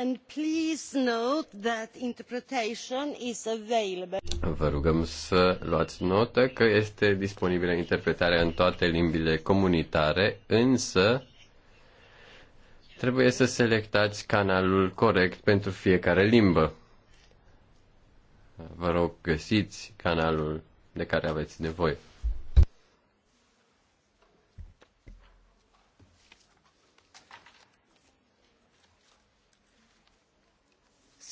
And please note that interpretation is available. Vă rugăm să luați notă că este disponibilă interpretarea în toate limbile comunitare, însă trebuie să selectați canalul corect pentru fiecare limbă. Vă rog, găsiți canalul de care aveți nevoie.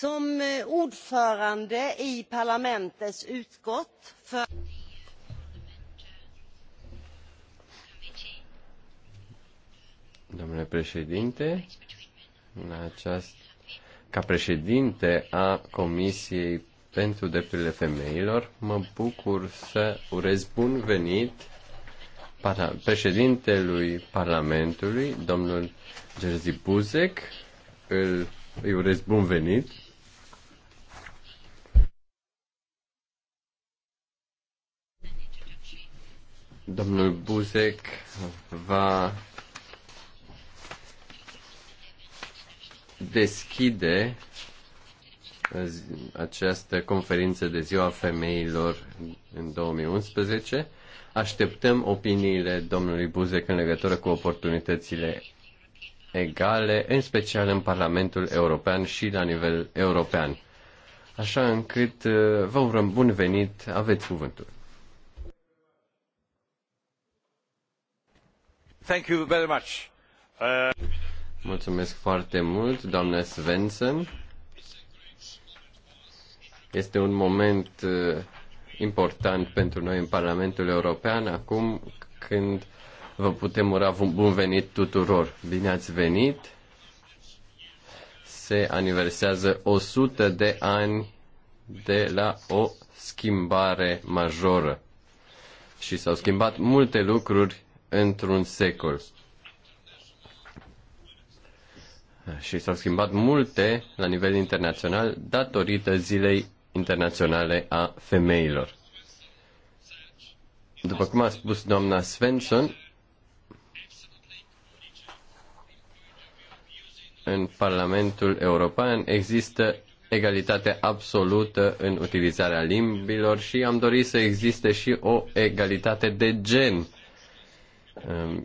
Som eh, ordförande i parlamentets utskott för... Domnule președinte, în această ca președinte a Comisiei pentru Drepturile Femeilor, mă bucur să urez bun venit para, președintelui Parlamentului, domnul Jerzy Buzek. Îl, îi urez bun venit Domnul Buzek va deschide această conferință de ziua femeilor în 2011. Așteptăm opiniile domnului Buzek în legătură cu oportunitățile egale, în special în Parlamentul European și la nivel european. Așa încât uh, vă urăm bun venit, aveți cuvântul. Thank you very much. Uh... Mulțumesc foarte mult, doamne Svensson. Este un moment uh, important pentru noi în Parlamentul European acum când vă putem ura bun venit tuturor. Bine ați venit! Se aniversează 100 de ani de la o schimbare majoră. Și s-au schimbat multe lucruri într-un secol. Și s-au schimbat multe la nivel internațional datorită Zilei Internaționale a Femeilor. După cum a spus doamna Svensson, în Parlamentul European există egalitate absolută în utilizarea limbilor și am dorit să existe și o egalitate de gen Ehm,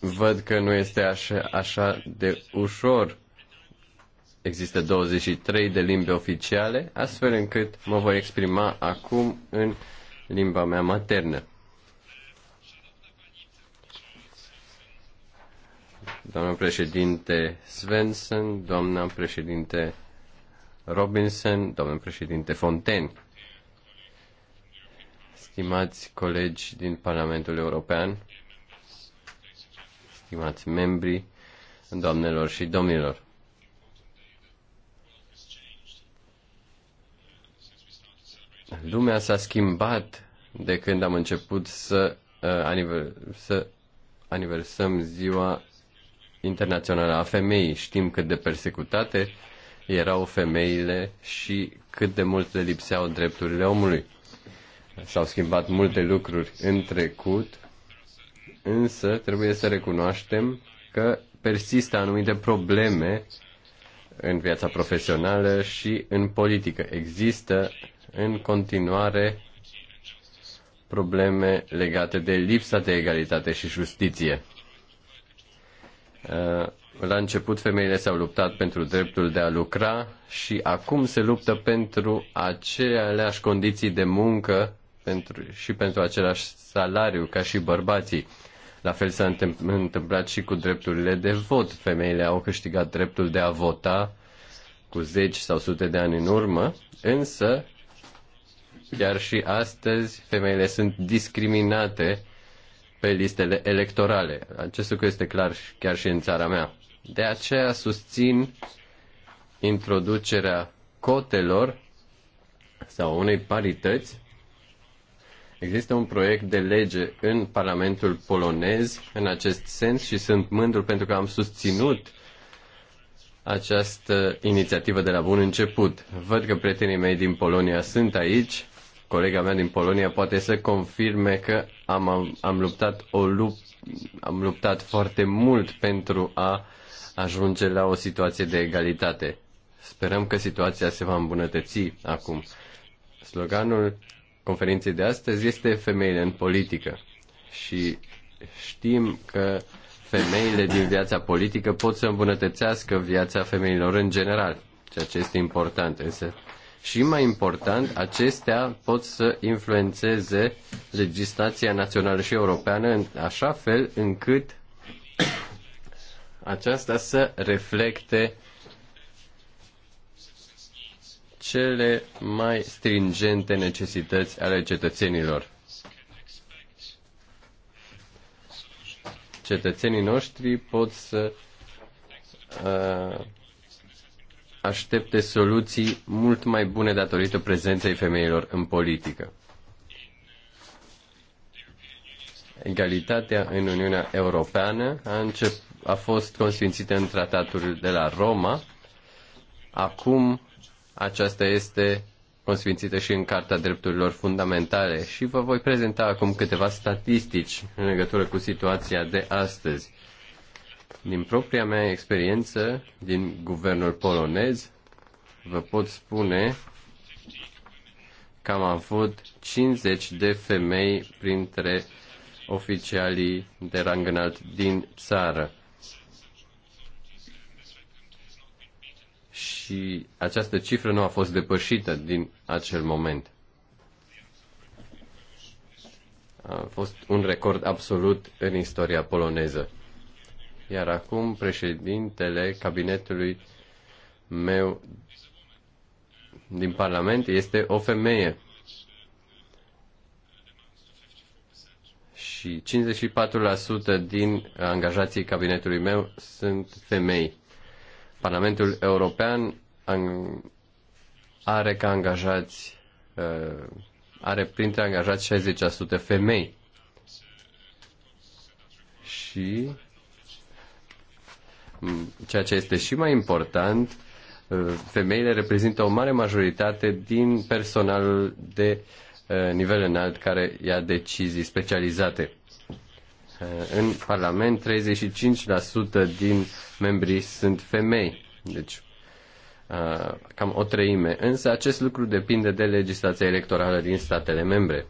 văd că nu este așa, așa de ușor. Există 23 de limbi oficiale, astfel încât mă voi exprima acum în limba mea maternă. Doamna președinte Svensson, doamna președinte Robinson, doamna președinte Fontaine, stimați colegi din Parlamentul European, stimați membri, doamnelor și domnilor. Lumea s-a schimbat de când am început să, uh, aniver- să aniversăm ziua internațională a femeii. Știm cât de persecutate erau femeile și cât de mult le lipseau drepturile omului. S-au schimbat multe lucruri în trecut însă trebuie să recunoaștem că persistă anumite probleme în viața profesională și în politică. Există în continuare probleme legate de lipsa de egalitate și justiție. Uh, la început femeile s-au luptat pentru dreptul de a lucra și acum se luptă pentru aceleași condiții de muncă pentru, și pentru același salariu ca și bărbații. La fel s-a întâmplat și cu drepturile de vot. Femeile au câștigat dreptul de a vota cu zeci sau sute de ani în urmă, însă chiar și astăzi femeile sunt discriminate pe listele electorale. Acest lucru este clar chiar și în țara mea. De aceea susțin introducerea cotelor sau unei parități Există un proiect de lege în Parlamentul polonez în acest sens și sunt mândru pentru că am susținut această inițiativă de la bun început. Văd că prietenii mei din Polonia sunt aici. Colega mea din Polonia poate să confirme că am, am, am luptat o lup, am luptat foarte mult pentru a ajunge la o situație de egalitate. Sperăm că situația se va îmbunătăți acum. Sloganul conferinței de astăzi este femeile în politică. Și știm că femeile din viața politică pot să îmbunătățească viața femeilor în general, ceea ce este important. Însă, și mai important, acestea pot să influențeze legislația națională și europeană în așa fel încât aceasta să reflecte cele mai stringente necesități ale cetățenilor. Cetățenii noștri pot să uh, aștepte soluții mult mai bune datorită prezenței femeilor în politică. Egalitatea în Uniunea Europeană a, încep, a fost consfințită în tratatul de la Roma. Acum aceasta este consfințită și în Carta Drepturilor Fundamentale și vă voi prezenta acum câteva statistici în legătură cu situația de astăzi. Din propria mea experiență din guvernul polonez, vă pot spune că am avut 50 de femei printre oficialii de rang înalt din țară. și această cifră nu a fost depășită din acel moment. A fost un record absolut în istoria poloneză. Iar acum președintele cabinetului meu din Parlament este o femeie. Și 54% din angajații cabinetului meu sunt femei Parlamentul European are ca angajați uh, are printre angajați 60% femei. Și ceea ce este și mai important, uh, femeile reprezintă o mare majoritate din personalul de uh, nivel înalt care ia decizii specializate. În Parlament, 35% din Membrii sunt femei. Deci, cam o treime. Însă acest lucru depinde de legislația electorală din statele membre.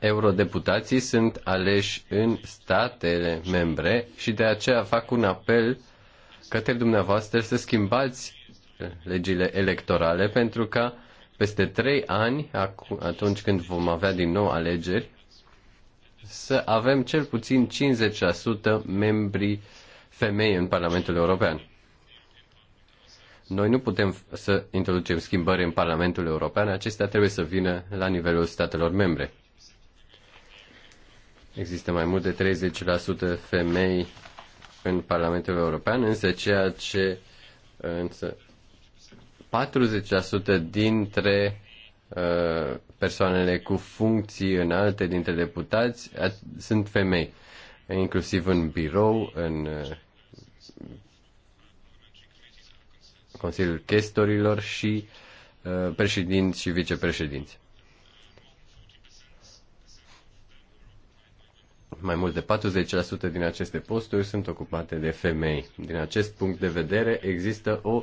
Eurodeputații sunt aleși în statele membre și de aceea fac un apel către dumneavoastră să schimbați legile electorale pentru ca uh, peste trei ani, atunci când vom avea din nou alegeri, să avem cel puțin 50% membri femei în Parlamentul European. Noi nu putem să introducem schimbări în Parlamentul European, acestea trebuie să vină la nivelul statelor membre. Există mai mult de 30% femei în Parlamentul European, însă ceea ce însă 40% dintre uh, persoanele cu funcții înalte dintre deputați sunt femei, inclusiv în birou, în uh, Consiliul Chestorilor și uh, președinți și vicepreședinți. mai mult de 40% din aceste posturi sunt ocupate de femei. Din acest punct de vedere, există o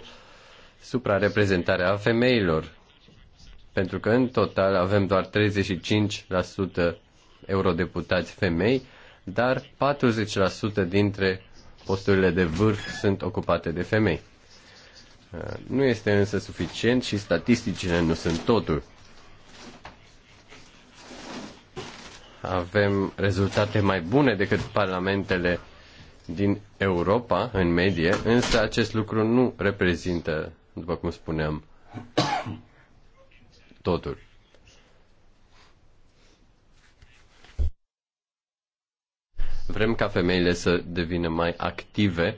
suprareprezentarea femeilor, pentru că în total avem doar 35% eurodeputați femei, dar 40% dintre posturile de vârf sunt ocupate de femei. Uh, nu este însă suficient și statisticile nu sunt totul. Avem rezultate mai bune decât parlamentele din Europa, în medie, însă acest lucru nu reprezintă după cum spuneam, totul. Vrem ca femeile să devină mai active,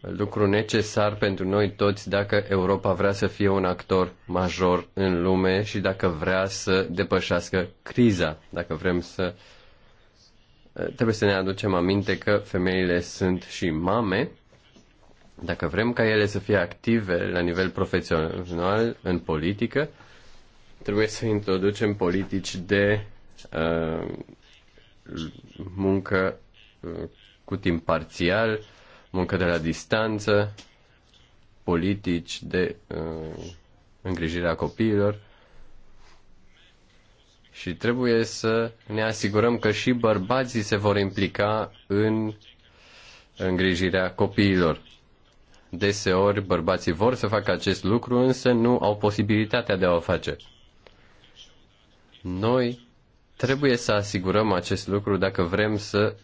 lucru necesar pentru noi toți dacă Europa vrea să fie un actor major în lume și dacă vrea să depășească criza, dacă vrem să trebuie să ne aducem aminte că femeile sunt și mame dacă vrem ca ele să fie active la nivel profesional în politică, trebuie să introducem politici de uh, muncă uh, cu timp parțial, muncă de la distanță, politici de uh, îngrijire a copiilor și trebuie să ne asigurăm că și bărbații se vor implica în îngrijirea copiilor. Deseori bărbații vor să facă acest lucru, însă nu au posibilitatea de a o face. Noi trebuie să asigurăm acest lucru dacă vrem să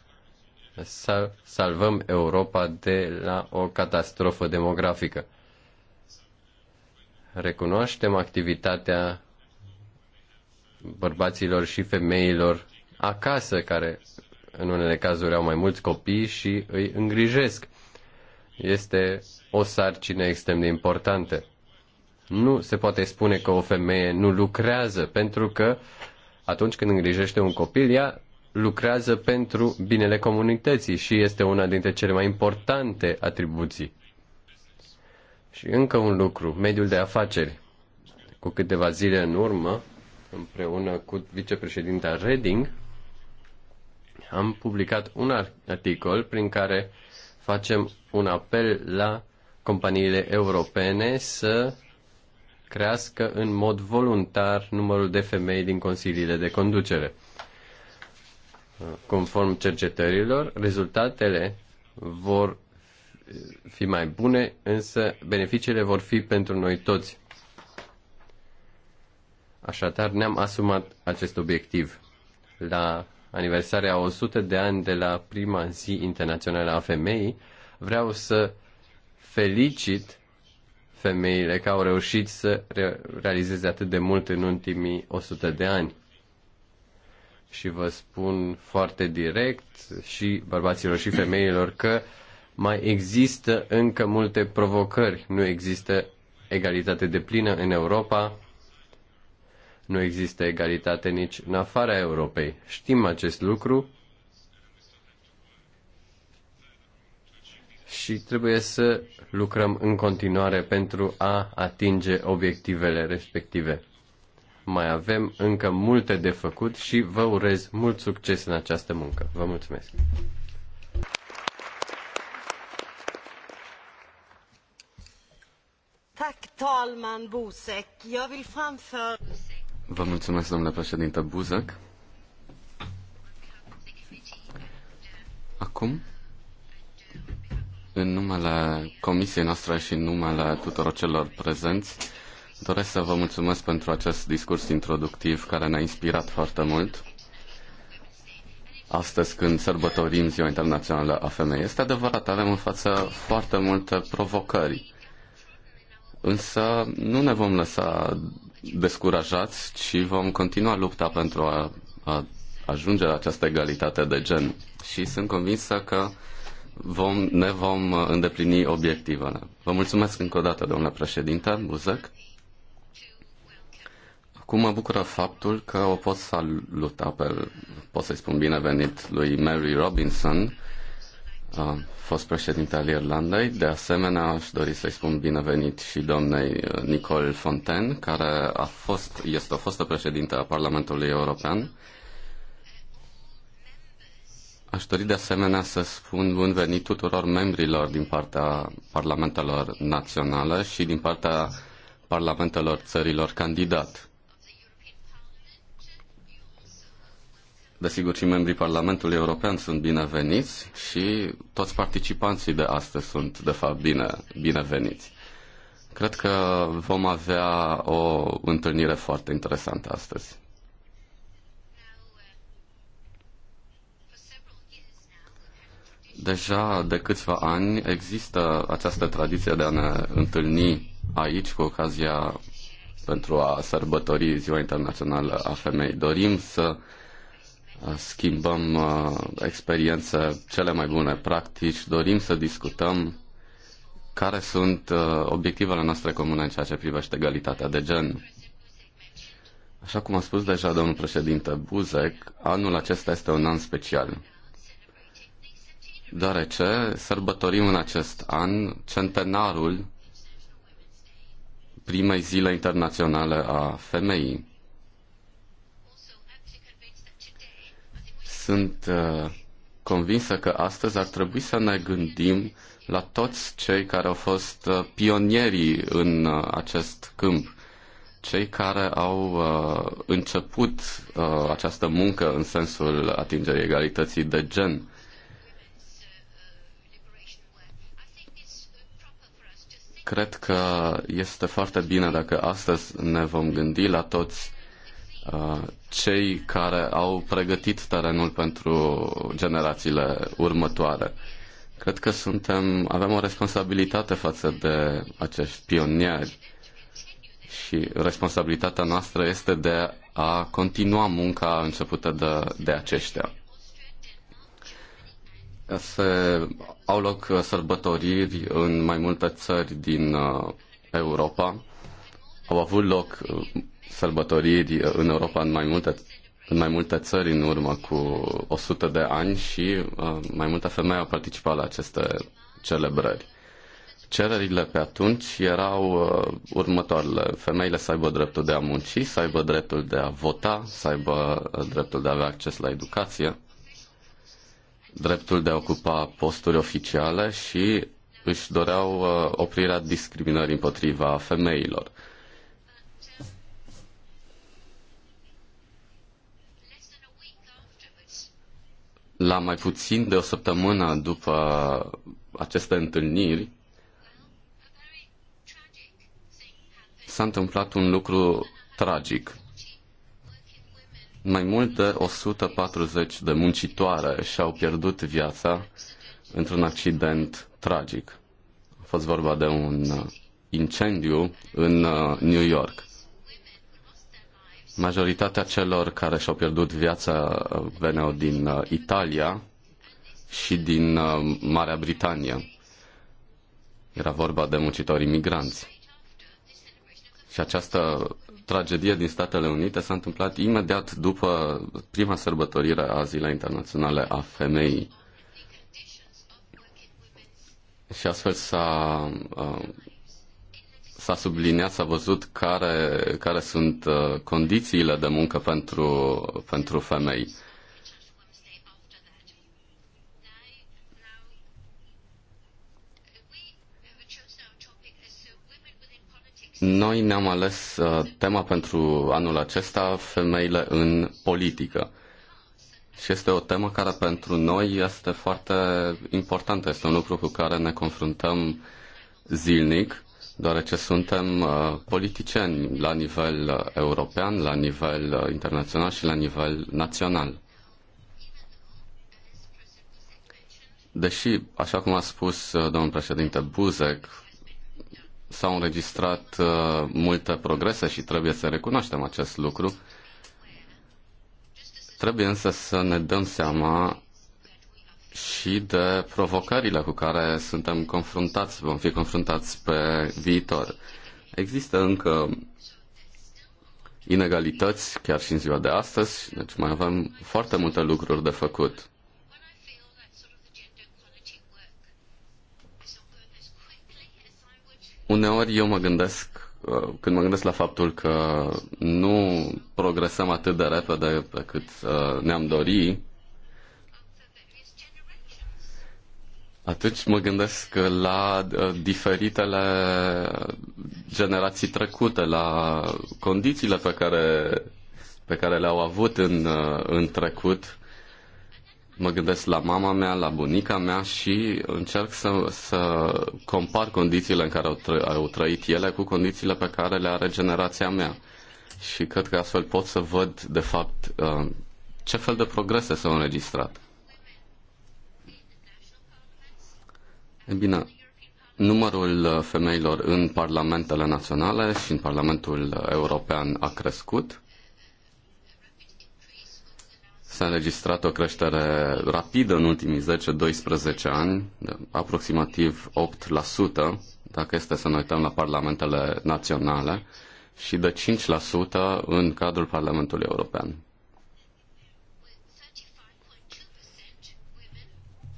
salvăm Europa de la o catastrofă demografică. Recunoaștem activitatea bărbaților și femeilor acasă, care în unele cazuri au mai mulți copii și îi îngrijesc este o sarcină extrem de importantă. Nu se poate spune că o femeie nu lucrează, pentru că atunci când îngrijește un copil, ea lucrează pentru binele comunității și este una dintre cele mai importante atribuții. Și încă un lucru, mediul de afaceri. Cu câteva zile în urmă, împreună cu vicepreședinta Reding, am publicat un articol prin care uh, facem un apel la companiile europene să crească în mod voluntar numărul de femei din consiliile de conducere. Conform cercetărilor, rezultatele vor fi mai bune, însă beneficiile vor fi pentru noi toți. Așadar, ne-am asumat acest obiectiv. La aniversare a 100 de ani de la prima zi internațională a femeii, vreau să felicit femeile că au reușit să re- realizeze atât de mult în ultimii 100 de ani. Și vă spun foarte direct și bărbaților și femeilor că mai există încă multe provocări. Nu există egalitate de plină în Europa, nu există egalitate nici în afara Europei. Știm acest lucru și trebuie să lucrăm în continuare pentru a atinge obiectivele respective. Mai avem încă multe de făcut și vă urez mult succes în această muncă. Vă mulțumesc! Tack talman Bosek. Jag vill framföra Vă mulțumesc, domnule președinte Buzăc. Acum, în numele comisiei noastre și în numele tuturor celor prezenți, doresc să vă mulțumesc pentru acest discurs introductiv care ne-a inspirat foarte mult. Astăzi, când sărbătorim Ziua Internațională a Femeii, este adevărat, avem în față foarte multe provocări. Însă nu ne vom lăsa descurajați, ci vom continua lupta pentru a, a ajunge la această egalitate de gen. Și sunt convinsă că vom, ne vom îndeplini obiectivele. Vă mulțumesc încă o dată, domnule președinte Buzăc. Acum mă bucură faptul că o pot saluta pe, pot să-i spun binevenit lui Mary Robinson, fost președinte al Irlandei. De asemenea, aș dori să-i spun binevenit și doamnei uh, Nicole Fontaine, care a fost, este o fostă președinte a Parlamentului European. Aș dori de asemenea să spun bun venit tuturor membrilor din partea parlamentelor naționale și din partea parlamentelor țărilor candidat. Desigur, și membrii Parlamentului European sunt bineveniți și toți participanții de astăzi sunt, de fapt, bine, bineveniți. Cred că vom avea o întâlnire foarte interesantă astăzi. Deja de câțiva ani există această tradiție de a ne întâlni aici cu ocazia pentru a sărbători Ziua Internațională a Femei. Dorim să schimbăm experiențe cele mai bune practici, dorim să discutăm care sunt obiectivele noastre comune în ceea ce privește egalitatea de gen. Așa cum a spus deja domnul președinte Buzek, anul acesta este un an special, deoarece sărbătorim în acest an centenarul primei zile internaționale a femeii. Sunt uh, convinsă că astăzi ar trebui să ne gândim la toți cei care au fost uh, pionierii în uh, acest câmp, cei care au început această muncă în sensul atingerii egalității de gen. Cred că este foarte bine dacă astăzi ne vom gândi la toți Uh, cei care au pregătit terenul pentru generațiile următoare. Cred că suntem, avem o responsabilitate față de acești pionieri și responsabilitatea noastră este de a continua munca începută de, de aceștia. Se, au loc sărbătoriri în mai multe țări din uh, Europa. Au avut loc uh, sărbătoriri uh, în Europa în mai multe în mai multe țări în urmă cu 100 de ani și uh, mai multe femei au participat la aceste celebrări. Cererile pe atunci erau uh, următoarele. Femeile să aibă dreptul de a munci, să aibă dreptul de a vota, să aibă uh, dreptul de a avea acces la educație, dreptul de a ocupa posturi oficiale și își doreau uh, oprirea discriminării împotriva femeilor. Uh, La mai puțin de o săptămână după aceste întâlniri, s-a întâmplat un lucru tragic. Mai mult de 140 de muncitoare și-au pierdut viața într-un accident tragic. A fost vorba de un incendiu în uh, New York. Majoritatea celor care și-au pierdut viața uh, veneau din uh, Italia și din uh, Marea Britanie. Era vorba de muncitori migranți. Și această tragedie din Statele Unite s-a întâmplat imediat după prima sărbătorire a Zilei Internaționale a Femeii. Și astfel s-a s-a subliniat, s-a văzut care, care sunt uh, condițiile de muncă pentru, pentru femei. Noi ne-am ales uh, tema pentru anul acesta, femeile în politică. Și este o temă care pentru noi este foarte importantă, este un lucru cu care ne confruntăm zilnic deoarece suntem uh, politicieni la nivel uh, european, la nivel uh, internațional și la nivel național. Deși, așa cum a spus domnul președinte Buzek, s-au înregistrat multe progrese și trebuie să recunoaștem acest lucru, trebuie însă să ne dăm seama și de provocările cu care suntem confruntați, vom fi confruntați pe viitor. Există încă inegalități chiar și în ziua de astăzi, deci mai avem foarte multe lucruri de făcut. Uneori eu mă gândesc, uh, când mă gândesc la faptul că nu progresăm atât de repede pe cât uh, ne-am dori, Atunci mă gândesc la uh, diferitele generații trecute, la condițiile pe care, pe care le-au avut în, uh, în trecut. Mă gândesc la mama mea, la bunica mea și încerc să, să compar condițiile în care au, tră, au trăit ele cu condițiile pe care le are generația mea. Și cred că astfel pot să văd, de fapt, uh, ce fel de progrese s-au înregistrat. E bine, numărul uh, femeilor în parlamentele naționale și în Parlamentul European a crescut. S-a înregistrat o creștere rapidă în ultimii 10-12 ani, de aproximativ 8%, dacă este să ne uităm la parlamentele naționale, și de 5% în cadrul Parlamentului European.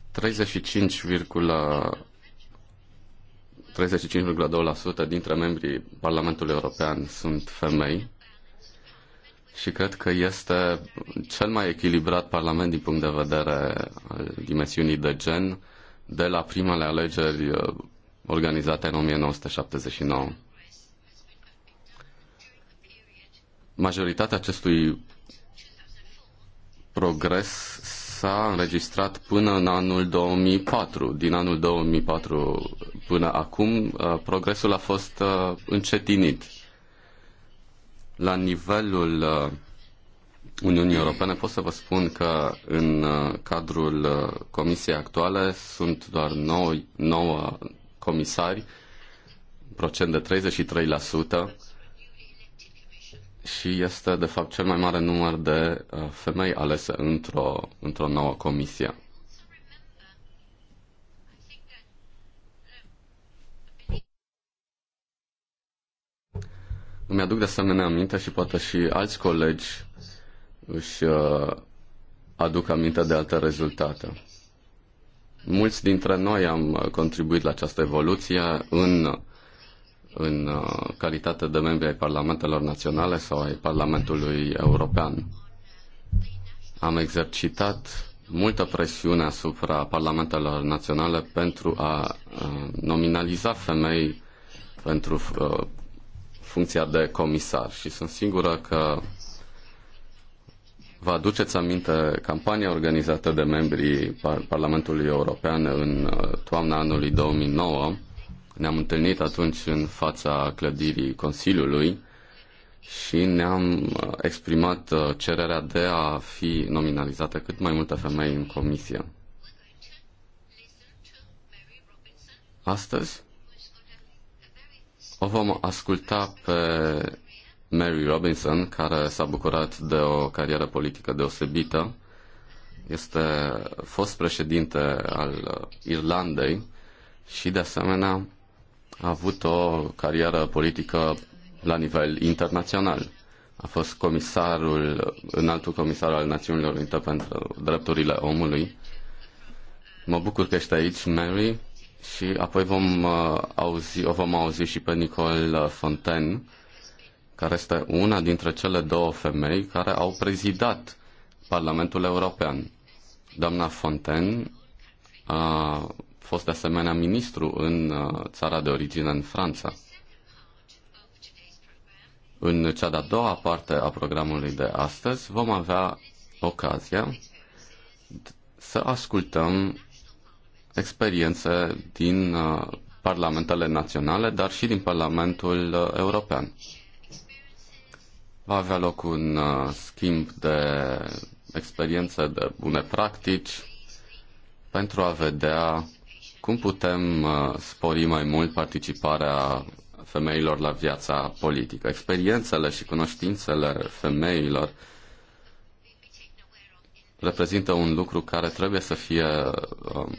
35,2% dintre membrii Parlamentului European sunt femei și cred că este cel mai echilibrat parlament din punct de vedere al dimensiunii de gen de la primele alegeri uh, organizate în 1979. Majoritatea acestui progres s-a înregistrat până în anul 2004. Din anul 2004 până acum, uh, progresul a fost uh, încetinit. La nivelul uh, Uniunii Europene pot să vă spun că în cadrul comisiei actuale sunt doar 9, 9 comisari, procent de 33%, și este, de fapt, cel mai mare număr de uh, femei alese într-o, într-o nouă comisie. Îmi aduc de asemenea aminte și poate și alți colegi își uh, aduc aminte de alte rezultate. Mulți dintre noi am uh, contribuit la această evoluție în în uh, calitate de membri ai Parlamentelor Naționale sau ai Parlamentului European. Am exercitat multă presiune asupra Parlamentelor Naționale pentru a uh, nominaliza femei pentru uh, funcția de comisar și sunt sigură că Vă aduceți aminte campania organizată de membrii Parlamentului European în toamna anului 2009 ne-am întâlnit atunci în fața clădirii Consiliului și ne-am uh, exprimat uh, cererea de a fi nominalizată cât mai multe femei în comisie. Astăzi o vom asculta pe Mary Robinson, care s-a bucurat de o carieră politică deosebită. Este fost președinte al uh, Irlandei și, de asemenea, a avut o carieră politică la nivel internațional. A fost comisarul, înaltul comisar al Națiunilor Unite pentru Drepturile Omului. Mă bucur că ești aici, Mary, și apoi vom uh, auzi, o vom auzi și pe Nicole Fontaine, care este una dintre cele două femei care au prezidat Parlamentul European. Doamna Fontaine a uh, fost de asemenea ministru în uh, țara de origine, în Franța. În cea de-a doua parte a programului de astăzi vom avea ocazia să ascultăm experiențe din uh, parlamentele naționale, dar și din Parlamentul uh, European. Va avea loc un schimb de experiențe, de bune practici pentru a vedea cum putem uh, spori mai mult participarea femeilor la viața politică? Experiențele și cunoștințele femeilor reprezintă un lucru care trebuie să fie um,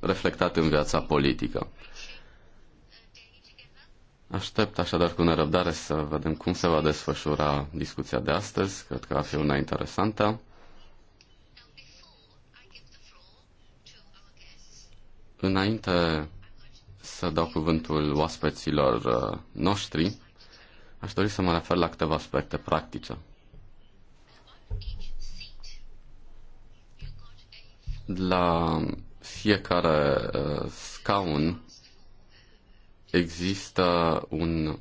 reflectat în viața politică. Aștept așadar cu nerăbdare să vedem cum se va desfășura discuția de astăzi. Cred că va fi una interesantă. Înainte să dau cuvântul oaspeților uh, noștri, aș dori să mă refer la câteva aspecte practice. La fiecare uh, scaun există un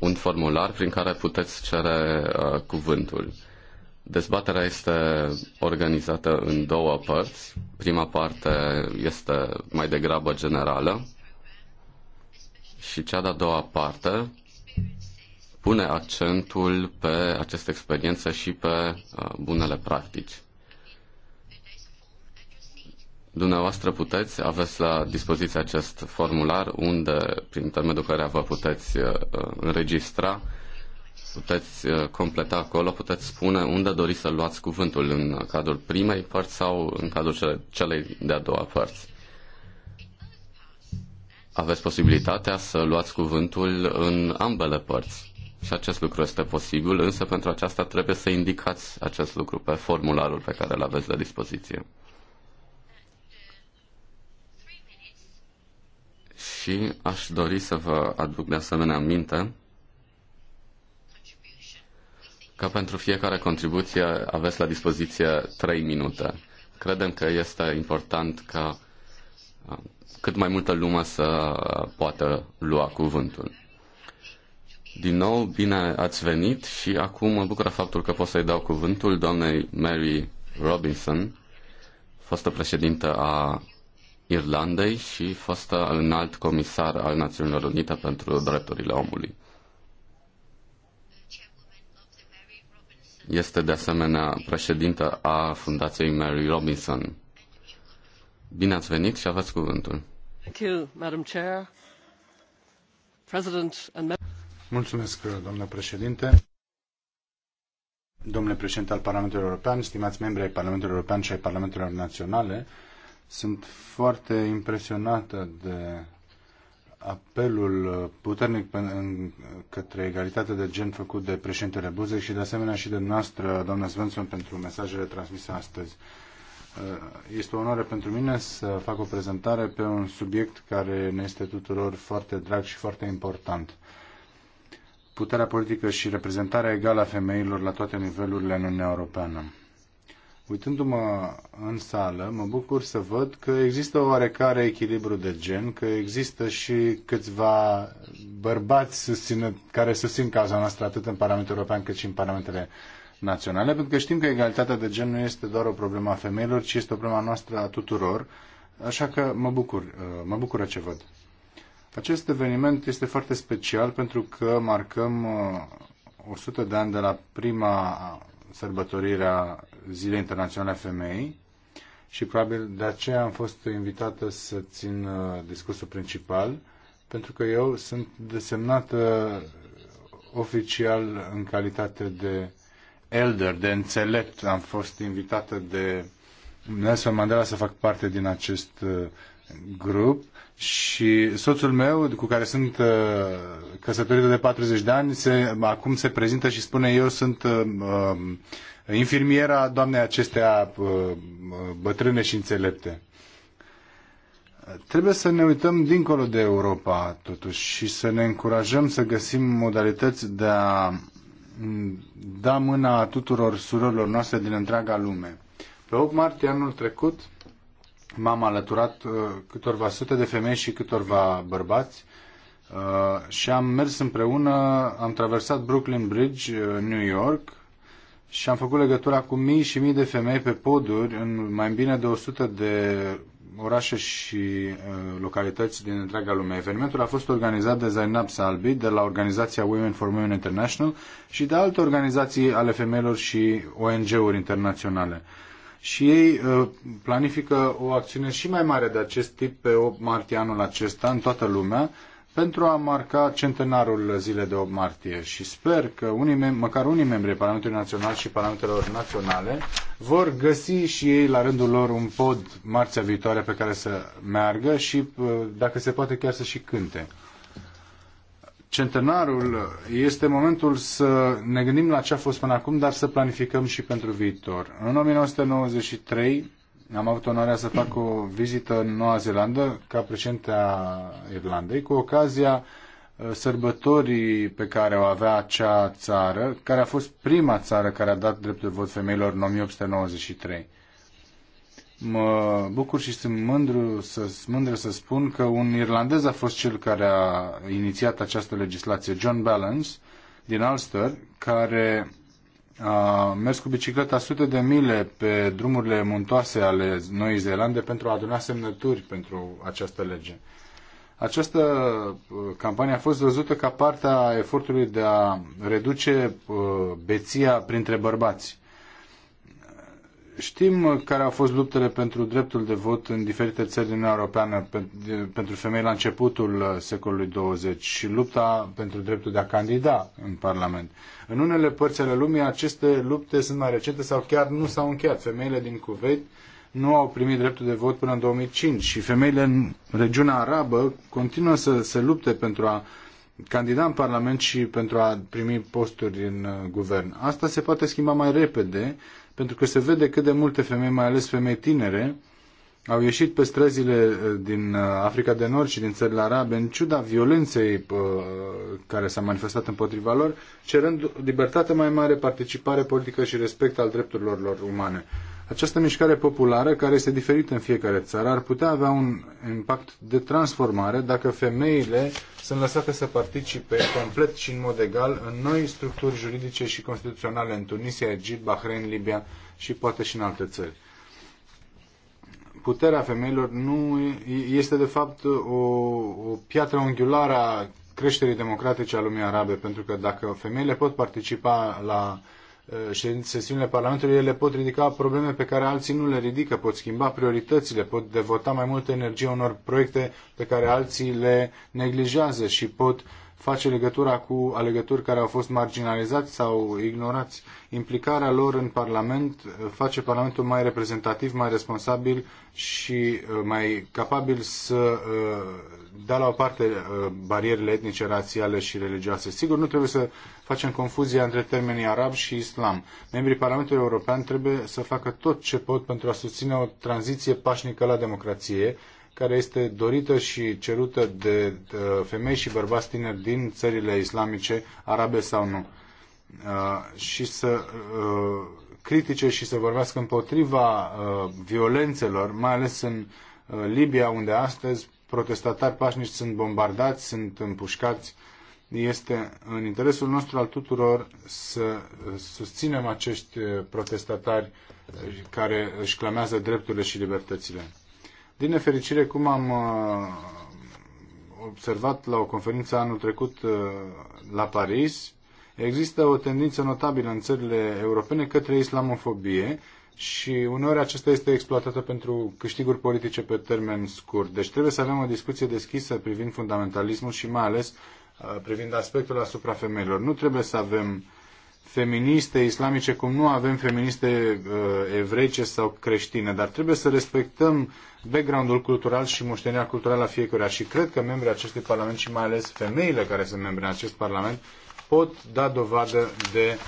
un formular prin care puteți cere uh, cuvântul. Dezbaterea este organizată în două părți. Prima parte este mai degrabă generală și cea de-a doua parte pune accentul pe aceste experiențe și pe uh, bunele practici. Dumneavoastră puteți, aveți la dispoziție acest formular unde, prin intermediul care vă puteți uh, uh, înregistra puteți uh, completa acolo, puteți spune unde doriți să luați cuvântul, în cadrul primei părți sau în cadrul celei de-a doua părți. Aveți posibilitatea să luați cuvântul în ambele părți. Și acest lucru este posibil, însă pentru aceasta trebuie să indicați acest lucru pe formularul pe care îl aveți la dispoziție. Și aș dori să vă aduc de asemenea minte ca pentru fiecare contribuție aveți la dispoziție 3 minute. Credem că este important ca uh, cât mai multă lume să poată lua cuvântul. Din nou, bine ați venit și acum mă bucură faptul că pot să-i dau cuvântul doamnei Mary Robinson, fostă președintă a Irlandei și fostă înalt comisar al Națiunilor Unite pentru Drepturile Omului. Este de asemenea președintă a Fundației Mary Robinson. Bine ați venit și aveți cuvântul. Mulțumesc, domnule președinte. Domnule președinte al Parlamentului European, stimați membri ai Parlamentului European și ai Parlamentelor Naționale, sunt foarte impresionată de apelul puternic către egalitate de gen făcut de președintele Buzek și de asemenea și de noastră, doamna Svensson, pentru mesajele transmise astăzi. Uh, este o onoare pentru mine să fac o prezentare pe un subiect care ne este tuturor foarte drag și foarte important. Puterea politică și reprezentarea egală a femeilor la toate nivelurile în Uniunea Europeană. Uitându-mă în sală, mă bucur să văd că există oarecare echilibru de gen, că există și câțiva bărbați susțină, care susțin cauza noastră atât în Parlamentul European cât și în Parlamentele naționale, pentru că știm că egalitatea de gen nu este doar o problemă a femeilor, ci este o problemă a noastră a tuturor, așa că mă bucur, uh, mă bucură ce văd. Acest eveniment este foarte special pentru că marcăm 100 uh, de ani de la prima sărbătorirea Zilei Internaționale a Femeii și probabil de aceea am fost invitată să țin uh, discursul principal, pentru că eu sunt desemnată oficial în calitate de elder, de înțelept. Am fost invitată de Nelson Mandela să fac parte din acest uh, grup și soțul meu, cu care sunt uh, căsătorită de 40 de ani, se, acum se prezintă și spune eu sunt uh, infirmiera doamnei acestea uh, bătrâne și înțelepte. Trebuie să ne uităm dincolo de Europa, totuși, și să ne încurajăm să găsim modalități de a da mâna tuturor surorilor noastre din întreaga lume. Pe 8 martie anul trecut, m-am alăturat uh, câtorva sute de femei și câtorva bărbați uh, și am mers împreună, am traversat Brooklyn Bridge, uh, New York și am făcut legătura cu mii și mii de femei pe poduri în mai bine de 100 de orașe și localități din întreaga lume. Evenimentul a fost organizat de Zainab Salbi, de la organizația Women for Women International și de alte organizații ale femeilor și ONG-uri internaționale și ei uh, planifică o acțiune și mai mare de acest tip pe 8 martie anul acesta în toată lumea pentru a marca centenarul zilei de 8 martie și sper că unii măcar unii membri ai Parlamentului Național și Parlamentelor Naționale vor găsi și ei la rândul lor un pod marțea viitoare pe care să meargă și uh, dacă se poate chiar să și cânte centenarul este momentul să ne gândim la ce a fost până acum, dar să planificăm și pentru viitor. În 1993 am avut onoarea să fac o vizită în Noua Zeelandă ca președinte a Irlandei cu ocazia uh, sărbătorii pe care o avea acea țară, care a fost prima țară care a dat dreptul vot femeilor în 1893. Mă bucur și sunt mândru să, mândru să spun că un irlandez a fost cel care a inițiat această legislație, John Balance, din Ulster, care a mers cu bicicleta sute de mile pe drumurile muntoase ale Noii Zeelande pentru a aduna semnături pentru această lege. Această uh, campanie a fost văzută ca partea efortului de a reduce uh, beția printre bărbați. Știm care au fost luptele pentru dreptul de vot în diferite țări din Uniunea Europeană pentru femei la începutul uh, secolului 20 și lupta pentru dreptul de a candida în Parlament. În unele părți ale lumii aceste lupte sunt mai recente sau chiar nu s-au încheiat. Femeile din Kuwait nu au primit dreptul de vot până în 2005 și femeile în regiunea arabă continuă să se lupte pentru a candida în Parlament și pentru a primi posturi în uh, guvern. Asta se poate schimba mai repede pentru că se vede cât de multe femei, mai ales femei tinere, au ieșit pe străzile uh, din uh, Africa de Nord și din țările arabe, în ciuda violenței uh, care s-a manifestat împotriva lor, cerând libertate mai mare, participare politică și respect al drepturilor lor umane. Această mișcare populară, care este diferită în fiecare țară, ar putea avea un impact de transformare dacă femeile sunt lăsate să participe complet și în mod egal în noi structuri juridice și constituționale în Tunisia, Egipt, Bahrain, Libia și poate și în alte țări. Puterea femeilor nu este de fapt o, o piatră unghiulară a creșterii democratice a lumii arabe, pentru că dacă femeile pot participa la uh, Eh, sesiunile Parlamentului, ele pot ridica probleme pe care alții nu le ridică, pot schimba prioritățile, pot devota mai multă energie unor proiecte pe care alții le neglijează și pot face legătura cu alegători care au fost marginalizați sau ignorați. Implicarea lor în Parlament uh, face Parlamentul mai reprezentativ, mai responsabil și uh, mai capabil să uh, dea la o parte barierele etnice, rațiale și religioase. Sigur, nu trebuie să facem confuzia între termenii arab și islam. Membrii Parlamentului European trebuie să facă tot ce pot pentru a susține o tranziție pașnică la democrație, care este dorită și cerută de femei și bărbați tineri din țările islamice, arabe sau nu, uh, și să uh, critice și să vorbească împotriva uh, violențelor, mai ales în Libia, unde astăzi protestatari pașnici sunt bombardați, sunt împușcați. Este în interesul nostru al tuturor să susținem acești protestatari care își clamează drepturile și libertățile. Din nefericire, cum am uh, observat la o conferință anul trecut uh, la Paris, există o tendință notabilă în țările europene către islamofobie și uneori acesta este exploatată pentru câștiguri politice pe termen scurt. Deci trebuie să avem o discuție deschisă privind fundamentalismul și mai ales uh, privind aspectul asupra femeilor. Nu trebuie să avem uh, feministe islamice, cum nu avem feministe uh, evreice sau creștine, dar trebuie să respectăm background-ul cultural și moștenirea culturală a fiecăruia. Și cred că membrii acestui Parlament și mai ales femeile care sunt membri în acest Parlament pot da dovadă de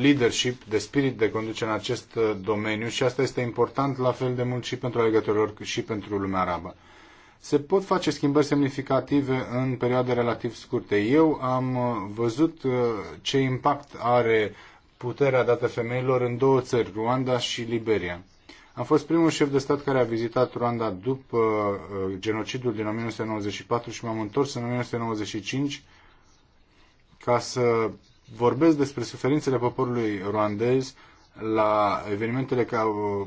leadership, de spirit de conducere în acest uh, domeniu și asta este important la fel de mult și pentru alegătorilor și pentru lumea arabă se pot face schimbări semnificative în perioade relativ scurte. Eu am uh, văzut uh, ce impact are puterea dată femeilor în două țări, Ruanda și Liberia. Am fost primul șef de stat care a vizitat Ruanda după uh, genocidul din 1994 și m-am întors în 1995 ca să vorbesc despre suferințele poporului ruandez la evenimentele ca uh,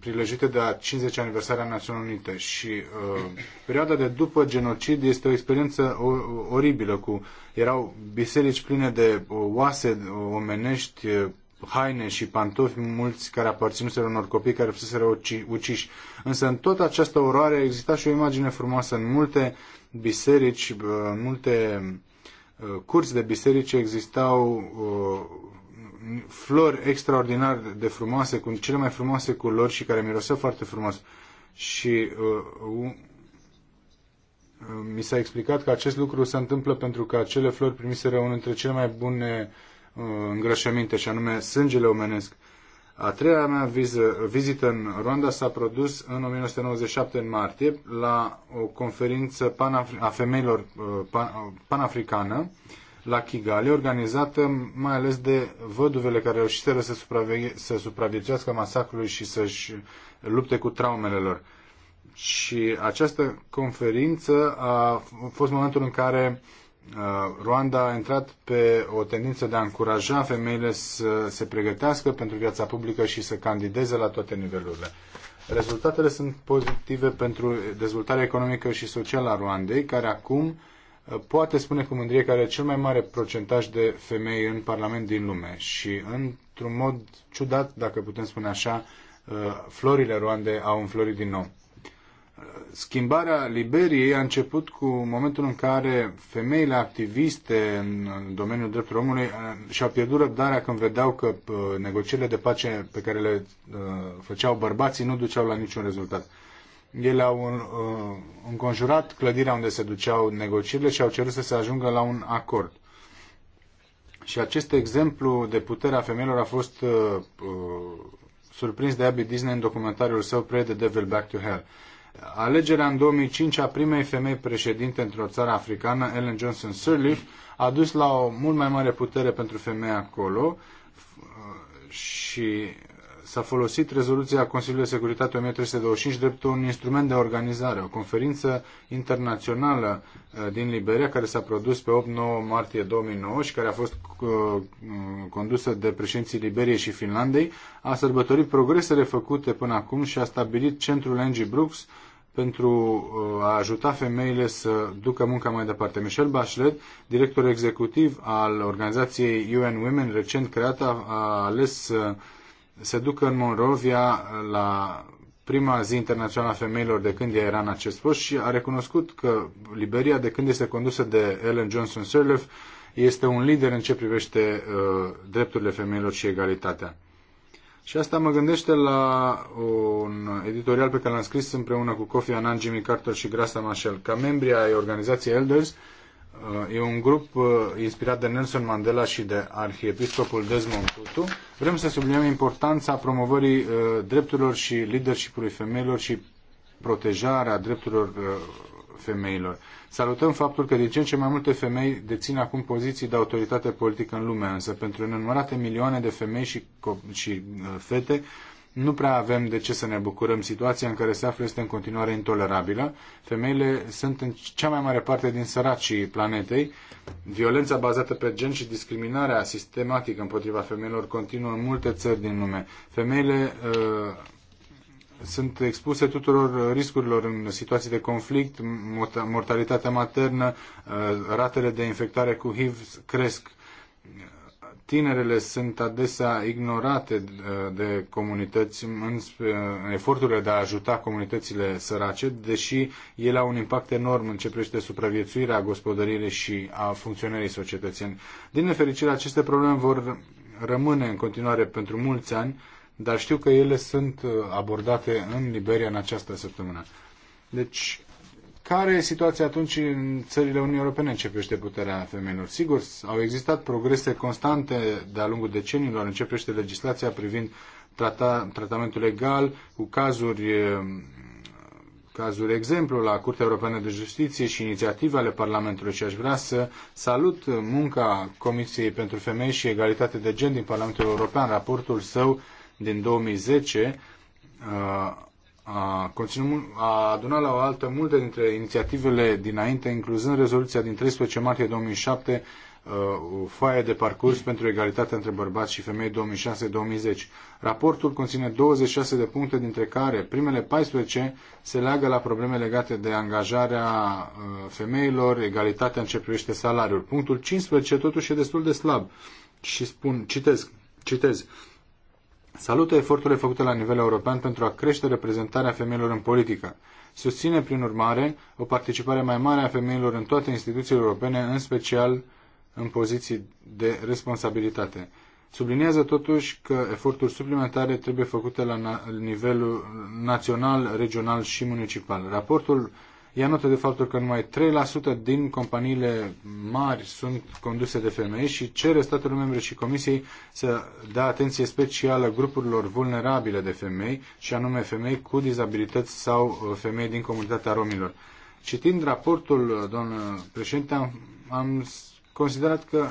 prilăjite de a 50 aniversarea Națiunilor Unite și uh, perioada de după genocid este o experiență o, oribilă cu erau biserici pline de uh, oase uh, omenești, haine și pantofi mulți care aparținuseră unor copii care fuseseră uciși. Însă în toată această oroare exista și o imagine frumoasă în multe biserici, în multe curți de biserici existau uh, flori extraordinar de frumoase, cu cele mai frumoase culori și care miroseau foarte frumos. Și uh, mi s-a explicat că acest lucru se întâmplă pentru că acele flori primiseră unul dintre cele mai bune uh, îngrășăminte, și anume sângele omenesc. A treia mea viză, vizită în Rwanda s-a produs în 1997, în martie, la o conferință pan a femeilor uh, pan panafricană, la Kigali, organizată mai ales de văduvele care reușiseră să, supravie, să supraviețuiască masacrului și să-și lupte cu traumele lor. Și această conferință a fost momentul în care uh, Rwanda a intrat pe o tendință de a încuraja femeile să se pregătească pentru viața publică și să candideze la toate nivelurile. Rezultatele sunt pozitive pentru dezvoltarea economică și socială a Rwandei, care acum uh, poate spune cu mândrie că are cel mai mare procentaj de femei în Parlament din lume și, într-un mod ciudat, dacă putem spune așa, uh, florile roande au înflorit din nou. Schimbarea Liberiei a început cu momentul în care femeile activiste în domeniul drepturilor omului uh, și-au pierdut răbdarea când vedeau că uh, negocierile de pace pe care le făceau bărbații nu duceau la niciun rezultat. Ele au uh, înconjurat clădirea unde se duceau negocierile și au cerut să se ajungă la un acord. Și acest exemplu de putere a femeilor a fost uh, uh surprins de Abby Disney în documentariul său Pray the Devil Back to Hell. Alegerea în 2005 a primei femei președinte într-o țară africană, Ellen Johnson Sirleaf, a dus la o mult mai mare putere pentru femei acolo uh, și s-a folosit rezoluția Consiliului de Securitate 1325 drept un instrument de organizare, o conferință internațională uh, din Liberia care s-a produs pe 8-9 martie 2009 și care a fost uh, condusă de președinții Liberiei și Finlandei, a sărbătorit progresele făcute până acum și a stabilit centrul Angie Brooks pentru uh, a ajuta femeile să ducă munca mai departe. Michel Bachelet, director executiv al organizației UN Women recent creată, a ales se ducă în Monrovia la prima zi internațională a femeilor de când ea era în acest post și a recunoscut că Liberia, de când este condusă de Ellen Johnson Sirleaf, este un lider în ce privește uh, drepturile femeilor și egalitatea. Și asta mă gândește la un editorial pe care l-am scris împreună cu Kofi Annan, Jimmy Carter și Grasa Machel. Ca membri ai organizației Elders, uh, E un grup uh, inspirat de Nelson Mandela și de arhiepiscopul Desmond Tutu. Vrem să subliniem importanța promovării uh, drepturilor și leadership-ului femeilor și protejarea drepturilor uh, femeilor. Salutăm faptul că din ce în ce mai multe femei dețin acum poziții de autoritate politică în lume, însă pentru nenumărate milioane de femei și, și fete, nu prea avem de ce să ne bucurăm. Situația în care se află este în continuare intolerabilă. Femeile sunt în cea mai mare parte din săracii planetei. Violența bazată pe gen și discriminarea sistematică împotriva femeilor continuă în multe țări din lume. Femeile uh, sunt expuse tuturor riscurilor în situații de conflict, mortalitatea maternă, uh, ratele de infectare cu HIV cresc tinerele sunt adesea ignorate uh, de comunități în eforturile de a ajuta comunitățile sărace, deși ele au un impact enorm în ce privește supraviețuirea gospodăririi și a funcționării societății. Din nefericire, aceste probleme vor rămâne în continuare pentru mulți ani, dar știu că ele sunt uh, abordate în Liberia în această săptămână. Deci, care e situația atunci în țările Uniunii Europene în ce puterea femeilor? Sigur, au existat progrese constante de-a lungul deceniilor, în ce legislația privind trata, tratamentul legal cu cazuri eh, cazuri exemplu la Curtea Europeană de Justiție și inițiative ale Parlamentului și aș vrea să salut munca Comisiei pentru Femei și Egalitate de Gen din Parlamentul European, raportul său din 2010 a, a adunat la o altă multe dintre inițiativele dinainte, incluzând rezoluția din 13 martie 2007, o foaie de parcurs pentru egalitate între bărbați și femei 2006-2010. Raportul conține 26 de puncte, dintre care primele 14 se leagă la probleme legate de angajarea uh, femeilor, egalitatea în ce privește salariul. Punctul 15 totuși e destul de slab și spun, citesc, citez, Salută eforturile făcute la nivel european pentru a crește reprezentarea femeilor în politică. Susține, prin urmare, o participare mai mare a femeilor în toate instituțiile europene, în special în poziții de responsabilitate. Subliniază totuși că eforturi suplimentare trebuie făcute la nivelul național, regional și municipal. Raportul Ia notă de faptul că numai 3% din companiile mari sunt conduse de femei și cere statelor membre și Comisiei să dea atenție specială grupurilor vulnerabile de femei, și anume femei cu dizabilități sau uh, femei din comunitatea romilor. Citind raportul, uh, doamnă președinte, am, am considerat că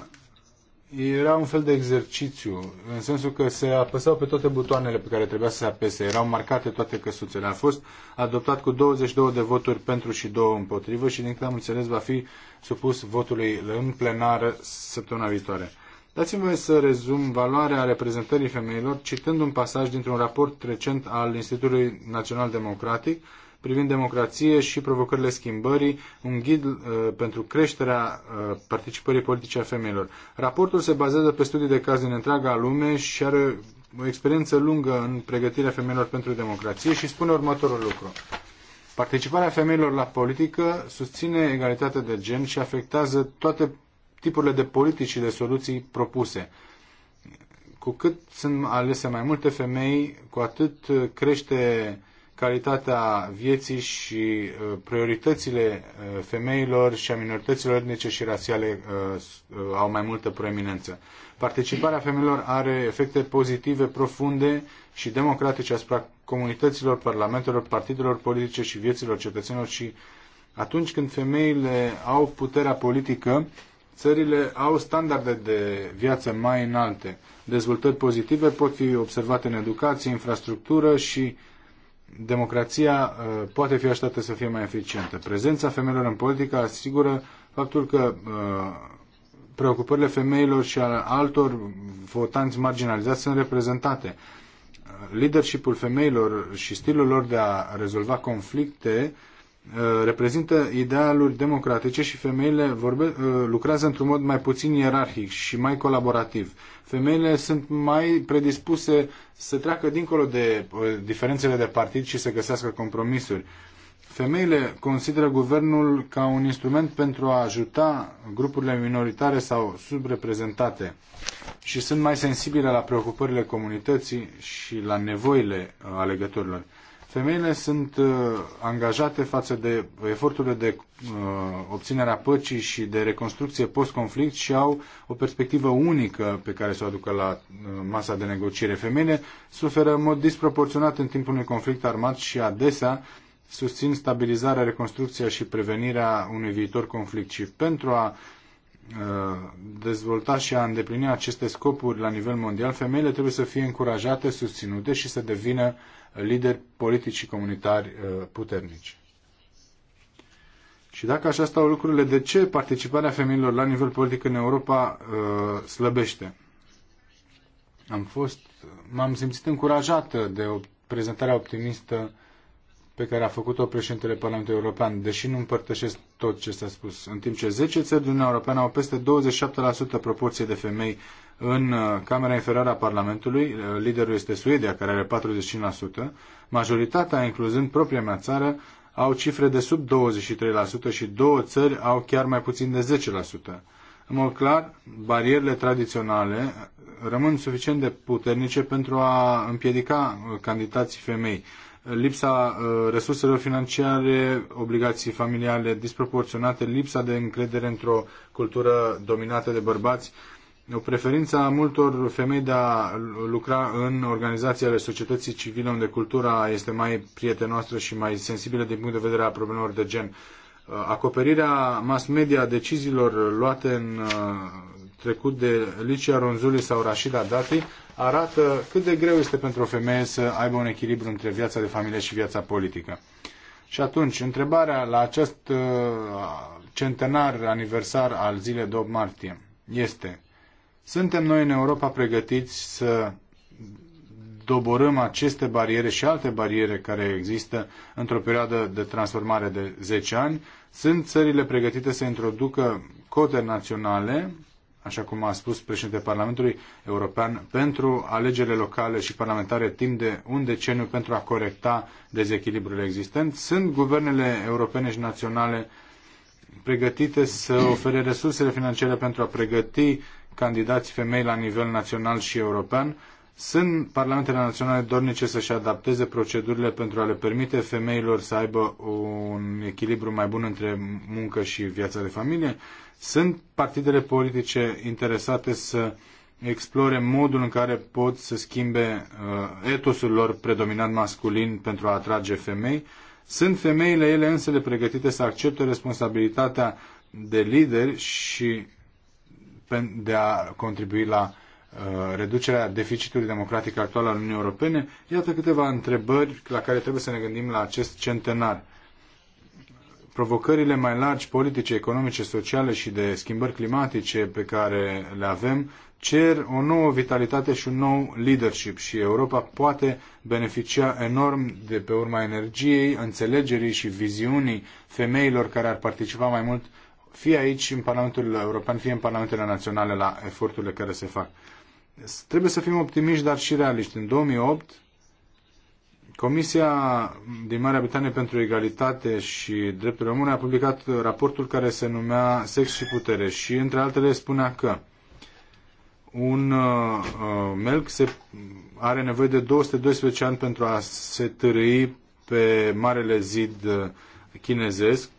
era un fel de exercițiu, în sensul că se apăsau pe toate butoanele pe care trebuia să se apese, erau marcate toate căsuțele. A fost adoptat cu 22 de voturi pentru și două împotrivă și, din câte am înțeles, va fi supus votului în plenară săptămâna viitoare. Dați-mi voie să rezum valoarea reprezentării femeilor citând un pasaj dintr-un raport recent al Institutului Național Democratic privind democrație și provocările schimbării, un ghid uh, pentru creșterea uh, participării politice a femeilor. Raportul se bazează pe studii de caz din întreaga lume și are o experiență lungă în pregătirea femeilor pentru democrație și spune următorul lucru. Participarea femeilor la politică susține egalitatea de gen și afectează toate tipurile de politici și de soluții propuse. Cu cât sunt alese mai multe femei, cu atât crește calitatea vieții și uh, prioritățile uh, femeilor și a minorităților etnice și rasiale uh, au mai multă proeminență. Participarea femeilor are efecte pozitive, profunde și democratice asupra comunităților, parlamentelor, partidelor politice și vieților cetățenilor și atunci când femeile au puterea politică, țările au standarde de viață mai înalte. Dezvoltări pozitive pot fi observate în educație, infrastructură și democrația uh, poate fi așteptată să fie mai eficientă. Prezența femeilor în politică asigură faptul că uh, preocupările femeilor și al altor votanți marginalizați sunt reprezentate. Uh, leadershipul femeilor și stilul lor de a rezolva conflicte uh, Uh, reprezintă idealuri democratice și femeile vorbe, uh, lucrează într-un mod mai puțin ierarhic și mai colaborativ. Femeile sunt mai predispuse să treacă dincolo de uh, diferențele de partid și să găsească compromisuri. Femeile consideră guvernul ca un instrument pentru a ajuta grupurile minoritare sau subreprezentate și sunt mai sensibile la preocupările comunității și la nevoile alegătorilor. Femeile sunt uh, angajate față de eforturile de uh, obținere a păcii și de reconstrucție post-conflict și au o perspectivă unică pe care să o aducă la uh, masa de negociere. Femeile suferă în mod disproporționat în timpul unui conflict armat și adesea susțin stabilizarea, reconstrucția și prevenirea unui viitor conflict. Și pentru a dezvolta și a îndeplini aceste scopuri la nivel mondial, femeile trebuie să fie încurajate, susținute și să devină uh, lideri politici și comunitari uh, puternici. Și dacă așa stau lucrurile, de ce participarea femeilor la nivel politic în Europa uh, slăbește? Am fost, m-am simțit încurajată de o prezentare optimistă pe care a făcut-o președintele Parlamentului European, deși nu împărtășesc tot ce s-a spus. În timp ce 10 țări din Uniunea Europeană au peste 27% proporție de femei în uh, Camera Inferioară a Parlamentului, uh, liderul este Suedia, care are 45%, majoritatea, incluzând propria mea țară, au cifre de sub 23% și două țări au chiar mai puțin de 10%. În mod clar, barierele tradiționale rămân suficient de puternice pentru a împiedica uh, candidații femei. Lipsa resurselor financiare, obligații familiale disproporționate, lipsa de încredere într-o cultură dominată de bărbați, o preferință a multor femei de a lucra în organizații ale societății civile unde cultura este mai prietenoastră și mai sensibilă din punct de vedere a problemelor de gen. Uh, acoperirea mass media deciziilor luate în uh, trecut de Licia Ronzuli sau Rashida Dati arată cât de greu este pentru o femeie să aibă un echilibru între viața de familie și viața politică. Și atunci, întrebarea la acest uh, centenar aniversar al zilei 2 martie este suntem noi în Europa pregătiți să doborâm aceste bariere și alte bariere care există într-o perioadă de transformare de 10 ani? Sunt țările pregătite să introducă cote naționale, așa cum a spus președintele Parlamentului European, pentru alegerile locale și parlamentare timp de un deceniu pentru a corecta dezechilibrul existent? Sunt guvernele europene și naționale pregătite să ofere resursele financiare pentru a pregăti candidați femei la nivel național și european, sunt parlamentele naționale dornice să-și adapteze procedurile pentru a le permite femeilor să aibă un echilibru mai bun între muncă și viața de familie? Sunt partidele politice interesate să explore modul în care pot să schimbe uh, etosul lor predominant masculin pentru a atrage femei? Sunt femeile ele însele pregătite să accepte responsabilitatea de lideri și de a contribui la uh, reducerea deficitului democratic actual al Uniunii Europene. Iată câteva întrebări la care trebuie să ne gândim la acest centenar. Provocările mai largi politice, economice, sociale și de schimbări climatice pe care le avem cer o nouă vitalitate și un nou leadership și Europa poate beneficia enorm de pe urma energiei, înțelegerii și viziunii femeilor care ar participa mai mult fie aici în Parlamentul European, fie în Parlamentele Naționale la eforturile care se fac. Trebuie să fim optimiști, dar și realiști. În 2008, Comisia din Marea Britanie pentru Egalitate și Drepturile Omului a publicat raportul care se numea Sex și Putere și, între altele, spunea că un uh, uh melc se are nevoie de 212 ani pentru a se târâi pe marele zid uh, chinezesc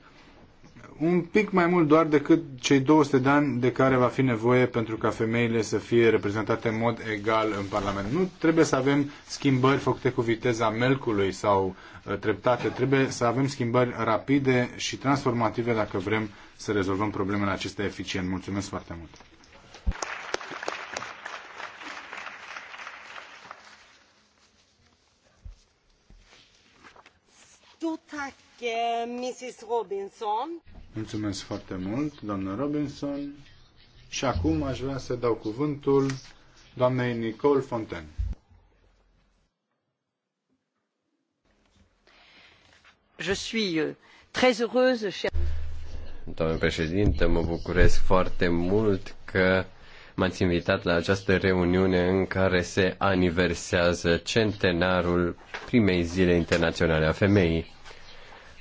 un pic mai mult doar decât cei 200 de ani de care va fi nevoie pentru ca femeile să fie reprezentate în mod egal în Parlament. Nu trebuie să avem schimbări făcute cu viteza melcului sau uh, treptate, trebuie să avem schimbări rapide și transformative dacă vrem să rezolvăm problemele acestea eficient. Mulțumesc foarte mult! Stort tack, eh, Mrs Robinson. Mulțumesc foarte mult, doamnă Robinson. Și acum aș vrea să dau cuvântul doamnei Nicole Fonten. Je suis euh, très heureuse, cher... Doamne președinte, mă bucurez foarte mult că m-ați invitat la această reuniune în care se aniversează centenarul primei zile internaționale a femeii.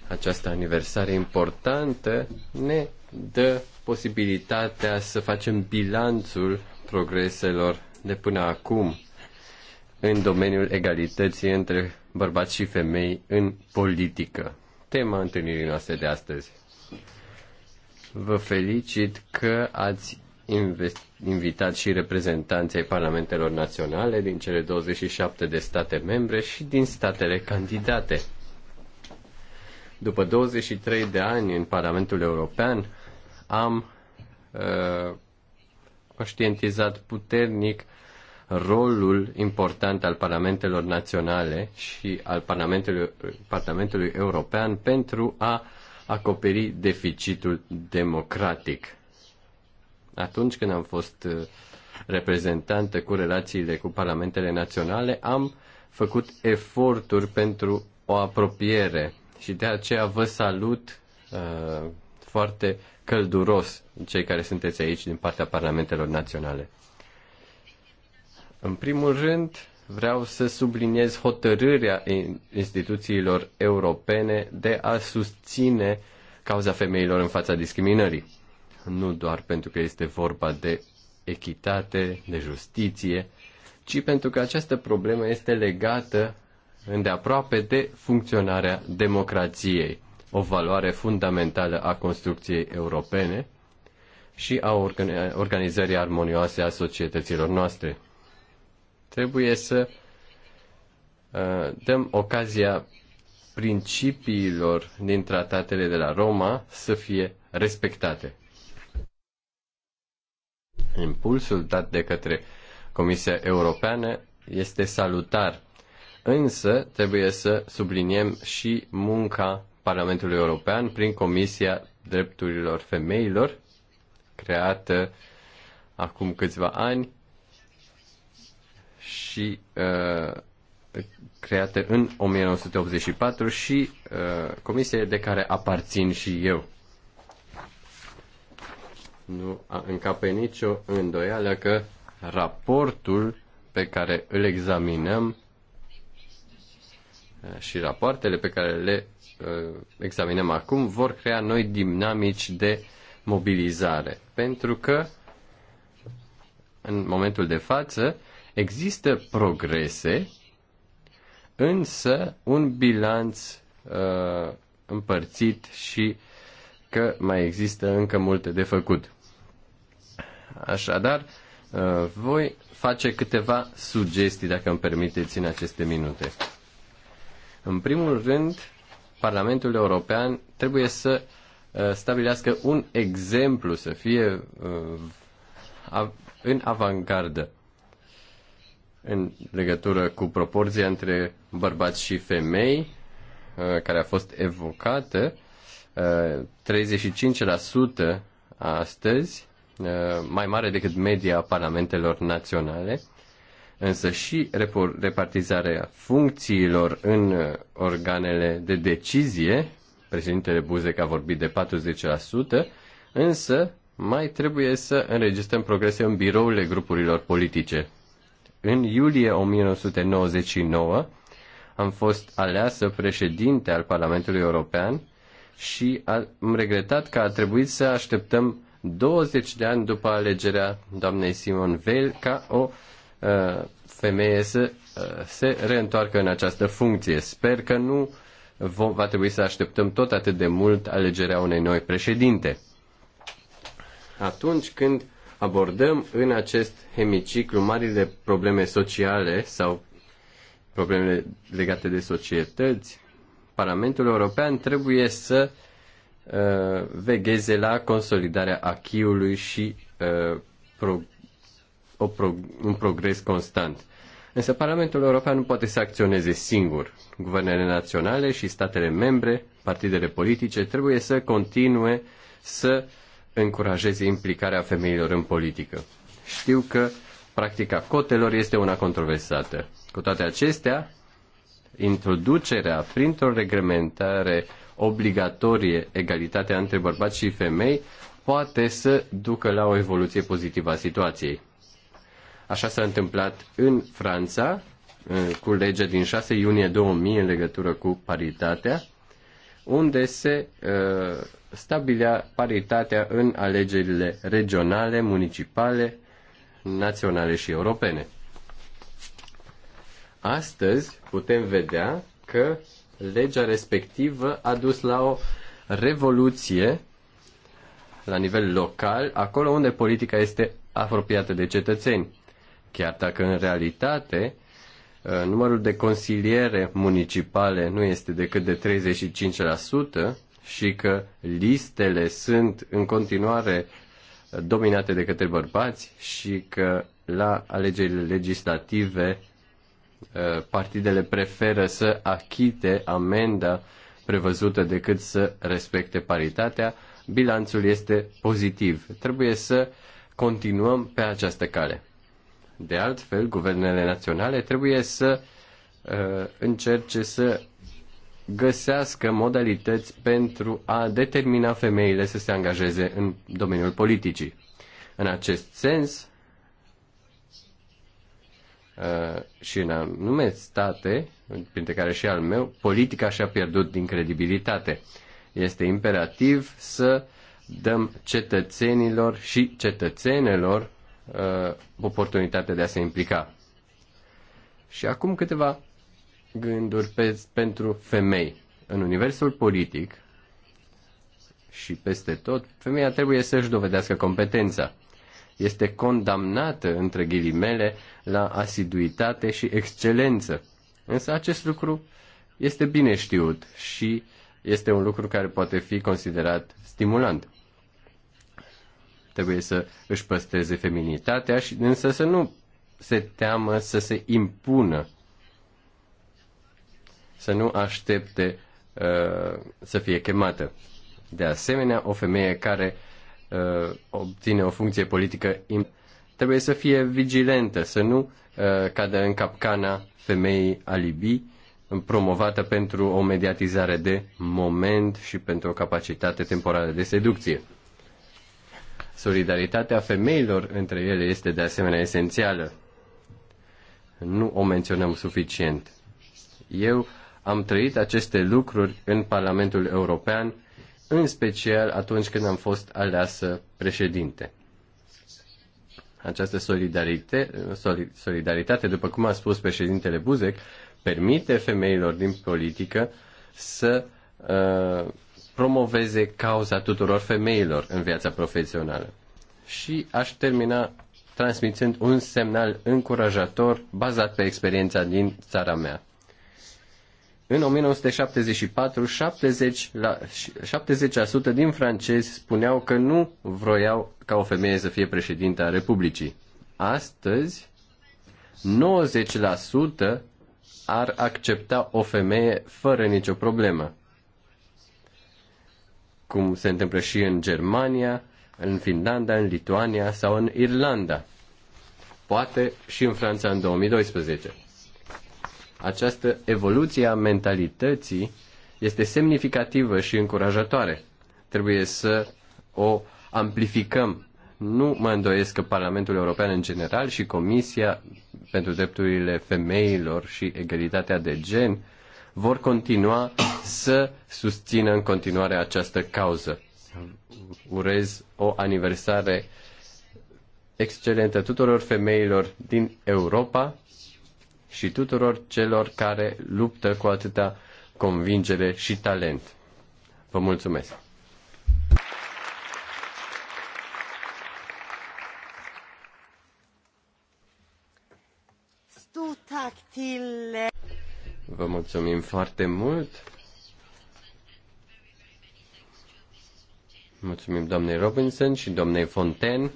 Această aniversare importantă ne dă posibilitatea să facem bilanțul progreselor de până acum în domeniul egalității între bărbați și femei în politică. Tema întâlnirii noastre de astăzi. Vă felicit că ați invitat și reprezentanții parlamentelor naționale din cele 27 de state membre și din statele candidate. După 23 de ani în Parlamentul European, am uh, conștientizat puternic rolul important al parlamentelor naționale și al Parlamentului, Parlamentului European pentru a acoperi deficitul democratic. Atunci când am fost uh, reprezentantă cu relațiile cu parlamentele naționale, am făcut eforturi pentru o apropiere și de aceea vă salut uh, foarte călduros cei care sunteți aici din partea parlamentelor naționale. În primul rând, vreau să subliniez hotărârea instituțiilor europene de a susține cauza femeilor în fața discriminării. Nu doar pentru că este vorba de echitate, de justiție, ci pentru că această problemă este legată îndeaproape de funcționarea democrației, o valoare fundamentală a construcției europene și a organizării armonioase a societăților noastre. Trebuie să uh, dăm ocazia principiilor din tratatele de la Roma să fie respectate. Impulsul dat de către Comisia Europeană este salutar însă trebuie să subliniem și munca Parlamentului European prin Comisia Drepturilor Femeilor, creată acum câțiva ani și uh, creată în 1984 și uh, comisie de care aparțin și eu. Nu încape nicio îndoială că raportul pe care îl examinăm și rapoartele pe care le uh, examinăm acum vor crea noi dinamici de mobilizare. Pentru că în momentul de față există progrese, însă un bilanț uh, împărțit și că mai există încă multe de făcut. Așadar, uh, voi face câteva sugestii, dacă îmi permiteți, în aceste minute. În primul rând, Parlamentul European trebuie să uh, stabilească un exemplu, să fie uh, în avangardă în legătură cu proporția între bărbați și femei uh, care a fost evocată 35% astăzi mai mare decât media parlamentelor naționale însă și repartizarea funcțiilor în uh, organele de decizie, președintele Buzek a vorbit de 40%, însă mai trebuie să înregistrăm progrese în birourile grupurilor politice. În iulie 1999 am fost aleasă președinte al Parlamentului European și am regretat că a trebuit să așteptăm 20 de ani după alegerea doamnei Simon Veil ca o Uh, femeie să uh, se reîntoarcă în această funcție. Sper că nu vom, va trebui să așteptăm tot atât de mult alegerea unei noi președinte. Atunci când abordăm în acest hemiciclu marile probleme sociale sau problemele legate de societăți, Parlamentul European trebuie să uh, vegheze la consolidarea achiului și uh, o pro, un progres constant. Însă Parlamentul European nu poate să acționeze singur. Guvernele naționale și statele membre, partidele politice, trebuie să continue să încurajeze implicarea femeilor în politică. Știu că practica cotelor este una controversată. Cu toate acestea, introducerea printr-o reglementare obligatorie egalitatea între bărbați și femei poate să ducă la o evoluție pozitivă a situației. Așa s-a întâmplat în Franța, eh, cu legea din 6 iunie 2000 în legătură cu paritatea, unde se uh, stabilea paritatea în alegerile regionale, municipale, naționale și europene. Astăzi putem vedea că legea respectivă a dus la o revoluție la nivel local, acolo unde politica este apropiată de cetățeni. Chiar dacă în realitate uh, numărul de consiliere municipale nu este decât de 35% și că listele sunt în continuare uh, dominate de către bărbați și că la alegerile legislative uh, partidele preferă să achite amenda prevăzută decât să respecte paritatea, bilanțul este pozitiv. Trebuie să continuăm pe această cale. De altfel, guvernele naționale trebuie să uh, încerce să găsească modalități pentru a determina femeile să se angajeze în domeniul politicii. În acest sens, uh, și în anume state, printre care și al meu, politica și-a pierdut din credibilitate. Este imperativ să dăm cetățenilor și cetățenelor uh, oportunitatea de a se implica. Și acum câteva gânduri pe, pentru femei. În universul politic și peste tot, femeia trebuie să-și dovedească competența. Este condamnată, între ghilimele, la asiduitate și excelență. Însă acest lucru este bine știut și este un lucru care poate fi considerat stimulant. Trebuie să își păstreze feminitatea și însă să nu se teamă să se impună, să nu aștepte uh, să fie chemată. De asemenea, o femeie care uh, obține o funcție politică trebuie să fie vigilentă, să nu uh, cadă în capcana femeii alibi promovată pentru o mediatizare de moment și pentru o capacitate temporară de seducție. Solidaritatea femeilor între ele este de asemenea esențială. Nu o menționăm suficient. Eu am trăit aceste lucruri în Parlamentul European, în special atunci când am fost aleasă președinte. Această solidaritate, solidaritate, după cum a spus președintele Buzek, permite femeilor din politică să uh, promoveze cauza tuturor femeilor în viața profesională. Și aș termina transmițând un semnal încurajator bazat pe experiența din țara mea. În 1974, 70%, la, 70% din francezi spuneau că nu vroiau ca o femeie să fie președinte a Republicii. Astăzi, 90% ar accepta o femeie fără nicio problemă cum se întâmplă și în Germania, în Finlanda, în Lituania sau în Irlanda. Poate și în Franța în 2012. Această evoluție a mentalității este semnificativă și încurajatoare. Trebuie să o amplificăm. Nu mă îndoiesc că Parlamentul European în general și Comisia pentru Drepturile Femeilor și Egalitatea de Gen vor continua să susțină în continuare această cauză. Urez o aniversare excelentă tuturor femeilor din Europa și tuturor celor care luptă cu atâta convingere și talent. Vă mulțumesc! Stort tack till eh, Vă mulțumim foarte mult. Mulțumim doamnei Robinson și doamnei Fonten.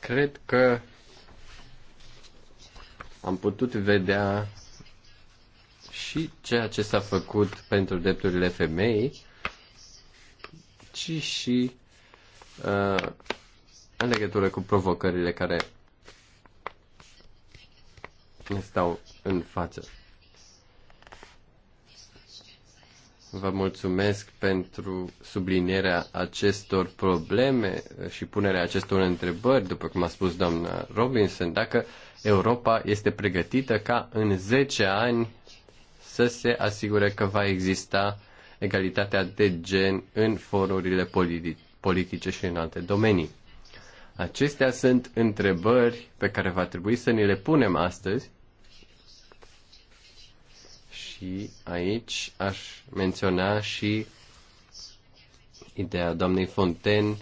Cred că am putut vedea și ceea ce s-a făcut pentru drepturile femeii, ci și uh, în legătură cu provocările care îmi stau în față. Vă mulțumesc pentru sublinierea acestor probleme și punerea acestor întrebări, după cum a spus doamna Robinson, dacă Europa este pregătită ca în 10 ani să se asigure că va exista egalitatea de gen în forurile politice și în alte domenii. Acestea sunt întrebări pe care va trebui să ni le punem astăzi și aici aș menționa și ideea doamnei Fontaine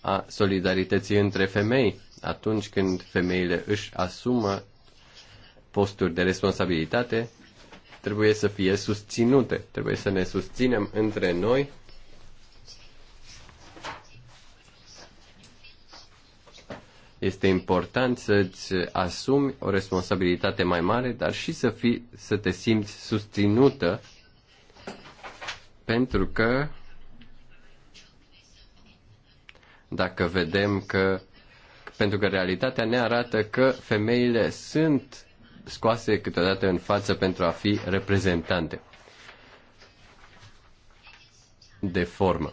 a solidarității între femei. Atunci când femeile își asumă posturi de responsabilitate, trebuie să fie susținute, trebuie să ne susținem între noi Este important să-ți asumi o responsabilitate mai mare, dar și să, fi, să te simți susținută pentru că dacă vedem că pentru că realitatea ne arată că femeile sunt scoase câteodată în față pentru a fi reprezentante de formă.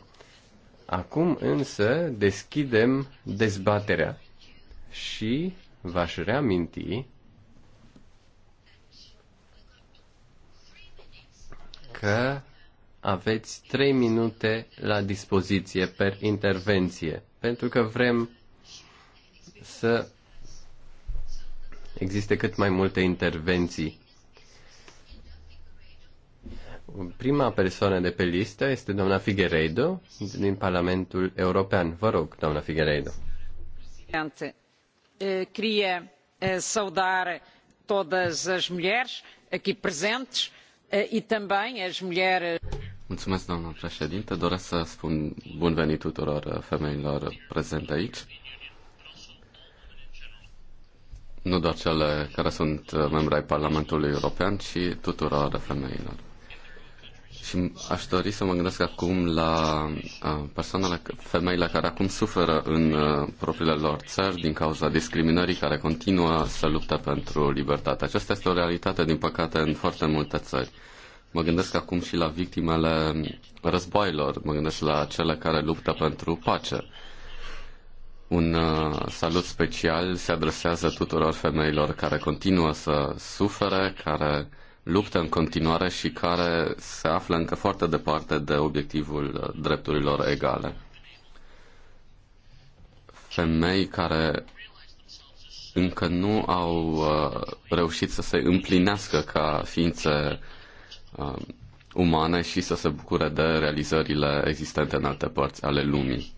Acum însă deschidem dezbaterea și v-aș reaminti că aveți 3 minute la dispoziție per intervenție, pentru că vrem să existe cât mai multe intervenții. Prima persoană de pe listă este doamna Figueiredo din Parlamentul European. Vă rog, doamna Figueiredo. Eh, queria eh, saudar todas as mulheres aqui presentes eh, e também as mulheres. Mulțumesc, doamnă președinte. Doresc să spun bun venit tuturor femeilor prezente aici. Nu doar cele care sunt membre ai Parlamentului European, ci tuturor femeilor. Și aș dori să mă gândesc acum la uh, persoanele, femeile care acum suferă în uh, propriile lor țări din cauza discriminării care continuă să lupte pentru libertate. Aceasta este o realitate, din păcate, în foarte multe țări. Mă gândesc acum și la victimele războiilor, mă gândesc la cele care luptă pentru pace. Un uh, salut special se adresează tuturor femeilor care continuă să sufere, care luptă în continuare și care se află încă foarte departe de obiectivul uh, drepturilor egale. Femei care încă nu au uh, reușit să se împlinească ca ființe uh, umane și să se bucure de realizările existente în alte părți ale lumii.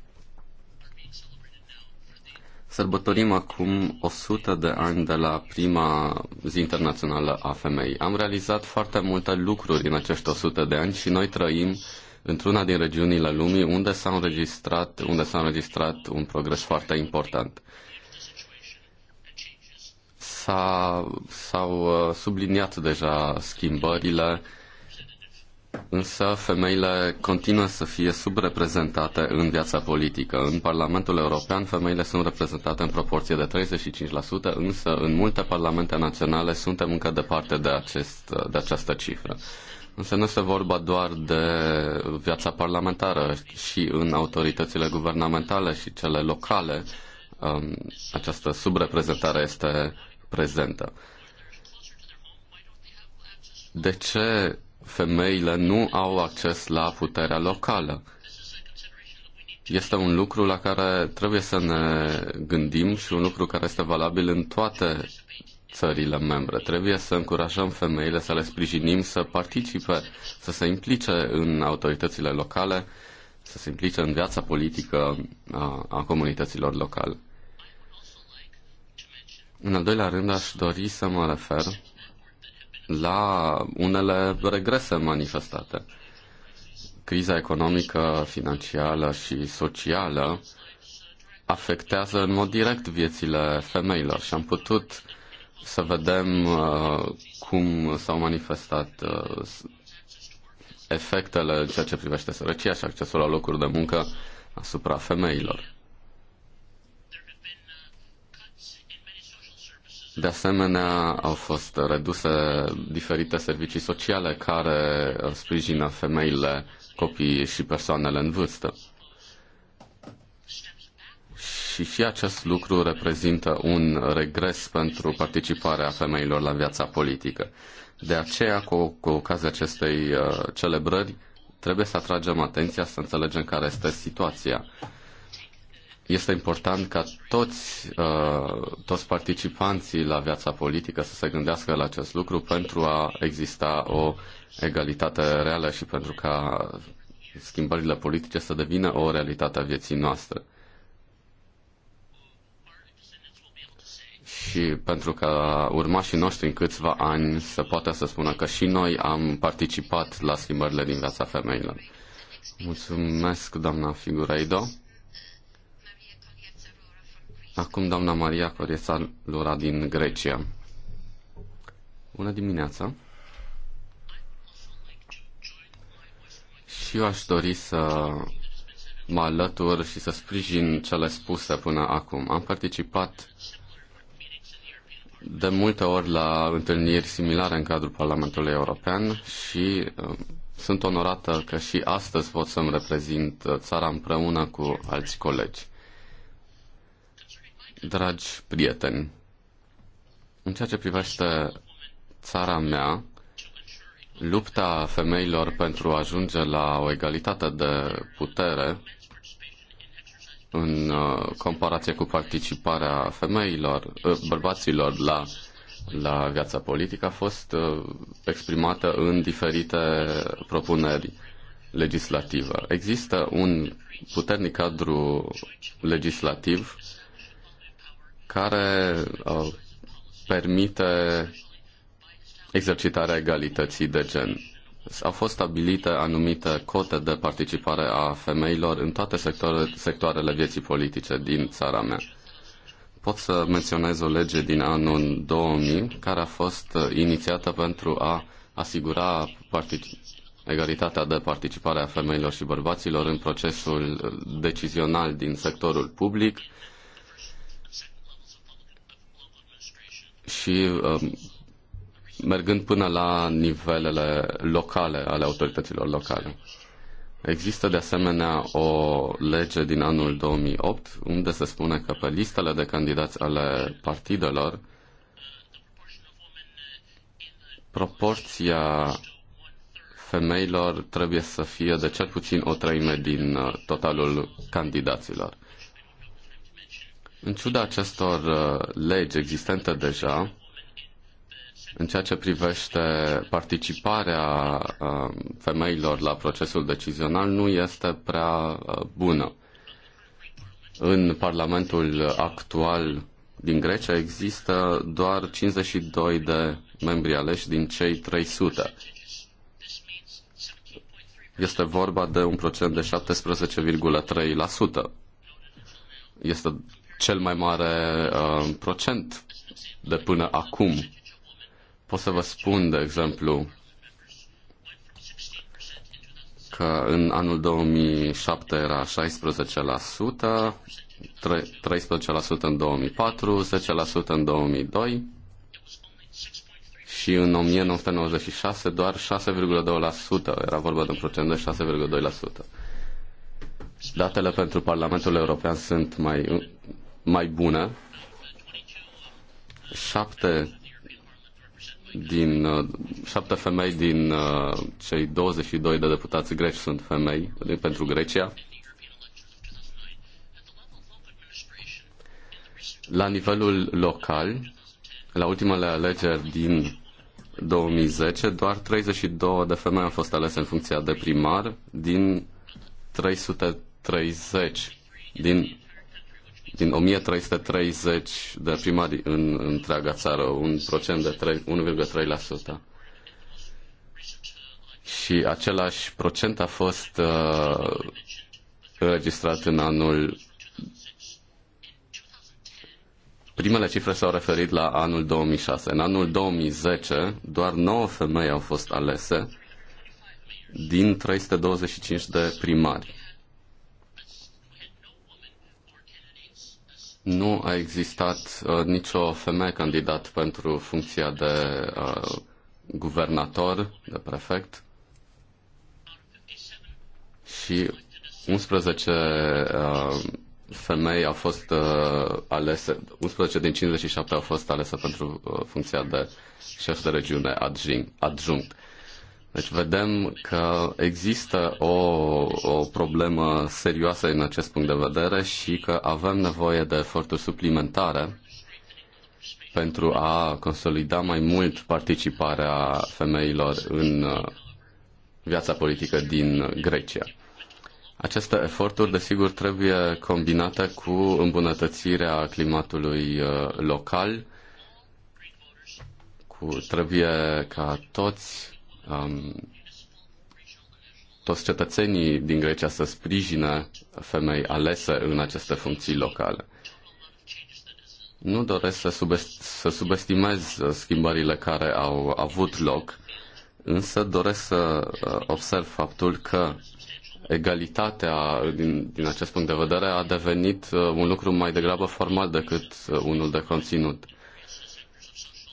Sărbătorim acum 100 de ani de la prima zi internațională a femeii. Am realizat foarte multe lucruri în acești 100 de ani și noi trăim într-una din regiunile lumii unde s-a înregistrat, unde s-a înregistrat un progres foarte important. S-a, s-au uh, subliniat deja schimbările Însă femeile continuă să fie subreprezentate în viața politică. În Parlamentul European femeile sunt reprezentate în proporție de 35%, însă în multe parlamente naționale suntem încă departe de, acest, de această cifră. Însă nu este vorba doar de viața parlamentară și în autoritățile guvernamentale și cele locale um, această subreprezentare este prezentă. De ce femeile nu au acces la puterea locală. Este un lucru la care trebuie să ne gândim și un lucru care este valabil în toate țările membre. Trebuie să încurajăm femeile, să le sprijinim să participe, să se implice în autoritățile locale, să se implice în viața politică a, a comunităților locale. În al doilea rând, aș dori să mă refer la unele regrese manifestate. Criza economică, financiară și socială afectează în mod direct viețile femeilor și am putut să vedem uh, cum s-au manifestat uh, efectele în ceea ce privește sărăcia și accesul la locuri de muncă asupra femeilor. De asemenea, au fost reduse diferite servicii sociale care sprijină femeile, copiii și persoanele în vârstă. Și și acest lucru reprezintă un regres pentru participarea femeilor la viața politică. De aceea, cu, cu ocazia acestei uh, celebrări, trebuie să atragem atenția, să înțelegem care este situația este important ca toți, uh, toți participanții la viața politică să se gândească la acest lucru pentru a exista o egalitate reală și pentru ca schimbările politice să devină o realitate a vieții noastre. Și pentru că urmașii noștri în câțiva ani să poată să spună că și noi am participat la schimbările din viața femeilor. Mulțumesc, doamna Figuraido. Acum doamna Maria Coresa Lura din Grecia. Bună dimineața! Și eu aș dori să mă alătur și să sprijin cele spuse până acum. Am participat de multe ori la întâlniri similare în cadrul Parlamentului European și uh, sunt onorată că și astăzi pot să-mi reprezint uh, țara împreună cu alți colegi. Dragi prieteni, în ceea ce privește țara mea, lupta femeilor pentru a ajunge la o egalitate de putere în uh, comparație cu participarea femeilor, uh, bărbaților la, la viața politică a fost uh, exprimată în diferite propuneri legislative. Există un puternic cadru legislativ care uh, permite exercitarea egalității de gen. Au fost stabilite anumite cote de participare a femeilor în toate sectoare, sectoarele vieții politice din țara mea. Pot să menționez o lege din anul 2000 care a fost uh, inițiată pentru a asigura egalitatea de participare a femeilor și bărbaților în procesul uh, decizional din sectorul public, și um, mergând până la nivelele locale ale autorităților locale. Există de asemenea o lege din anul 2008 unde se spune că pe listele de candidați ale partidelor proporția femeilor trebuie să fie de cel puțin o treime din uh, totalul candidaților. În ciuda acestor uh, legi existente deja, în ceea ce privește participarea uh, femeilor la procesul decizional, nu este prea uh, bună. În Parlamentul actual din Grecia există doar 52 de membri aleși din cei 300. Este vorba de un procent de 17,3%. Este cel mai mare uh, procent de până acum. Pot să vă spun, de exemplu, că în anul 2007 era 16%, 13% în 2004, 10% în 2002 și în 1996 doar 6,2%. Era vorba de un procent de 6,2%. Datele pentru Parlamentul European sunt mai mai bună. Șapte din uh, șapte femei din uh, cei 22 de deputați greci sunt femei pentru Grecia. La nivelul local, la ultimele alegeri din 2010, doar 32 de femei au fost alese în funcția de primar din 330 din din 1330 de primari în întreaga țară, un procent de 1,3%. Și același procent a fost uh, înregistrat în anul. Primele cifre s-au referit la anul 2006. În anul 2010, doar 9 femei au fost alese din 325 de primari nu a existat uh, nicio femeie candidat pentru funcția de uh, guvernator, de prefect. Și 11 uh, femei au fost uh, alese, 11 din 57 au fost alese pentru uh, funcția de șef de regiune adjunct. adjunct. Deci vedem că există o, o problemă serioasă în acest punct de vedere și că avem nevoie de eforturi suplimentare pentru a consolida mai mult participarea femeilor în uh, viața politică din Grecia. Aceste eforturi, desigur, trebuie combinate cu îmbunătățirea climatului uh, local, cu, trebuie ca toți um, toți cetățenii din Grecia să sprijină femei alese în aceste funcții locale. Nu doresc să, subest- să subestimez schimbările care au avut loc, însă doresc să uh, observ faptul că egalitatea din, din acest punct de vedere a devenit uh, un lucru mai degrabă formal decât uh, unul de conținut.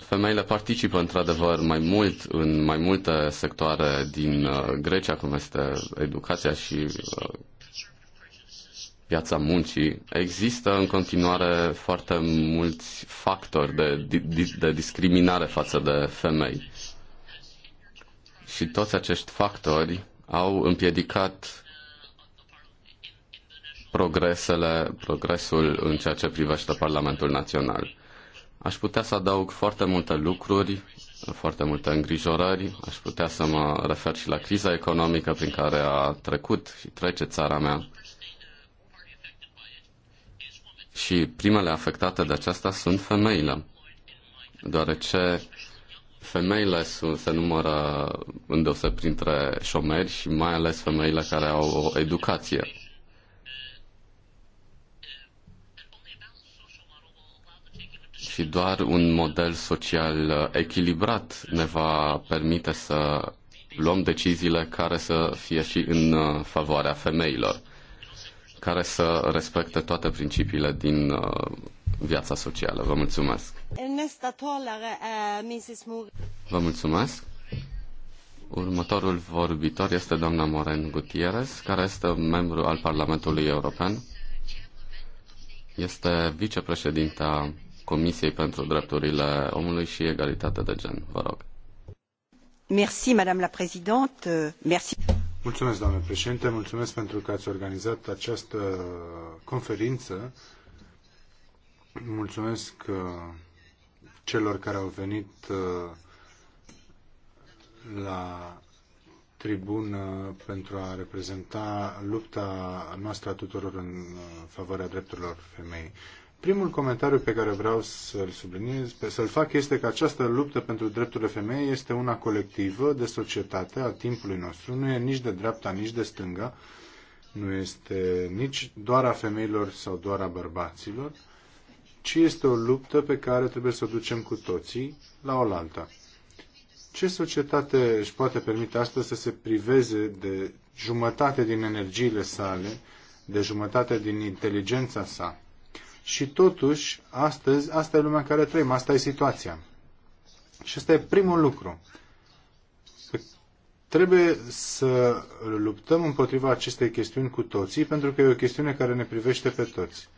Femeile participă într-adevăr mai mult în mai multe sectoare din uh, Grecia, cum este educația și uh, piața muncii. Există în continuare foarte mulți factori de, de discriminare față de femei. Și toți acești factori au împiedicat progresele, progresul în ceea ce privește Parlamentul Național. Aș putea să adaug foarte multe lucruri, foarte multe îngrijorări. Aș putea să mă refer și la criza economică prin care a trecut și trece țara mea. Și primele afectate de aceasta sunt femeile, deoarece femeile sunt, se numără îndeoseb printre șomeri și mai ales femeile care au o educație și doar un model social echilibrat ne va permite să luăm deciziile care să fie și în uh, favoarea femeilor, care să respecte toate principiile din uh, viața socială. Vă mulțumesc! Vă mulțumesc! Următorul vorbitor este doamna Moren Gutierrez, care este membru al Parlamentului European. Este vicepreședinta Comisiei pentru Drepturile Omului și Egalitatea de Gen. Vă rog. Merci, Madame la Présidente. Merci. Mulțumesc, doamnă președinte, mulțumesc pentru că ați organizat această conferință. Mulțumesc uh, celor care au venit uh, la tribună pentru a reprezenta lupta noastră a tuturor în uh, favoarea drepturilor femei. Primul comentariu pe care vreau să-l subliniez, să-l fac, este că această luptă pentru drepturile femeii este una colectivă de societate a timpului nostru. Nu e nici de dreapta, nici de stânga. Nu este nici doar a femeilor sau doar a bărbaților, ci este o luptă pe care trebuie să o ducem cu toții la oaltă. Ce societate își poate permite astăzi să se priveze de jumătate din energiile sale, de jumătate din inteligența sa, și totuși, astăzi, asta e lumea în care trăim, asta e situația. Și asta e primul lucru. Trebuie să luptăm împotriva acestei chestiuni cu toții, pentru că e o chestiune care ne privește pe toți.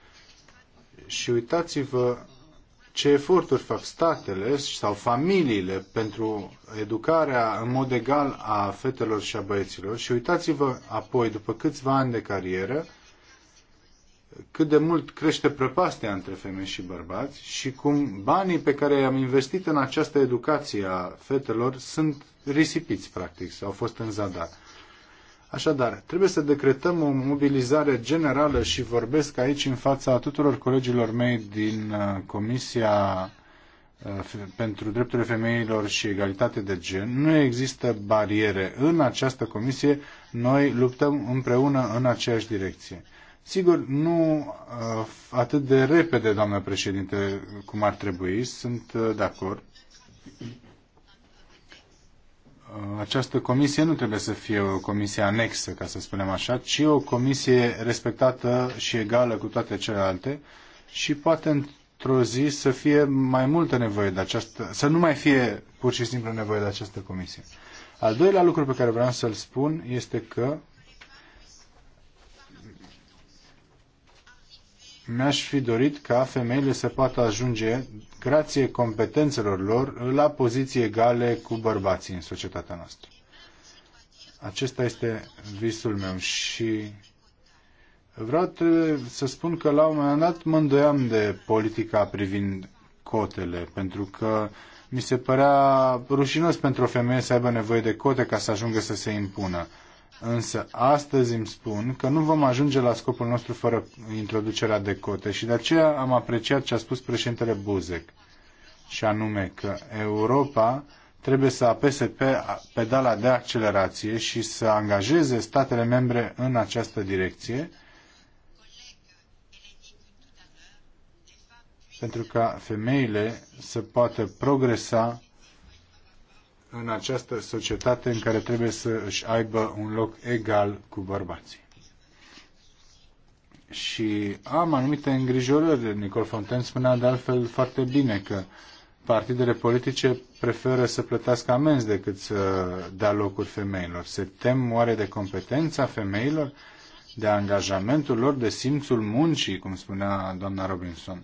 Și uitați-vă ce eforturi fac statele sau familiile pentru educarea în mod egal a fetelor și a băieților și uitați-vă apoi, după câțiva ani de carieră, cât de mult crește prăpastia între femei și bărbați și cum banii pe care i-am investit în această educație a fetelor sunt risipiți, practic, sau au fost în zadar. Așadar, trebuie să decretăm o mobilizare generală și vorbesc aici în fața tuturor colegilor mei din uh, Comisia uh, pentru drepturile femeilor și egalitate de gen. Nu există bariere. În această comisie noi luptăm împreună în aceeași direcție. Sigur, nu uh, atât de repede, doamnă președinte, cum ar trebui, sunt uh, de acord. Uh, această comisie nu trebuie să fie o comisie anexă, ca să spunem așa, ci o comisie respectată și egală cu toate celelalte și poate într-o zi să fie mai multă nevoie de această, să nu mai fie pur și simplu nevoie de această comisie. Al doilea lucru pe care vreau să-l spun este că mi-aș fi dorit ca femeile să poată ajunge, grație competențelor lor, la poziții egale cu bărbații în societatea noastră. Acesta este visul meu și vreau să spun că la un moment dat mă îndoiam de politica privind cotele, pentru că mi se părea rușinos pentru o femeie să aibă nevoie de cote ca să ajungă să se impună. Însă astăzi îmi spun că nu vom ajunge la scopul nostru fără introducerea de cote și de aceea am apreciat ce a spus președintele Buzek și anume că Europa trebuie să apese pe pedala de accelerație și să angajeze statele membre în această direcție pentru ca femeile să poată progresa în această societate în care trebuie să își aibă un loc egal cu bărbații. Și am anumite îngrijorări. Nicol Fonten spunea de altfel foarte bine că partidele politice preferă să plătească amenzi decât să dea locuri femeilor. Se tem oare de competența femeilor, de angajamentul lor, de simțul muncii, cum spunea doamna Robinson.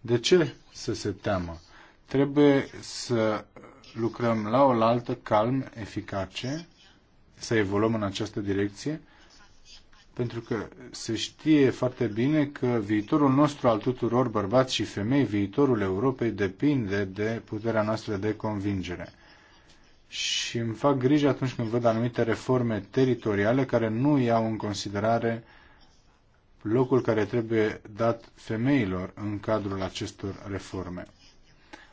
De ce să se teamă? Trebuie să lucrăm la oaltă, calm, eficace, să evoluăm în această direcție, pentru că se știe foarte bine că viitorul nostru al tuturor, bărbați și femei, viitorul Europei depinde de puterea noastră de convingere. Și îmi fac grijă atunci când văd anumite reforme teritoriale care nu iau în considerare locul care trebuie dat femeilor în cadrul acestor reforme.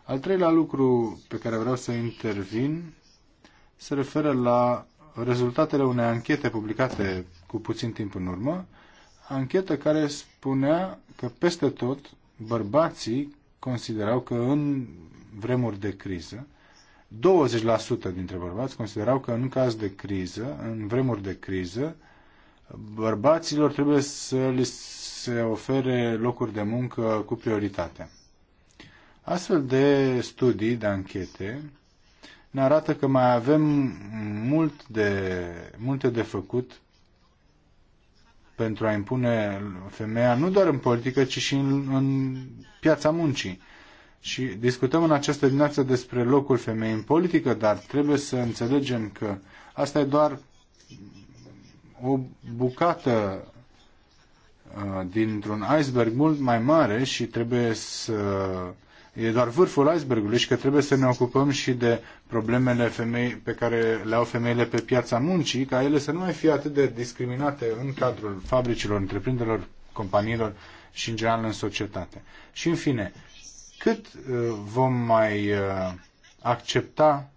Al treilea lucru pe care vreau să intervin se referă la rezultatele unei anchete publicate cu puțin timp în urmă, anchetă care spunea că peste tot bărbații considerau că în vremuri de criză, 20% dintre bărbați considerau că în caz de criză, în vremuri de criză, bărbaților trebuie să li se ofere locuri de muncă cu prioritate. Astfel de studii, de anchete, ne arată că mai avem mult de, multe de făcut pentru a impune femeia nu doar în politică, ci și în, în piața muncii. Și discutăm în această dimineață despre locul femeii în politică, dar trebuie să înțelegem că asta e doar o bucată uh, dintr-un iceberg mult mai mare și trebuie să e doar vârful icebergului și că trebuie să ne ocupăm și de problemele femei pe care le au femeile pe piața muncii, ca ele să nu mai fie atât de discriminate în cadrul fabricilor, întreprinderilor, companiilor și în general în societate. Și în fine, cât uh, vom mai uh, accepta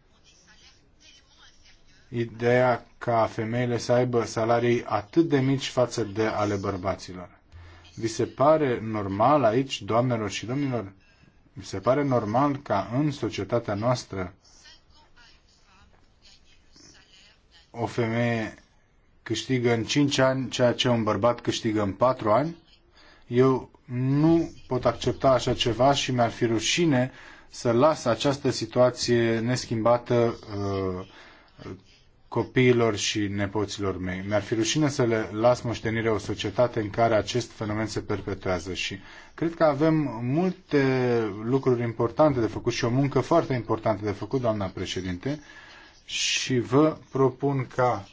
ideea ca femeile să aibă salarii atât de mici față de ale bărbaților? Vi se pare normal aici, doamnelor și domnilor, mi se pare normal ca în societatea noastră o femeie câștigă în 5 ani ceea ce un bărbat câștigă în 4 ani. Eu nu pot accepta așa ceva și mi-ar fi rușine să las această situație neschimbată uh, copiilor și nepoților mei. Mi-ar fi rușine să le las moștenire o societate în care acest fenomen se perpetuează și cred că avem multe lucruri importante de făcut și o muncă foarte importantă de făcut, doamna președinte, și vă propun ca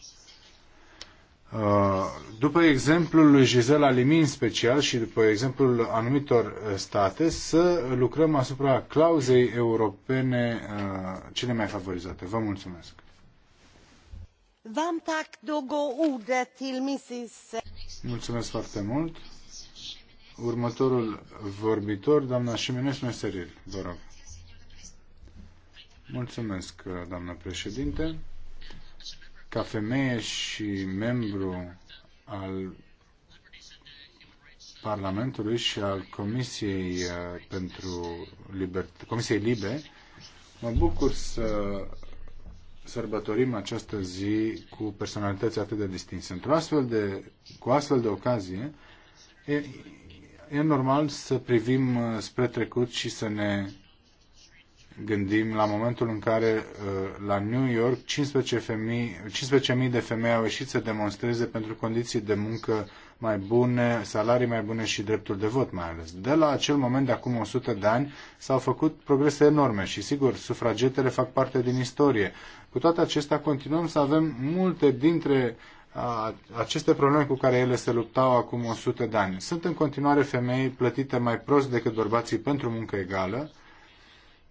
uh, după exemplul lui Gisela Limin în special și după exemplul anumitor state, să lucrăm asupra clauzei europene uh, cele mai favorizate. Vă mulțumesc! Mulțumesc foarte mult. Următorul vorbitor, doamna Șimenes Meseril, vă rog. Mulțumesc, doamnă președinte. Ca femeie și membru al Parlamentului și al Comisiei uh, pentru Libert Comisiei Libe, mă bucur să sărbătorim această zi cu personalități atât de distinse. Într-o astfel de, cu astfel de ocazie, e, e normal să privim uh, spre trecut și să ne gândim la momentul în care uh, la New York 15.000 15 de femei au ieșit să demonstreze pentru condiții de muncă mai bune, salarii mai bune și dreptul de vot mai ales. De la acel moment de acum 100 de ani s-au făcut progrese enorme și sigur, sufragetele fac parte din istorie. Cu toate acestea continuăm să avem multe dintre aceste probleme cu care ele se luptau acum 100 de ani. Sunt în continuare femei plătite mai prost decât bărbații pentru muncă egală,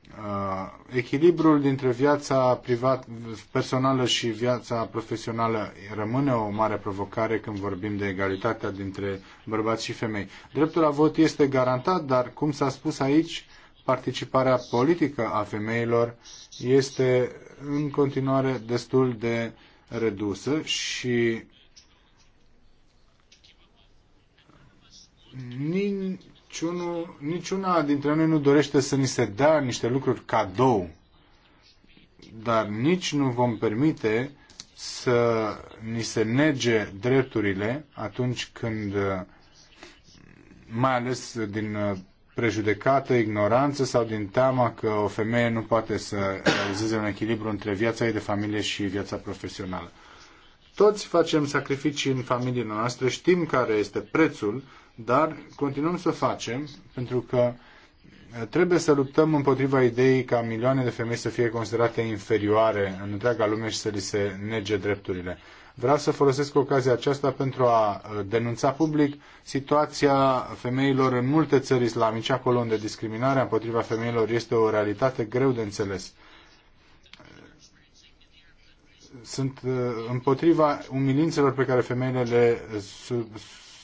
Uh, echilibrul dintre viața privat, personală și viața profesională rămâne o mare provocare când vorbim de egalitatea dintre bărbați și femei. Dreptul la vot este garantat, dar, cum s-a spus aici, participarea politică a femeilor este în continuare destul de redusă și niciunul, niciuna dintre noi nu dorește să ni se dea niște lucruri cadou, dar nici nu vom permite să ni se nege drepturile atunci când, mai ales din uh, prejudecată, ignoranță sau din teama că o femeie nu poate să realizeze un echilibru între viața ei de familie și viața profesională. Toți facem sacrificii în familiile noastre, știm care este prețul dar continuăm să facem pentru că eh, trebuie să luptăm împotriva ideii ca milioane de femei să fie considerate inferioare în întreaga lume și să li se nege drepturile. Vreau să folosesc ocazia aceasta pentru a eh, denunța public situația femeilor în multe țări islamice, acolo unde discriminarea împotriva femeilor este o realitate greu de înțeles. Sunt eh, împotriva umilințelor pe care femeile le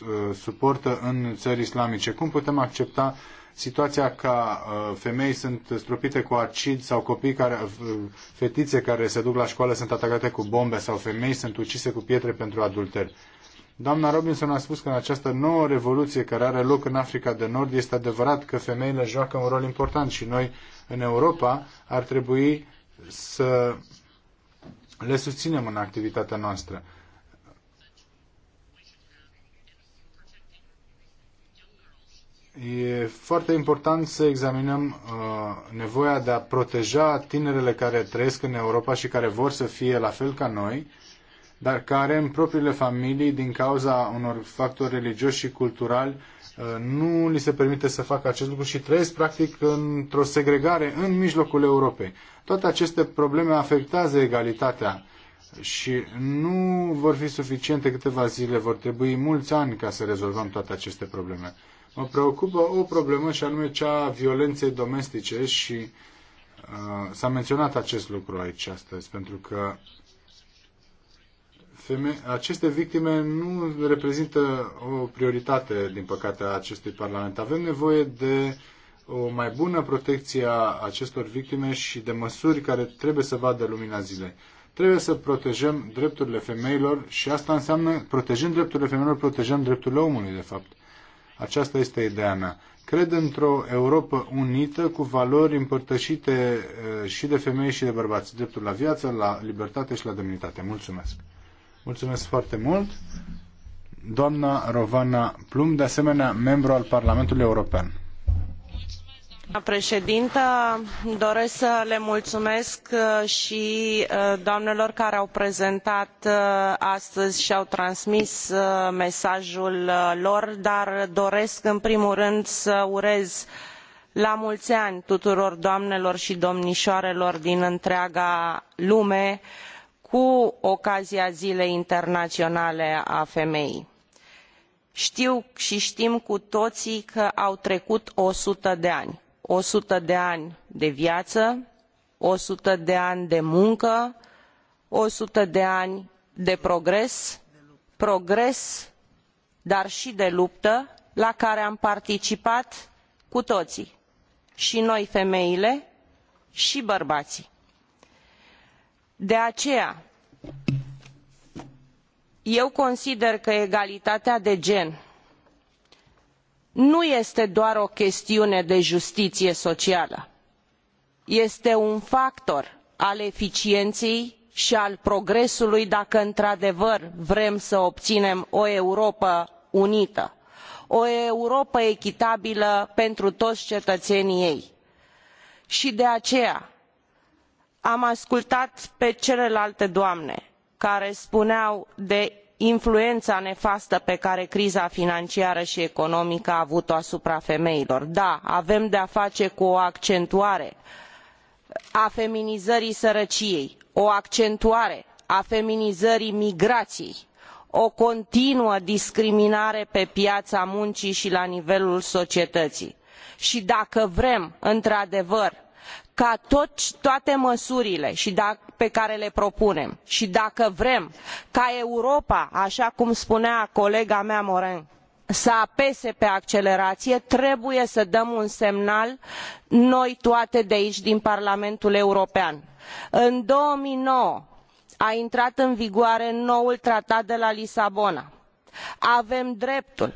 Uh, suportă în țări islamice. Cum putem accepta situația ca uh, femei sunt stropite cu acid sau copii care, uh, fetițe care se duc la școală sunt atacate cu bombe sau femei sunt ucise cu pietre pentru adulter. Doamna Robinson a spus că în această nouă revoluție care are loc în Africa de Nord este adevărat că femeile joacă un rol important și noi în Europa ar trebui să le susținem în activitatea noastră. E foarte important să examinăm uh, nevoia de a proteja tinerele care trăiesc în Europa și care vor să fie la fel ca noi, dar care în propriile familii, din cauza unor factori religioși și culturali, uh, nu li se permite să facă acest lucru și trăiesc practic într-o segregare în mijlocul Europei. Toate aceste probleme afectează egalitatea și nu vor fi suficiente câteva zile, vor trebui mulți ani ca să rezolvăm toate aceste probleme mă preocupă o problemă și anume cea a violenței domestice și uh, s-a menționat acest lucru aici astăzi, pentru că feme- aceste victime nu reprezintă o prioritate, din păcate, a acestui Parlament. Avem nevoie de o mai bună protecție a acestor victime și de măsuri care trebuie să vadă lumina zilei. Trebuie să protejăm drepturile femeilor și asta înseamnă, protejând drepturile femeilor, protejăm drepturile omului, de fapt. Aceasta este ideea mea. Cred într-o Europa unită cu valori împărtășite eh, și de femei și de bărbați. Dreptul la viață, la libertate și la demnitate. Mulțumesc! Mulțumesc foarte mult! Doamna Rovana Plum, de asemenea, membru al Parlamentului European doresc să le mulumesc uh, i uh, doamnelor care au prezentat uh, astăzi i au transmis mesajul lor dar doresc în primul rând să urez la muli ani tuturor doamnelor i domnioarelor din întreaga lume cu ocazia zilei internaionale a femeii. tiu i tim cu toii că au trecut o sută de ani o sută de ani de viaă o sută de ani de muncă o sută de ani de progres progres dar i de luptă la care am participat cu toii i noi femeile i bărbaii. de aceea eu consider că egalitatea de gen nu este doar o chestiune de justiie socială este un factor al eficienei i al progresului dacă într adevăr vrem să obinem o europă unită o europă echitabilă pentru toi cetăenii ei i de aceea am ascultat pe celelalte doamne care spuneau de influena nefastă pe care criza financiară i economică a avut o asupra femeilor. da avem de a face cu o accentuare a feminizării sărăciei o accentuare a feminizării migraiei o continuă discriminare pe piaa muncii i la nivelul societăii i dacă vrem într adevăr ca toate măsurile i pe care le propunem i dacă vrem ca europa aa cum spunea colega mea morin să apese pe accelerație, trebuie să dăm un semnal noi toate de aici din parlamentul european. în două mii nouă a intrat în vigoare noul tratat de la lisabona avem dreptul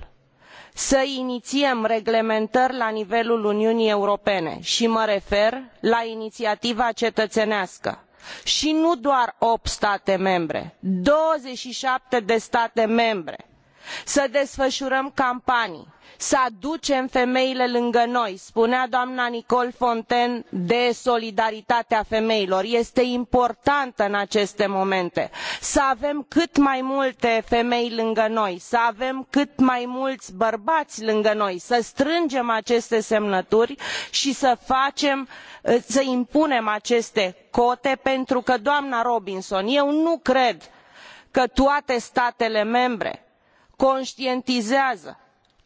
să iniiem reglementări la nivelul uniunii europene i mă refer la iniiativa cetăenească i nu doar opt state membre douăzeci și șapte de state membre să desfăurăm campanii să aducem femeile lângă noi spunea doamna nicole fontaine de solidaritatea femeilor este importantă în aceste momente să avem cât mai multe femei lângă noi să avem cât mai muli bărbai lângă noi să strângem aceste semnături i să facem să impunem aceste cote pentru că doamna robinson eu nu cred că toate statele membre contientizează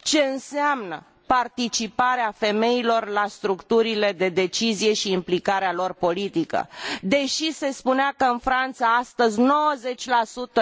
ce înseamnă participarea femeilor la structurile de decizie i implicarea lor politică dei se spunea că în frana astăzi nouăzeci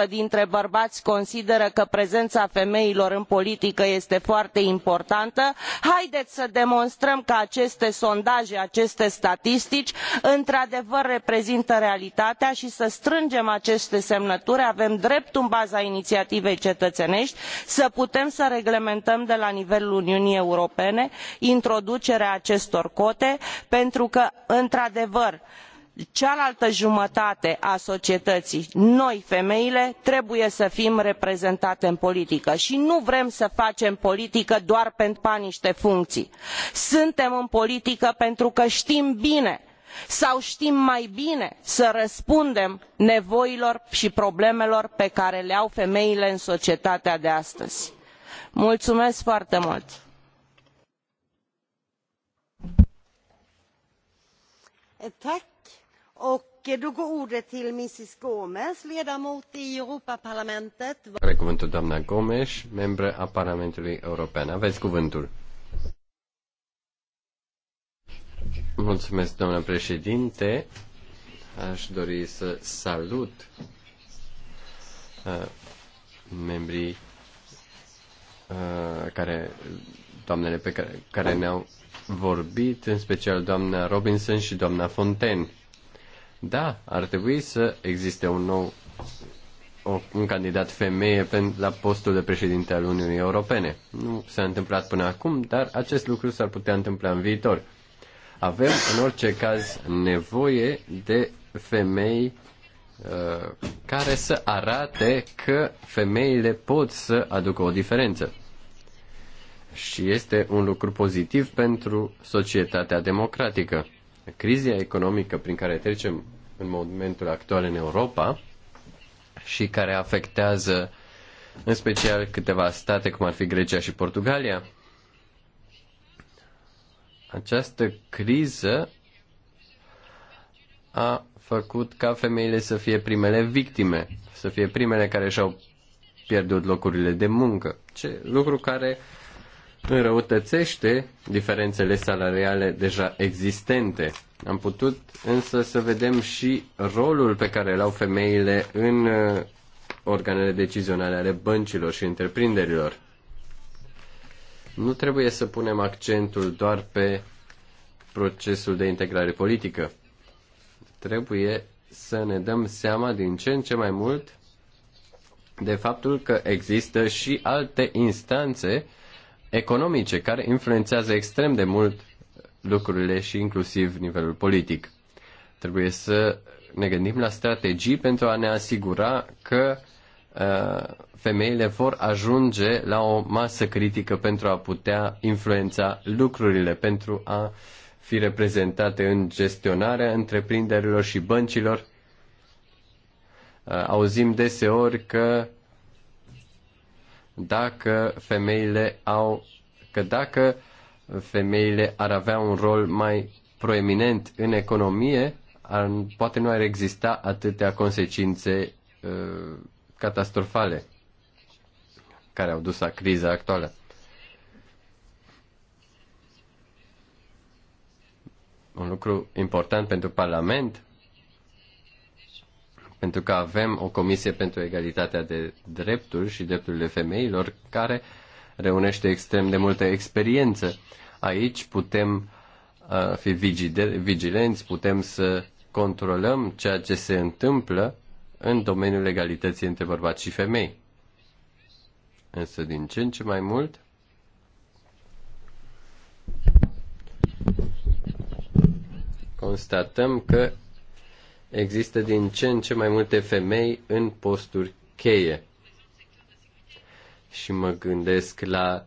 dintre bărbai consideră că prezena femeilor în politică este foarte importantă haidei să demonstrăm că aceste sondaje aceste statistici într adevăr reprezintă realitatea i să strângem aceste semnături avem dreptul în baza iniiativei cetăeneti să putem să reglementăm de la nivelul uniunii europene europene introducerea acestor cote pentru că într adevăr cealaltă jumătate a societăii noi femeile trebuie să fim reprezentate în politică i nu vrem să facem politică doar pentru a nite funcii suntem în politică pentru că tim bine sau tim mai bine să răspundem nevoilor i problemelor pe care le au femeile în societatea de astăzi. mulumesc foarte mult! Eh, tack. Och eh, då går ordet till Mrs Gomes, ledamot i Europaparlamentet. Are cuvântul doamna Gomes, a Parlamentului European. Aveți cuvântul. Mulțumesc, doamna președinte. Aș dori să salut uh, membrii uh, care, doamnele pe care, care ne-au vorbit, în special doamna Robinson și doamna Fontaine. Da, ar trebui să existe un nou o, un candidat femeie pen, la postul de președinte al Uniunii Europene. Nu s-a întâmplat până acum, dar acest lucru s-ar putea întâmpla în viitor. Avem, în orice caz, nevoie de femei uh, care să arate că femeile pot să aducă o diferență și este un lucru pozitiv pentru societatea democratică. Criza economică prin care trecem în momentul actual în Europa și care afectează în special câteva state, cum ar fi Grecia și Portugalia, această criză a făcut ca femeile să fie primele victime, să fie primele care și-au pierdut locurile de muncă, ce, lucru care înrăutățește diferențele salariale deja existente. Am putut însă să vedem și rolul pe care îl au femeile în uh, organele decizionale ale băncilor și întreprinderilor. Nu trebuie să punem accentul doar pe procesul de integrare politică. Trebuie să ne dăm seama din ce în ce mai mult de faptul că există și alte instanțe economice care influențează extrem de mult lucrurile și inclusiv nivelul politic. Trebuie să ne gândim la strategii pentru a ne asigura că uh, femeile vor ajunge la o masă critică pentru a putea influența lucrurile, pentru a fi reprezentate în gestionarea întreprinderilor și băncilor. Uh, auzim deseori că dacă femeile au că dacă femeile ar avea un rol mai proeminent în economie, ar, poate nu ar exista atâtea consecințe uh, catastrofale care au dus la criza actuală. Un lucru important pentru Parlament pentru că avem o comisie pentru egalitatea de drepturi și drepturile femeilor care reunește extrem de multă experiență. Aici putem uh, fi vigilenți, putem să controlăm ceea ce se întâmplă în domeniul egalității între bărbați și femei. Însă din ce în ce mai mult constatăm că există din ce în ce mai multe femei în posturi cheie. Și mă gândesc la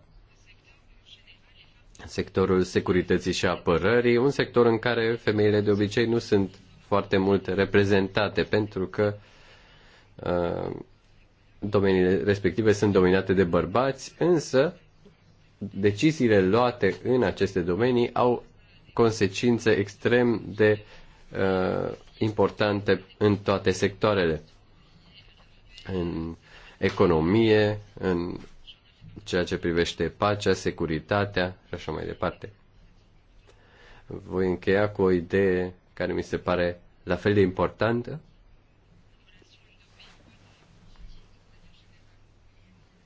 sectorul securității și apărării, un sector în care femeile de obicei nu sunt foarte mult reprezentate, pentru că uh, domeniile respective sunt dominate de bărbați, însă deciziile luate în aceste domenii au consecințe extrem de uh, importante în toate sectoarele. În economie, în ceea ce privește pacea, securitatea și așa mai departe. Voi încheia cu o idee care mi se pare la fel de importantă.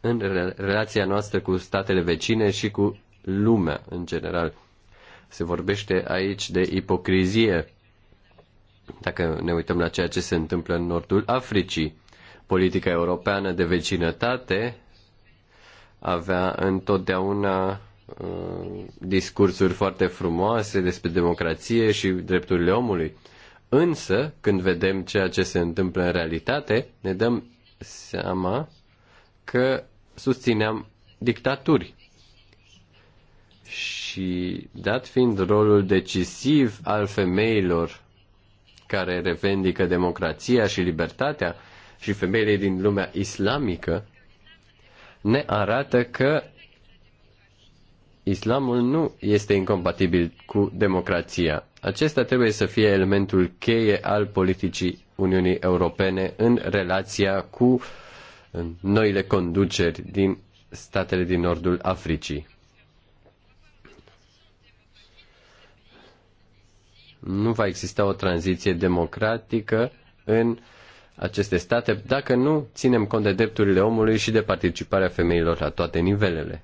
în relația noastră cu statele vecine și cu lumea în general. Se vorbește aici de ipocrizie dacă ne uităm la ceea ce se întâmplă în nordul Africii, politica europeană de vecinătate avea întotdeauna uh, discursuri foarte frumoase despre democrație și drepturile omului. Însă, când vedem ceea ce se întâmplă în realitate, ne dăm seama că susțineam dictaturi. Și dat fiind rolul decisiv al femeilor care revendică democrația și libertatea și femeile din lumea islamică, ne arată că islamul nu este incompatibil cu democrația. Acesta trebuie să fie elementul cheie al politicii Uniunii Europene în relația cu noile conduceri din statele din nordul Africii. Nu va exista o tranziție democratică în aceste state dacă nu ținem cont de drepturile omului și de participarea femeilor la toate nivelele.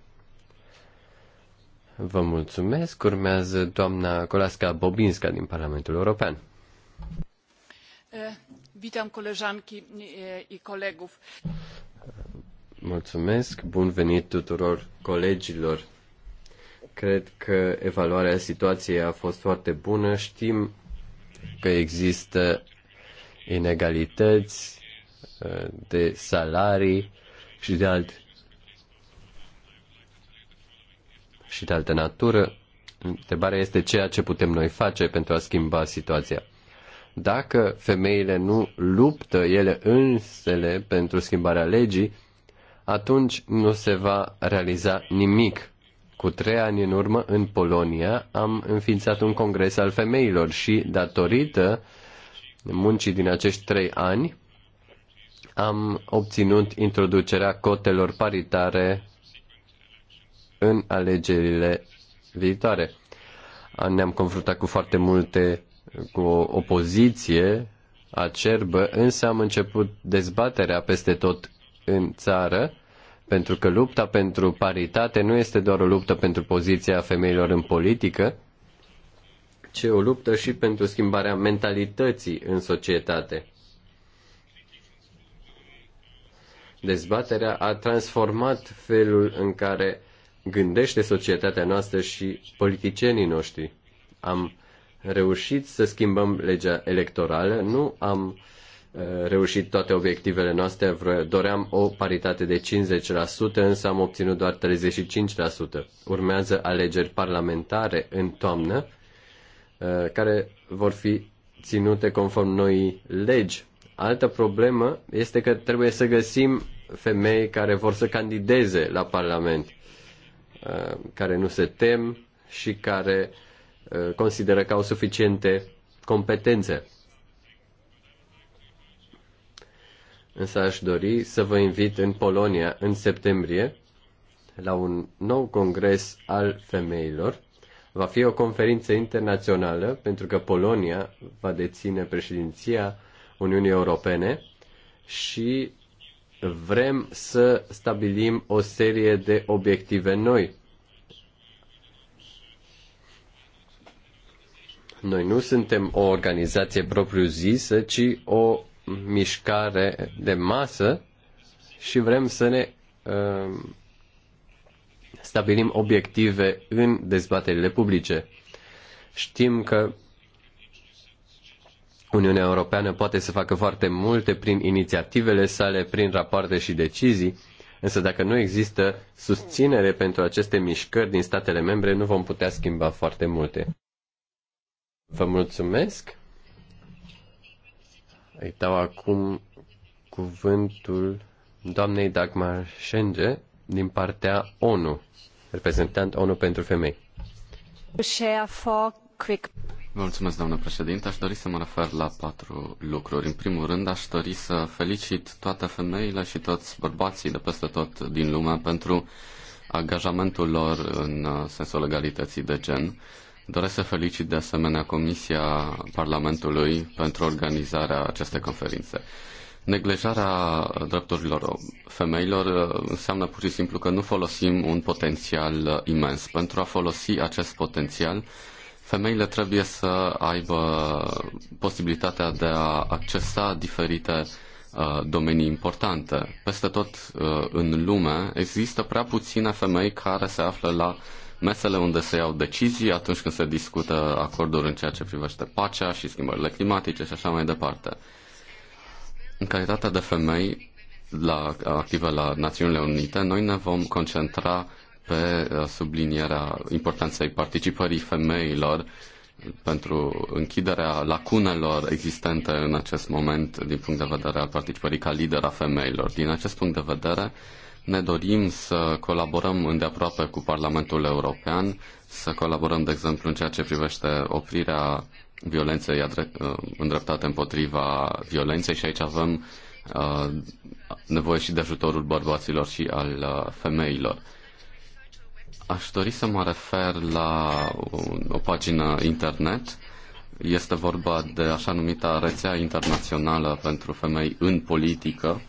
Vă mulțumesc. Urmează doamna Colasca Bobinska din Parlamentul European. Vitam colegianki și kolegów. Mulțumesc. Bun venit tuturor colegilor Cred că evaluarea situației a fost foarte bună. Știm că există inegalități uh, de salarii și de alt și de altă natură. Întrebarea este ceea ce putem noi face pentru a schimba situația. Dacă femeile nu luptă ele însele pentru schimbarea legii, atunci nu se va realiza nimic. Cu trei ani în urmă, în Polonia, am înființat un congres al femeilor și, datorită muncii din acești trei ani, am obținut introducerea cotelor paritare în alegerile viitoare. Ne-am confruntat cu foarte multe, cu o opoziție acerbă, însă am început dezbaterea peste tot în țară pentru că lupta pentru paritate nu este doar o luptă pentru poziția femeilor în politică, ci o luptă și pentru schimbarea mentalității în societate. Dezbaterea a transformat felul în care gândește societatea noastră și politicienii noștri. Am reușit să schimbăm legea electorală, nu am Eh, reușit toate obiectivele noastre. Doream o paritate de 50%, însă am obținut doar 35%. Urmează alegeri parlamentare în toamnă, eh, care vor fi ținute conform noii legi. Altă problemă este că trebuie să găsim femei care vor să candideze la Parlament, eh, care nu se tem și care consideră că au suficiente competențe Însă aș dori să vă invit în Polonia în septembrie la un nou congres al femeilor. Va fi o conferință internațională pentru că Polonia va deține președinția Uniunii Europene și vrem să stabilim o serie de obiective noi. Noi nu suntem o organizație propriu-zisă, ci o mișcare de masă și vrem să ne uh, stabilim obiective în dezbaterile publice. Știm că Uniunea Europeană poate să facă foarte multe prin inițiativele sale, prin rapoarte și decizii, însă dacă nu există susținere pentru aceste mișcări din statele membre, nu vom putea schimba foarte multe. Vă mulțumesc! Îi dau acum cuvântul doamnei Dagmar Schenge din partea ONU, reprezentant ONU pentru femei. Vă mulțumesc, doamnă președinte. Aș dori să mă refer la patru lucruri. În primul rând, aș dori să felicit toate femeile și toți bărbații de peste tot din lume pentru angajamentul lor în uh, sensul legalității de gen Doresc să felicit de asemenea Comisia Parlamentului pentru organizarea acestei conferințe. Neglejarea drepturilor femeilor uh, înseamnă pur și simplu că nu folosim un potențial imens. Pentru a folosi acest potențial, femeile trebuie să aibă posibilitatea de a accesa diferite uh, domenii importante. Peste tot uh, în lume există prea puține femei care se află la mesele unde se iau decizii atunci când se discută acorduri în ceea ce privește pacea și schimbările climatice și așa mai departe. În calitatea de femei la, active la Națiunile Unite, noi ne vom concentra pe uh, sublinierea importanței participării femeilor pentru închiderea lacunelor existente în acest moment din punct de vedere al participării ca lider a femeilor. Din acest punct de vedere, ne dorim să colaborăm îndeaproape cu Parlamentul European, să colaborăm, de exemplu, în ceea ce privește oprirea violenței îndreptate împotriva violenței și aici avem uh, nevoie și de ajutorul bărbaților și al uh, femeilor. Aș dori să mă refer la o pagină internet. Este vorba de așa numita rețea internațională pentru femei în politică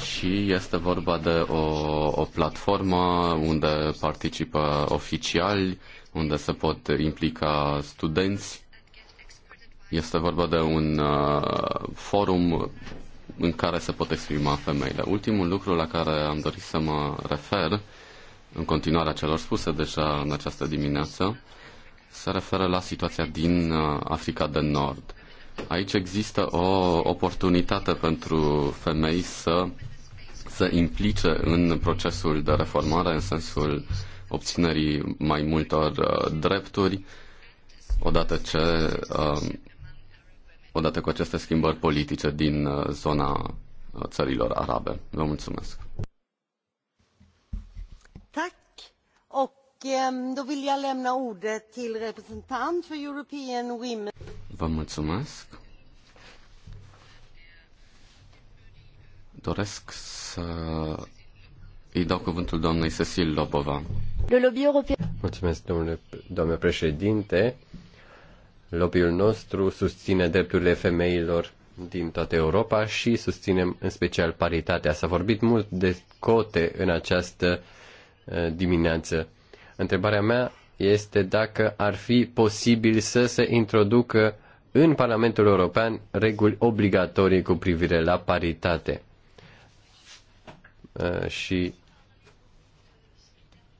și este vorba de o, o platformă unde participă oficiali, unde se pot implica studenți. Este vorba de un uh, forum în care se pot exprima femeile. Ultimul lucru la care am dorit să mă refer, în continuarea celor spuse deja în această dimineață, se referă la situația din uh, Africa de Nord. Aici există o oportunitate pentru femei să se implice în procesul de reformare în sensul obținerii mai multor uh, drepturi odată ce uh, odată cu aceste schimbări politice din uh, zona țărilor arabe. Vă mulțumesc. Tak. Och då vill jag lämna ordet till representant för European Women. Vă mulțumesc. Doresc să îi dau cuvântul doamnei Cecil Lobova. Mulțumesc, domnule, președinte. lobby nostru susține drepturile femeilor din toată Europa și susținem în special paritatea. S-a vorbit mult de cote în această eh, dimineață. Întrebarea mea este dacă ar fi posibil să se introducă în Parlamentul European reguli obligatorii cu privire la paritate. Uh, și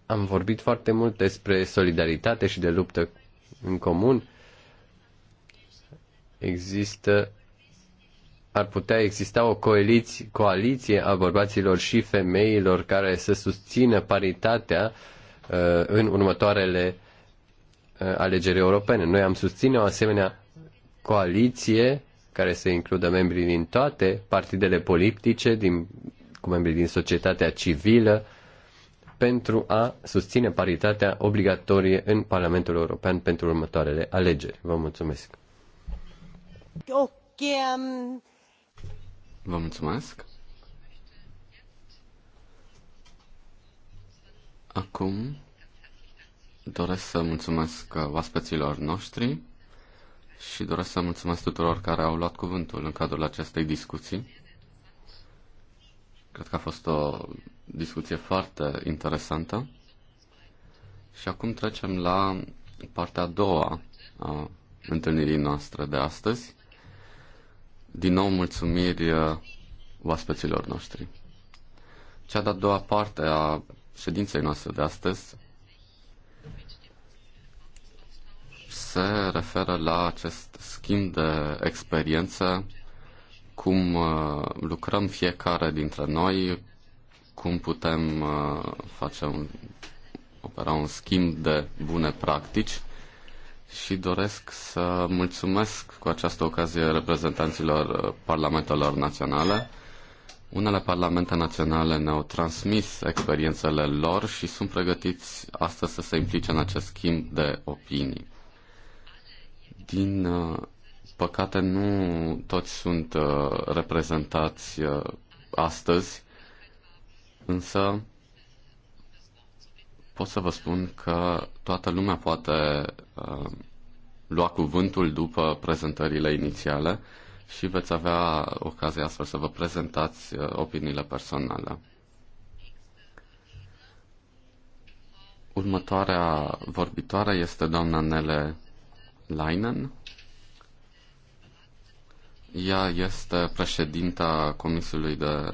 am vorbit foarte mult despre solidaritate și de luptă în comun. Există ar putea exista o coaliție, coaliție a bărbaților și femeilor care să susțină paritatea uh, în următoarele uh, alegeri europene. Noi am susține o asemenea coaliție care să includă membrii din toate partidele politice, din cu membrii din societatea civilă pentru a susține paritatea obligatorie în Parlamentul European pentru următoarele alegeri. Vă mulțumesc! Vă mulțumesc! Acum doresc să mulțumesc oaspeților noștri și doresc să mulțumesc tuturor care au luat cuvântul în cadrul acestei discuții. Cred că a fost o discuție foarte interesantă. Și acum trecem la partea a doua a întâlnirii noastre de astăzi. Din nou mulțumiri uh, oaspeților noștri. Cea de-a doua parte a ședinței noastre de astăzi se referă la acest schimb de experiență cum uh, lucrăm fiecare dintre noi, cum putem uh, face un, opera un schimb de bune practici și doresc să mulțumesc cu această ocazie reprezentanților uh, parlamentelor naționale. Unele parlamente naționale ne-au transmis experiențele lor și sunt pregătiți astăzi să se implice în acest schimb de opinii. Din păcate, nu toți sunt uh, reprezentați uh, astăzi, însă pot să vă spun că toată lumea poate uh, lua cuvântul după prezentările inițiale și veți avea ocazia astfel să vă prezentați opiniile personale. Următoarea vorbitoare este doamna Nele Leinen. Ea este președinta Comisiei de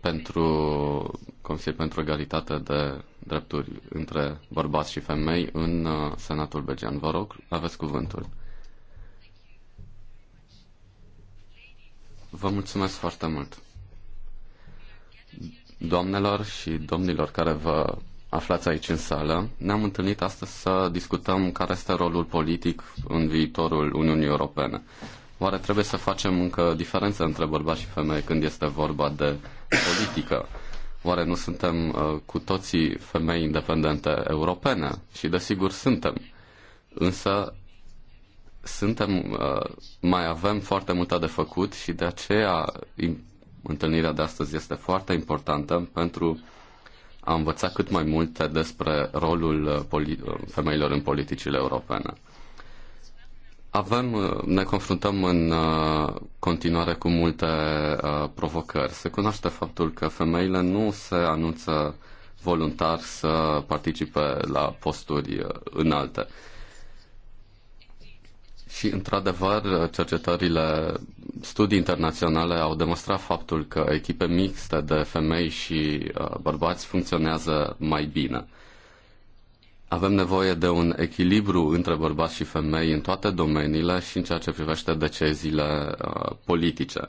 pentru comisie pentru Egalitate de Drepturi între Bărbați și Femei în uh, Senatul Belgian. Vă rog, aveți cuvântul. Vă mulțumesc foarte mult. Doamnelor și domnilor care vă aflați aici în sală, ne-am întâlnit astăzi să discutăm care este rolul politic în viitorul Uniunii Europene. Oare trebuie să facem încă diferență între bărbați și femei când este vorba de politică? Oare nu suntem uh, cu toții femei independente europene? Și desigur suntem. Însă suntem, uh, mai avem foarte multe de făcut și de aceea întâlnirea de astăzi este foarte importantă pentru a învăța cât mai multe despre rolul uh, uh, femeilor în politicile europene. Avem, uh, ne confruntăm în uh, continuare cu multe uh, provocări. Se cunoaște faptul că femeile nu se anunță voluntar să participe la posturi înalte. Și, într-adevăr, cercetările, studii internaționale au demonstrat faptul că echipe mixte de femei și bărbați funcționează mai bine. Avem nevoie de un echilibru între bărbați și femei în toate domeniile și în ceea ce privește deceziile uh, politice.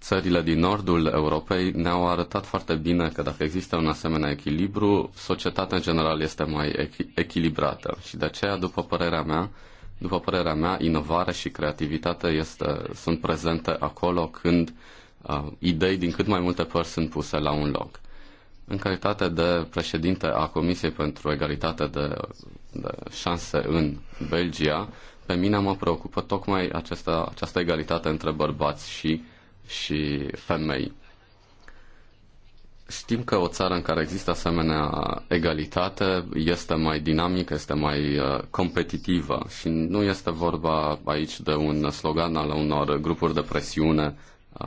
Țările din nordul Europei ne-au arătat foarte bine că dacă există un asemenea echilibru, societatea în general este mai echilibrată și de aceea, după părerea mea, după părerea mea, inovare și creativitate este, sunt prezente acolo când uh, idei din cât mai multe părți sunt puse la un loc. În calitate de președinte a Comisiei pentru Egalitate de, de Șanse în Belgia, pe mine mă preocupă tocmai această, această egalitate între bărbați și, și femei. Știm că o țară în care există asemenea egalitate este mai dinamică, este mai uh, competitivă și nu este vorba aici de un slogan al unor grupuri de presiune uh,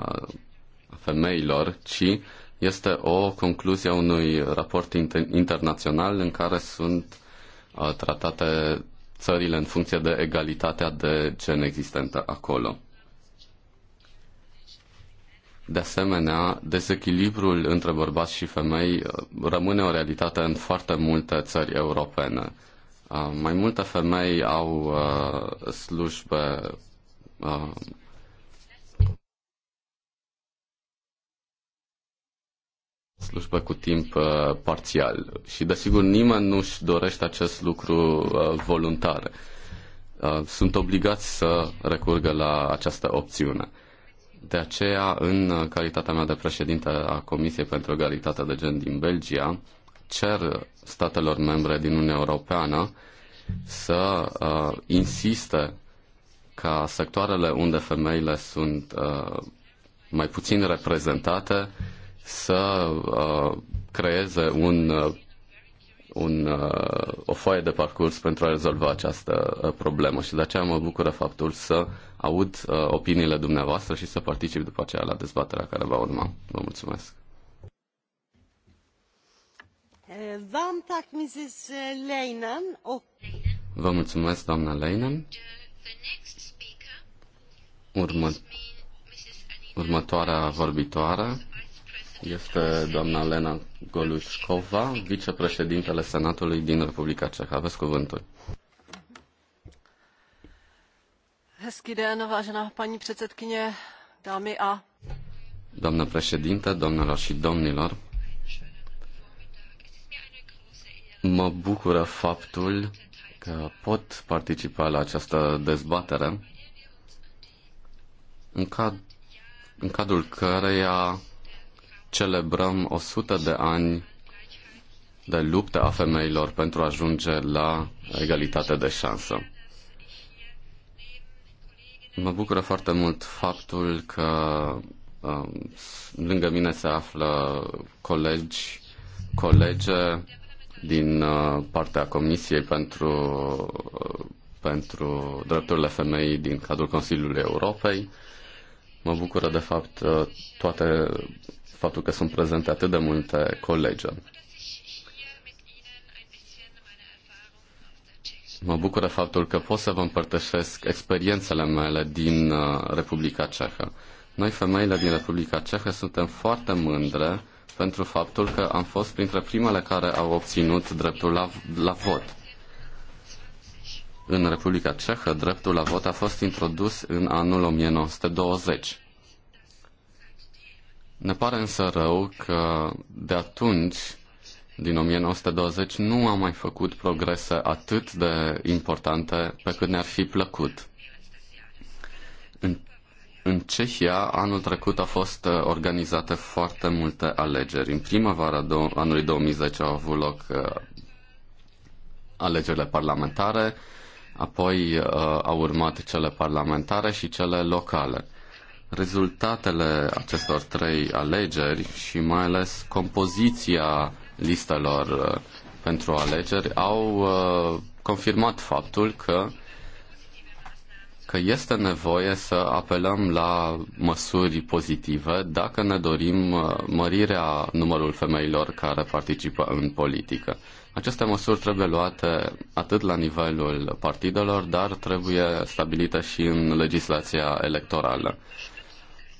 a femeilor, ci este o concluzie a unui raport inter- internațional în care sunt uh, tratate țările în funcție de egalitatea de gen existentă acolo. De asemenea, dezechilibrul între bărbați și femei uh, rămâne o realitate în foarte multe țări europene. Uh, mai multe femei au uh, slujbe slujbă cu timp uh, parțial. Și desigur nimeni nu-și dorește acest lucru uh, voluntar. Uh, sunt obligați să recurgă la această opțiune. De aceea, în calitatea mea de președinte a Comisiei pentru Egalitatea de Gen din Belgia, cer statelor membre din Uniunea Europeană să uh, insiste ca sectoarele unde femeile sunt uh, mai puțin reprezentate uh, să uh, creeze un, uh, un, uh, o foaie de parcurs pentru a rezolva această problemă și de aceea mă bucură faptul să aud opiniile dumneavoastră și să particip după aceea la dezbaterea care va urma. Vă mulțumesc! Vă mulțumesc, doamna Leinen. Urmă... Următoarea vorbitoare este doamna Lena Golușcova, vicepreședintele Senatului din Republica Cehă. Aveți cuvântul. Hezký den, vážená paní předsedkyně, dámy a... Doamnă președinte, doamnelor și domnilor, mă bucură faptul că pot participa la această dezbatere în, cad- în cadrul căreia celebrăm 100 de ani de luptă a femeilor pentru a ajunge la egalitate de șansă. Mă bucură foarte mult faptul că um, lângă mine se află colegi, colege din uh, partea Comisiei pentru, uh, pentru Drepturile Femeii din cadrul Consiliului Europei. Mă bucură de fapt uh, toate faptul că sunt prezente atât de multe colegi. Mă bucură faptul că pot să vă împărtășesc experiențele mele din uh, Republica Cehă. Noi, femeile din Republica Cehă, suntem foarte mândre pentru faptul că am fost printre primele care au obținut dreptul la, la vot. În Republica Cehă, dreptul la vot a fost introdus în anul 1920. Ne pare însă rău că de atunci, din 1920, nu am mai făcut progrese atât de importante pe cât ne-ar fi plăcut. În, în Cehia, anul trecut a fost uh, organizate foarte multe alegeri. În primăvara do- anului 2010 au avut loc uh, alegerile parlamentare, apoi uh, au urmat cele parlamentare și cele locale. Rezultatele acestor trei alegeri și mai ales compoziția listelor uh, pentru alegeri au uh, confirmat faptul că că este nevoie să apelăm la măsuri pozitive dacă ne dorim uh, mărirea numărul femeilor care participă în politică. Aceste măsuri trebuie luate atât la nivelul partidelor, dar trebuie stabilite și în legislația electorală.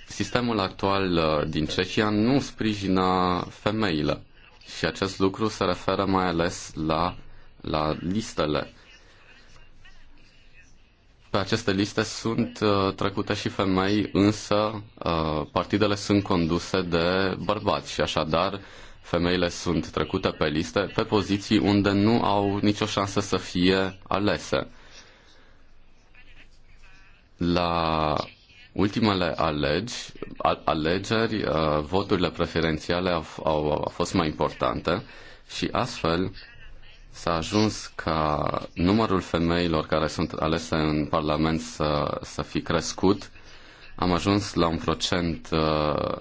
Sistemul actual uh, din Cehia nu sprijină femeile și acest lucru se referă mai ales la, la listele. Pe aceste liste sunt uh, trecute și femei, însă uh, partidele sunt conduse de bărbați și așadar femeile sunt trecute pe liste pe poziții unde nu au nicio șansă să fie alese. La ultimele alegi, alegeri, uh, voturile preferențiale au, au, au fost mai importante și astfel s-a ajuns ca numărul femeilor care sunt alese în Parlament să, să fi crescut. Am ajuns la un procent uh,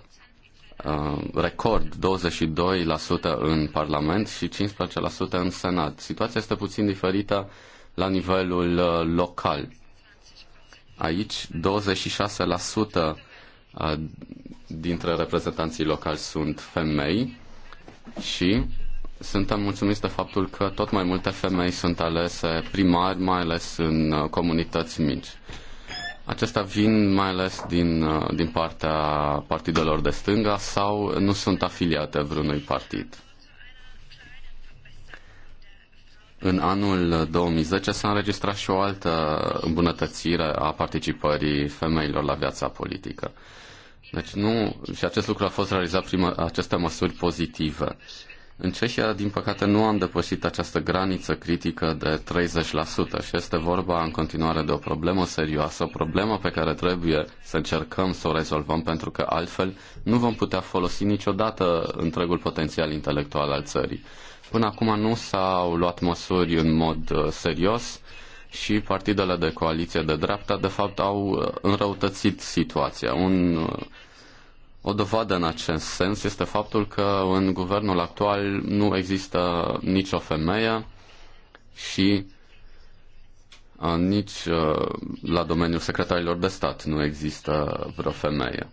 uh, record, 22% în Parlament și 15% în Senat. Situația este puțin diferită la nivelul uh, local Aici 26% dintre reprezentanții locali sunt femei și suntem mulțumiți de faptul că tot mai multe femei sunt alese primari, mai ales în comunități mici. Acestea vin mai ales din, din partea partidelor de stânga sau nu sunt afiliate vreunui partid. În anul 2010 s-a înregistrat și o altă îmbunătățire a participării femeilor la viața politică. Deci nu, și acest lucru a fost realizat prin aceste măsuri pozitive. În Cehia, din păcate, nu am depășit această graniță critică de 30% și este vorba în continuare de o problemă serioasă, o problemă pe care trebuie să încercăm să o rezolvăm pentru că altfel nu vom putea folosi niciodată întregul potențial intelectual al țării. Până acum nu s-au luat măsuri în mod uh, serios și partidele de coaliție de dreapta, de fapt, au uh, înrăutățit situația. Un, uh, o dovadă în acest sens este faptul că în guvernul actual nu există nicio femeie și nici la domeniul secretarilor de stat nu există vreo femeie.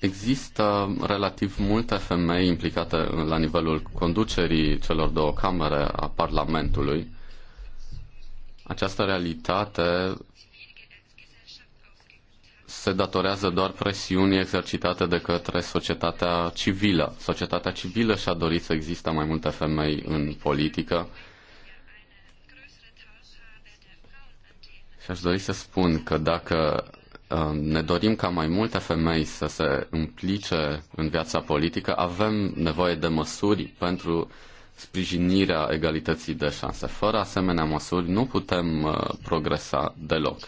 Există relativ multe femei implicate la nivelul conducerii celor două camere a Parlamentului. Această realitate se datorează doar presiunii exercitate de către societatea civilă. Societatea civilă și-a dorit să existe mai multe femei în politică. Și aș dori să spun că dacă Um, ne dorim ca mai multe femei să se implice în viața politică, avem nevoie de măsuri pentru sprijinirea egalității de șanse. Fără asemenea măsuri nu putem uh, progresa deloc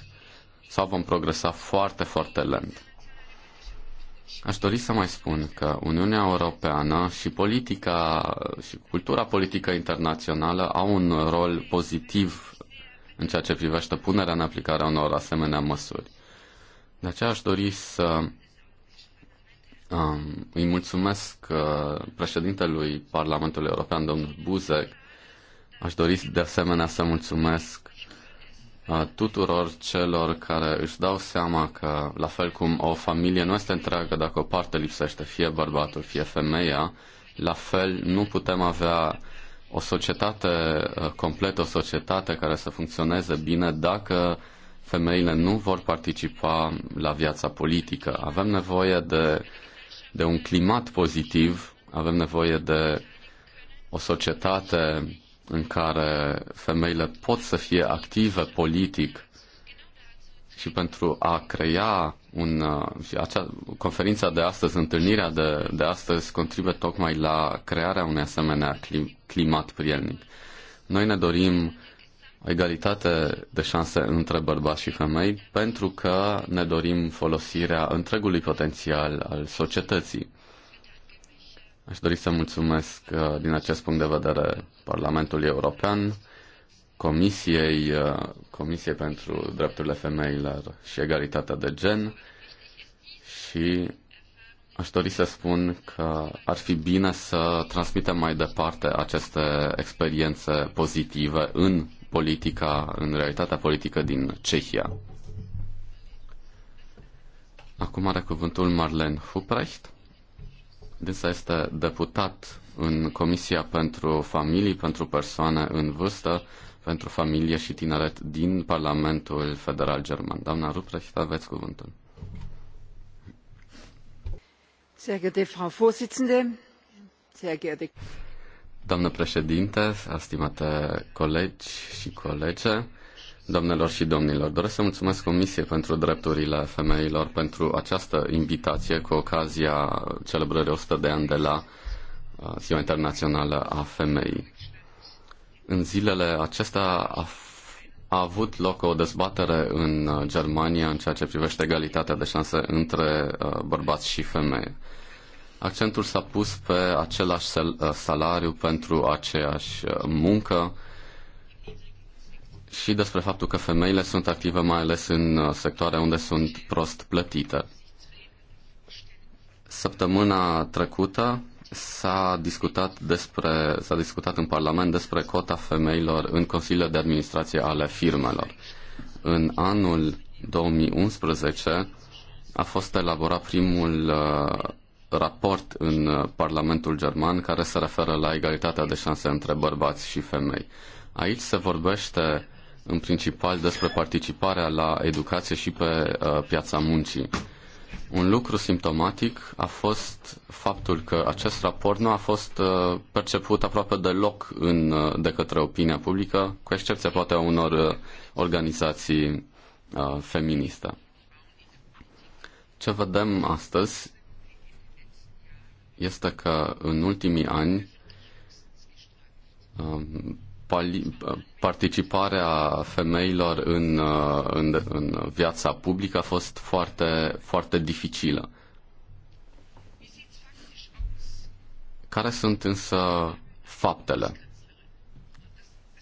sau vom progresa foarte, foarte lent. Aș dori să mai spun că Uniunea Europeană și politica și cultura politică internațională au un rol pozitiv în ceea ce privește punerea în aplicare a unor asemenea măsuri. De aceea aș dori să um, îi mulțumesc uh, președintelui Parlamentului European, domnul Buzek. Aș dori de asemenea să mulțumesc uh, tuturor celor care își dau seama că, la fel cum o familie nu este întreagă dacă o parte lipsește, fie bărbatul, fie femeia, la fel nu putem avea o societate uh, completă, o societate care să funcționeze bine dacă uh, femeile nu vor participa la viața politică. Avem nevoie de, de un climat pozitiv, avem nevoie de o societate în care femeile pot să fie active politic și pentru a crea un, și acea, conferința de astăzi, întâlnirea de, de astăzi contribuie tocmai la crearea unui asemenea clim, climat prielnic. Noi ne dorim egalitate de șanse între bărbați și femei pentru că ne dorim folosirea întregului potențial al societății. Aș dori să mulțumesc uh, din acest punct de vedere Parlamentului European, Comisiei, uh, Comisiei pentru Drepturile Femeilor și Egalitatea de Gen și aș dori să spun că ar fi bine să transmitem mai departe aceste experiențe pozitive în politica, în realitatea politică din Cehia. Acum are cuvântul Marlen Huprecht. Dânsa este deputat în Comisia pentru Familii, pentru Persoane în Vârstă, pentru Familie și Tineret din Parlamentul Federal German. Doamna Ruprecht, aveți cuvântul. Sehr geehrte Frau Vorsitzende, sehr geehrte Doamnă președinte, stimate colegi și colege, domnilor și domnilor, doresc să mulțumesc Comisiei pentru Drepturile Femeilor pentru această invitație cu ocazia celebrării 100 de ani de la uh, Ziua Internațională a Femeii. În zilele acestea a, a avut loc o dezbatere în uh, Germania în ceea ce privește egalitatea de șanse între uh, bărbați și femei. Accentul s-a pus pe același uh, salariu pentru aceeași uh, muncă și despre faptul că femeile sunt active mai ales în uh, sectoare unde sunt prost plătite. Săptămâna trecută s-a discutat, despre, s-a discutat în Parlament despre cota femeilor în consiliul de administrație ale firmelor. În anul 2011 a fost elaborat primul raport în uh, Parlamentul German care se referă la egalitatea de șanse între bărbați și femei. Aici se vorbește în principal despre participarea la educație și pe uh, piața muncii. Un lucru simptomatic a fost faptul că acest raport nu a fost uh, perceput aproape deloc în, de către opinia publică, cu excepția poate a unor organizații feministe. Ce vedem astăzi este că în ultimii ani um, participarea femeilor în, uh, în, în viața publică a fost foarte, foarte dificilă. Care sunt însă faptele?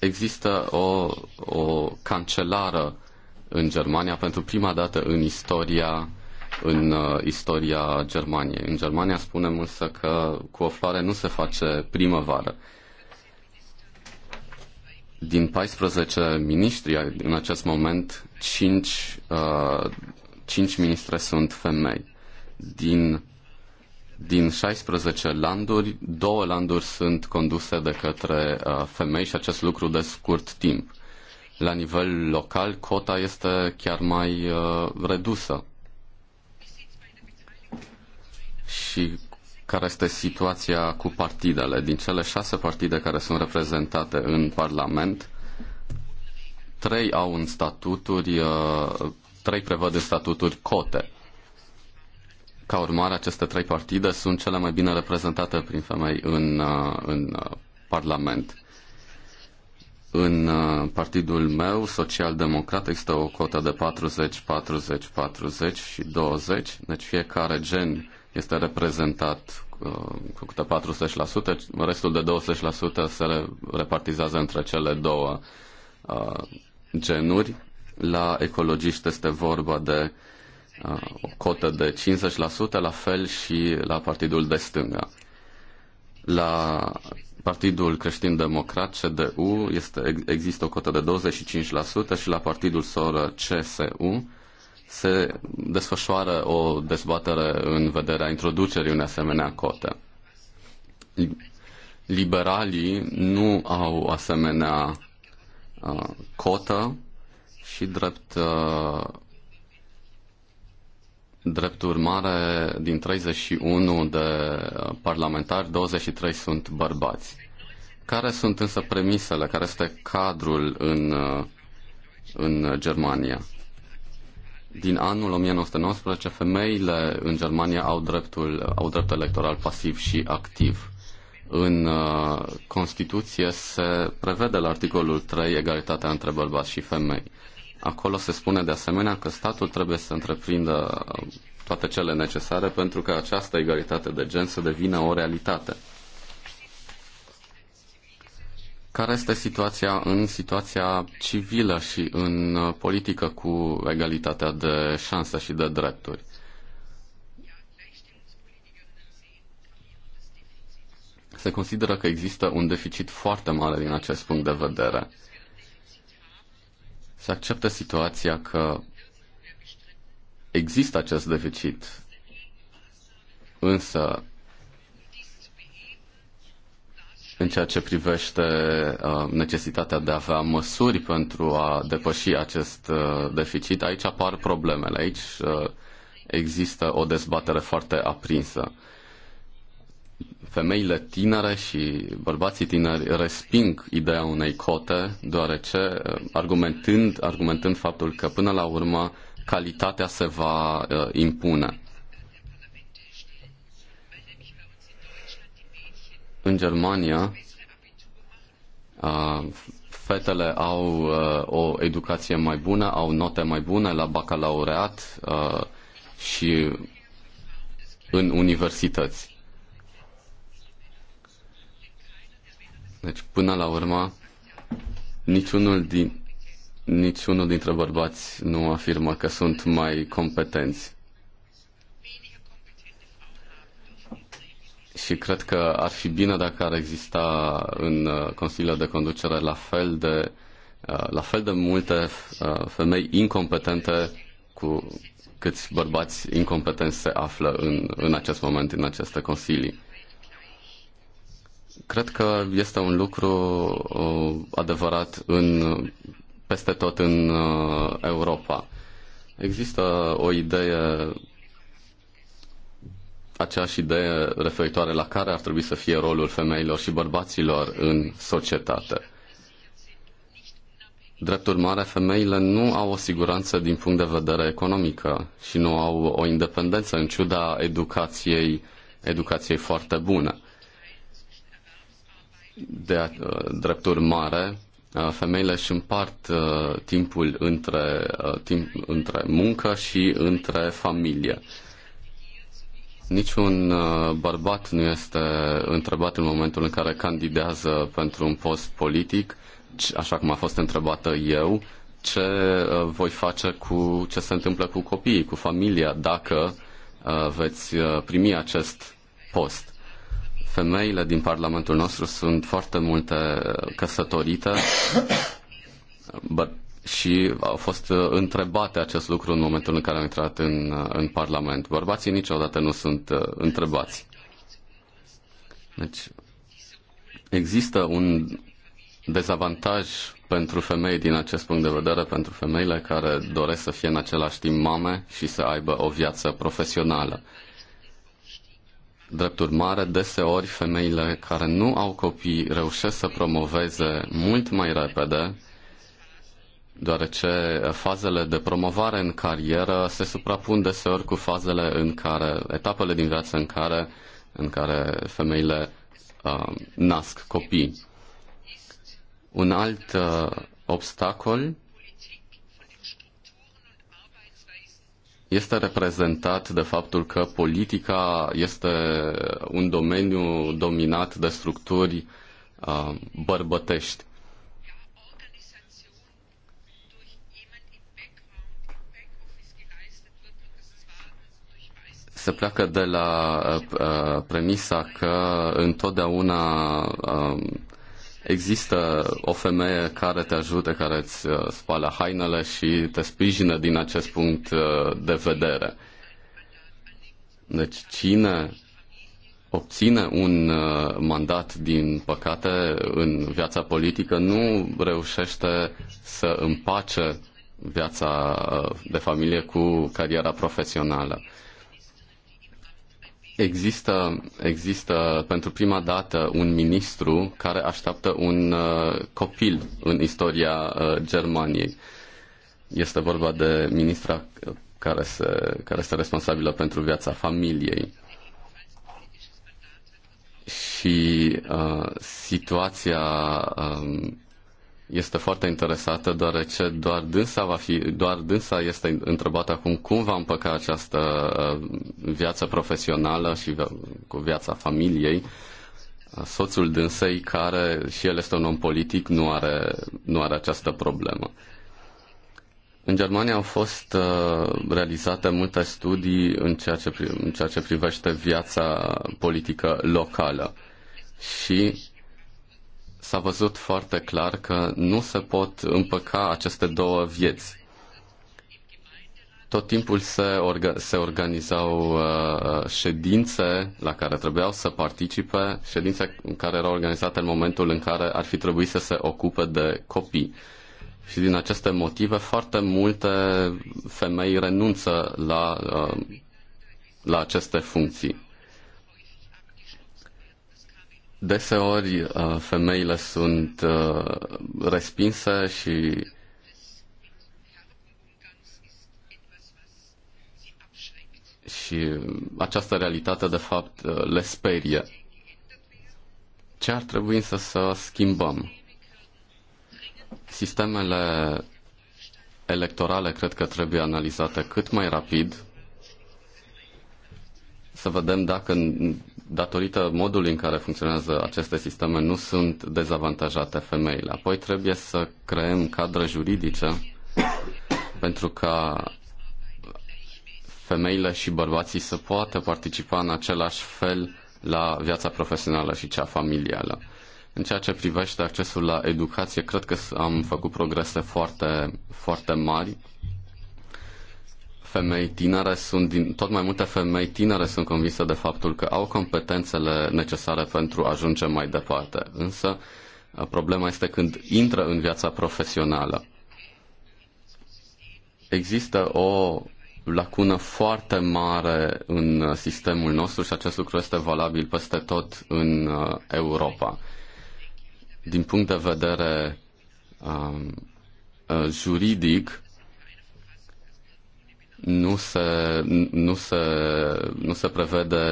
Există o, o cancelară în Germania pentru prima dată în istoria în uh, istoria Germaniei. În Germania spunem însă că cu o floare nu se face primăvară. Din 14 miniștri în acest moment, 5, uh, 5 ministre sunt femei. Din, din 16 landuri, două landuri sunt conduse de către uh, femei și acest lucru de scurt timp. La nivel local, cota este chiar mai uh, redusă și care este situația cu partidele. Din cele șase partide care sunt reprezentate în Parlament, trei au în statuturi, uh, trei prevăd în statuturi cote. Ca urmare, aceste trei partide sunt cele mai bine reprezentate prin femei în, uh, în uh, Parlament. În partidul meu, social-democrat, există o cotă de 40, 40, 40 și 20, deci fiecare gen este reprezentat uh, cu câte 40%, restul de 20% se repartizează între cele două uh, genuri. La ecologiști este vorba de uh, o cotă de 50%, la fel și la partidul de stânga. La Partidul Creștin Democrat, CDU, este, există o cotă de 25% și la Partidul Soră, CSU, se desfășoară o dezbatere în vederea introducerii unei asemenea cote. Liberalii nu au asemenea uh, cotă și drept uh, Drept urmare, din 31 de parlamentari, 23 sunt bărbați. Care sunt însă premisele, care este cadrul în, uh, în Germania? din anul 1919 femeile în Germania au dreptul, au drept electoral pasiv și activ. În uh, Constituție se prevede la articolul 3 egalitatea între bărbați și femei. Acolo se spune de asemenea că statul trebuie să întreprindă uh, toate cele necesare pentru ca această egalitate de gen să devină o realitate. Care este situația în situația civilă și în uh, politică cu egalitatea de șanse și de drepturi? Se consideră că există un deficit foarte mare din acest punct de vedere. Se acceptă situația că există acest deficit, însă în ceea ce privește uh, necesitatea de a avea măsuri pentru a depăși acest uh, deficit, aici apar problemele. Aici uh, există o dezbatere foarte aprinsă. Femeile tinere și bărbații tineri resping ideea unei cote, deoarece argumentând, argumentând faptul că până la urmă calitatea se va impune În Germania, fetele au o educație mai bună, au note mai bune la bacalaureat și în universități. Deci, până la urmă, niciunul, din, niciunul dintre bărbați nu afirmă că sunt mai competenți. și cred că ar fi bine dacă ar exista în uh, consiliile de conducere la fel de, uh, la fel de multe uh, femei incompetente cu câți bărbați incompetenți se află în, în acest moment în aceste consilii. Cred că este un lucru adevărat în, peste tot în Europa. Există o idee aceeași idee referitoare la care ar trebui să fie rolul femeilor și bărbaților în societate. Drept urmare, femeile nu au o siguranță din punct de vedere economică și nu au o independență în ciuda educației, educației foarte bune. De, drept urmare, femeile își împart uh, timpul între, uh, timp, între muncă și între familie. Niciun uh, bărbat nu este întrebat în momentul în care candidează pentru un post politic, așa cum a fost întrebată eu, ce uh, voi face cu ce se întâmplă cu copiii, cu familia, dacă uh, veți primi acest post. Femeile din Parlamentul nostru sunt foarte multe căsătorite, bă, și au fost uh, întrebate acest lucru în momentul în care au intrat în, uh, în Parlament. Bărbații niciodată nu sunt uh, întrebați. Deci, există un dezavantaj pentru femei din acest punct de vedere, pentru femeile care doresc să fie în același timp mame și să aibă o viață profesională. Drept urmare, deseori femeile care nu au copii reușesc să promoveze mult mai repede deoarece fazele de promovare în carieră se suprapun deseori cu fazele în care, etapele din viață în care, în care femeile uh, nasc copii. Un alt uh, obstacol este reprezentat de faptul că politica este un domeniu dominat de structuri uh, bărbătești se pleacă de la uh, uh premisa că întotdeauna uh, există o femeie care te ajută, care îți uh, spală hainele și te sprijină din acest punct uh, de vedere. Deci cine obține un uh, mandat, din păcate, în viața politică, nu reușește să împace viața uh, de familie cu cariera profesională. Uh, Există, există pentru prima dată un ministru care așteaptă un uh, copil în istoria uh, Germaniei. Este vorba de ministra care, se, care este responsabilă pentru viața familiei. Și uh, situația um, este foarte interesată, deoarece doar dânsa, va fi, doar dânsa este întrebată acum cum va împăca această uh, viață profesională și cu viața familiei. Soțul dânsei, care și el este un om politic, nu are, nu are această problemă. În Germania au fost uh, realizate multe studii în ceea ce, în ceea ce privește viața politică locală și s-a văzut foarte clar că nu se pot împăca aceste două vieți. Tot timpul se, orga- se organizau uh, ședințe la care trebuiau să participe, ședințe care erau organizate în momentul în care ar fi trebuit să se ocupe de copii. Și din aceste motive, foarte multe femei renunță la, uh, la aceste funcții. Deseori uh, femeile sunt uh, respinse și și această realitate de fapt uh, le sperie. Ce ar trebui însă să schimbăm? Sistemele electorale cred că trebuie analizate cât mai rapid, să vedem dacă datorită modului în care funcționează aceste sisteme, nu sunt dezavantajate femeile. Apoi trebuie să creăm cadre juridice pentru ca femeile și bărbații să poată participa în același fel la viața profesională și cea familială. În ceea ce privește accesul la educație, cred că am făcut progrese foarte, foarte mari femei tinere sunt din, tot mai multe femei tinere sunt convinse de faptul că au competențele necesare pentru a ajunge mai departe. Însă problema este când intră în viața profesională. Există o lacună foarte mare în sistemul nostru și acest lucru este valabil peste tot în uh, Europa. Din punct de vedere um, uh, juridic, nu se, nu se, nu se prevede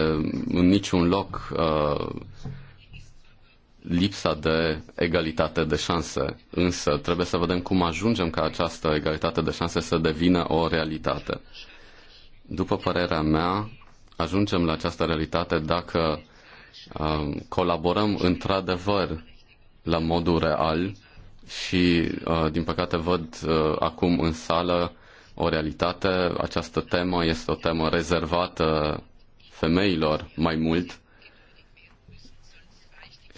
în niciun loc uh, lipsa de egalitate de șanse. Însă trebuie să vedem cum ajungem ca această egalitate de șanse să devină o realitate. După părerea mea, ajungem la această realitate dacă uh, colaborăm într-adevăr la modul real și, uh, din păcate, văd uh, acum în sală uh, o realitate. Această temă este o temă rezervată femeilor mai mult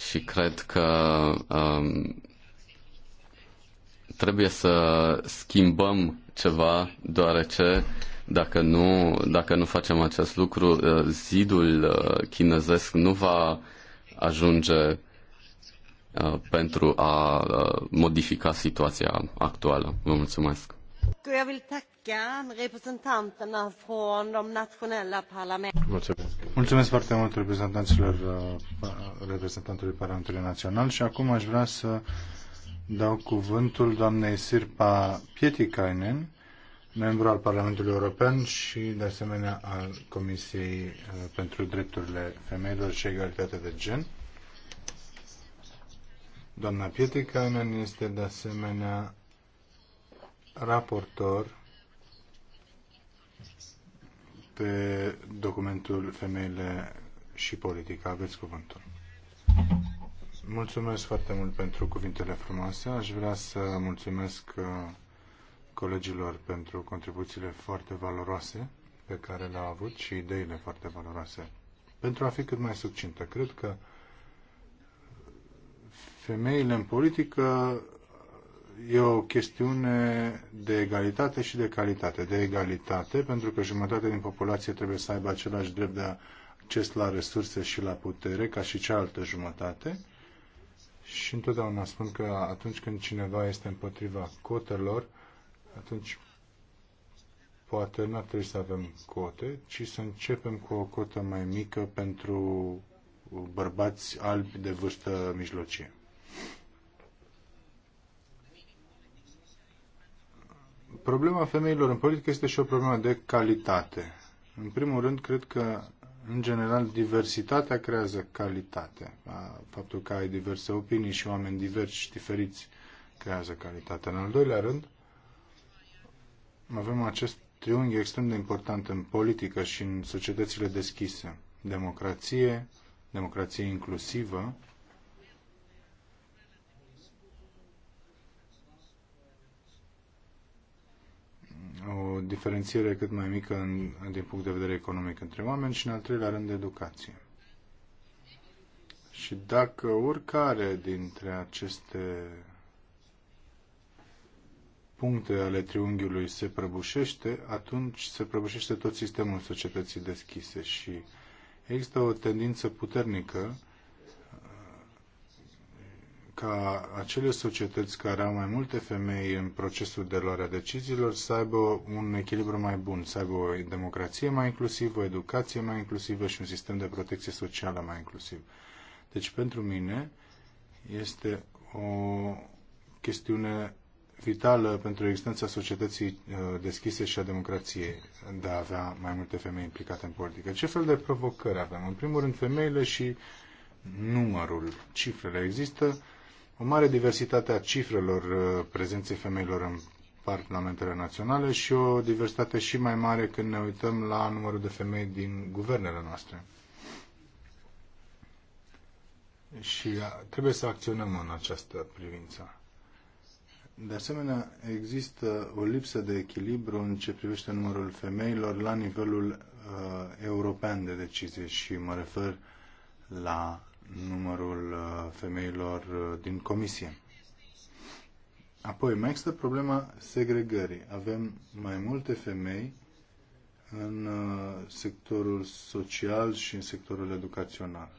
și cred că um, trebuie să schimbăm ceva, deoarece dacă nu, dacă nu facem acest lucru, uh, zidul uh, chinezesc nu va ajunge uh, pentru a modifica situația actuală. Vă mulțumesc! Mulțumesc reprezentanților uh, reprezentantului Parlamentului Național și acum aș vrea să dau cuvântul doamnei Sirpa Pietikainen, membru al Parlamentului European și de asemenea al Comisiei uh, pentru Drepturile Femeilor și Egalitatea de Gen. Doamna Pietikainen este de asemenea raportor pe documentul Femeile și Politica. Aveți cuvântul. Mulțumesc foarte mult pentru cuvintele frumoase. Aș vrea să mulțumesc uh, colegilor pentru contribuțiile foarte valoroase pe care le-au avut și ideile foarte valoroase. Pentru a fi cât mai succintă, cred că femeile în politică e o chestiune de egalitate și de calitate. De egalitate, pentru că jumătate din populație trebuie să aibă același drept de acces la resurse și la putere, ca și cealaltă jumătate. Și întotdeauna spun că atunci când cineva este împotriva cotelor, atunci poate nu trebuie să avem cote, ci să începem cu o cotă mai mică pentru bărbați albi de vârstă mijlocie. problema femeilor în politică este și o problemă de calitate. În primul rând, cred că, în general, diversitatea creează calitate. Faptul că ai diverse opinii și oameni diversi și diferiți creează calitate. În al doilea rând, avem acest triunghi extrem de important în politică și în societățile deschise. Democrație, democrație inclusivă o diferențiere cât mai mică în, din punct de vedere economic între oameni și, în al treilea rând, educație. Și dacă oricare dintre aceste puncte ale triunghiului se prăbușește, atunci se prăbușește tot sistemul societății deschise și există o tendință puternică ca acele societăți care au mai multe femei în procesul de luare a deciziilor să aibă un echilibru mai bun, să aibă o democrație mai inclusivă, o educație mai inclusivă și un sistem de protecție socială mai inclusiv. Deci pentru mine este o chestiune vitală pentru existența societății uh, deschise și a democrației de a avea mai multe femei implicate în politică. Ce fel de provocări avem? În primul rând, femeile și numărul, cifrele. Există o mare diversitate a cifrelor uh, prezenței femeilor în parlamentele naționale și o diversitate și mai mare când ne uităm la numărul de femei din guvernele noastre. Și uh, trebuie să acționăm în această privință. De asemenea, există o lipsă de echilibru în ce privește numărul femeilor la nivelul uh, european de decizie și mă refer la numărul uh, femeilor uh, din comisie. Apoi, mai există problema segregării. Avem mai multe femei în uh, sectorul social și în sectorul educațional,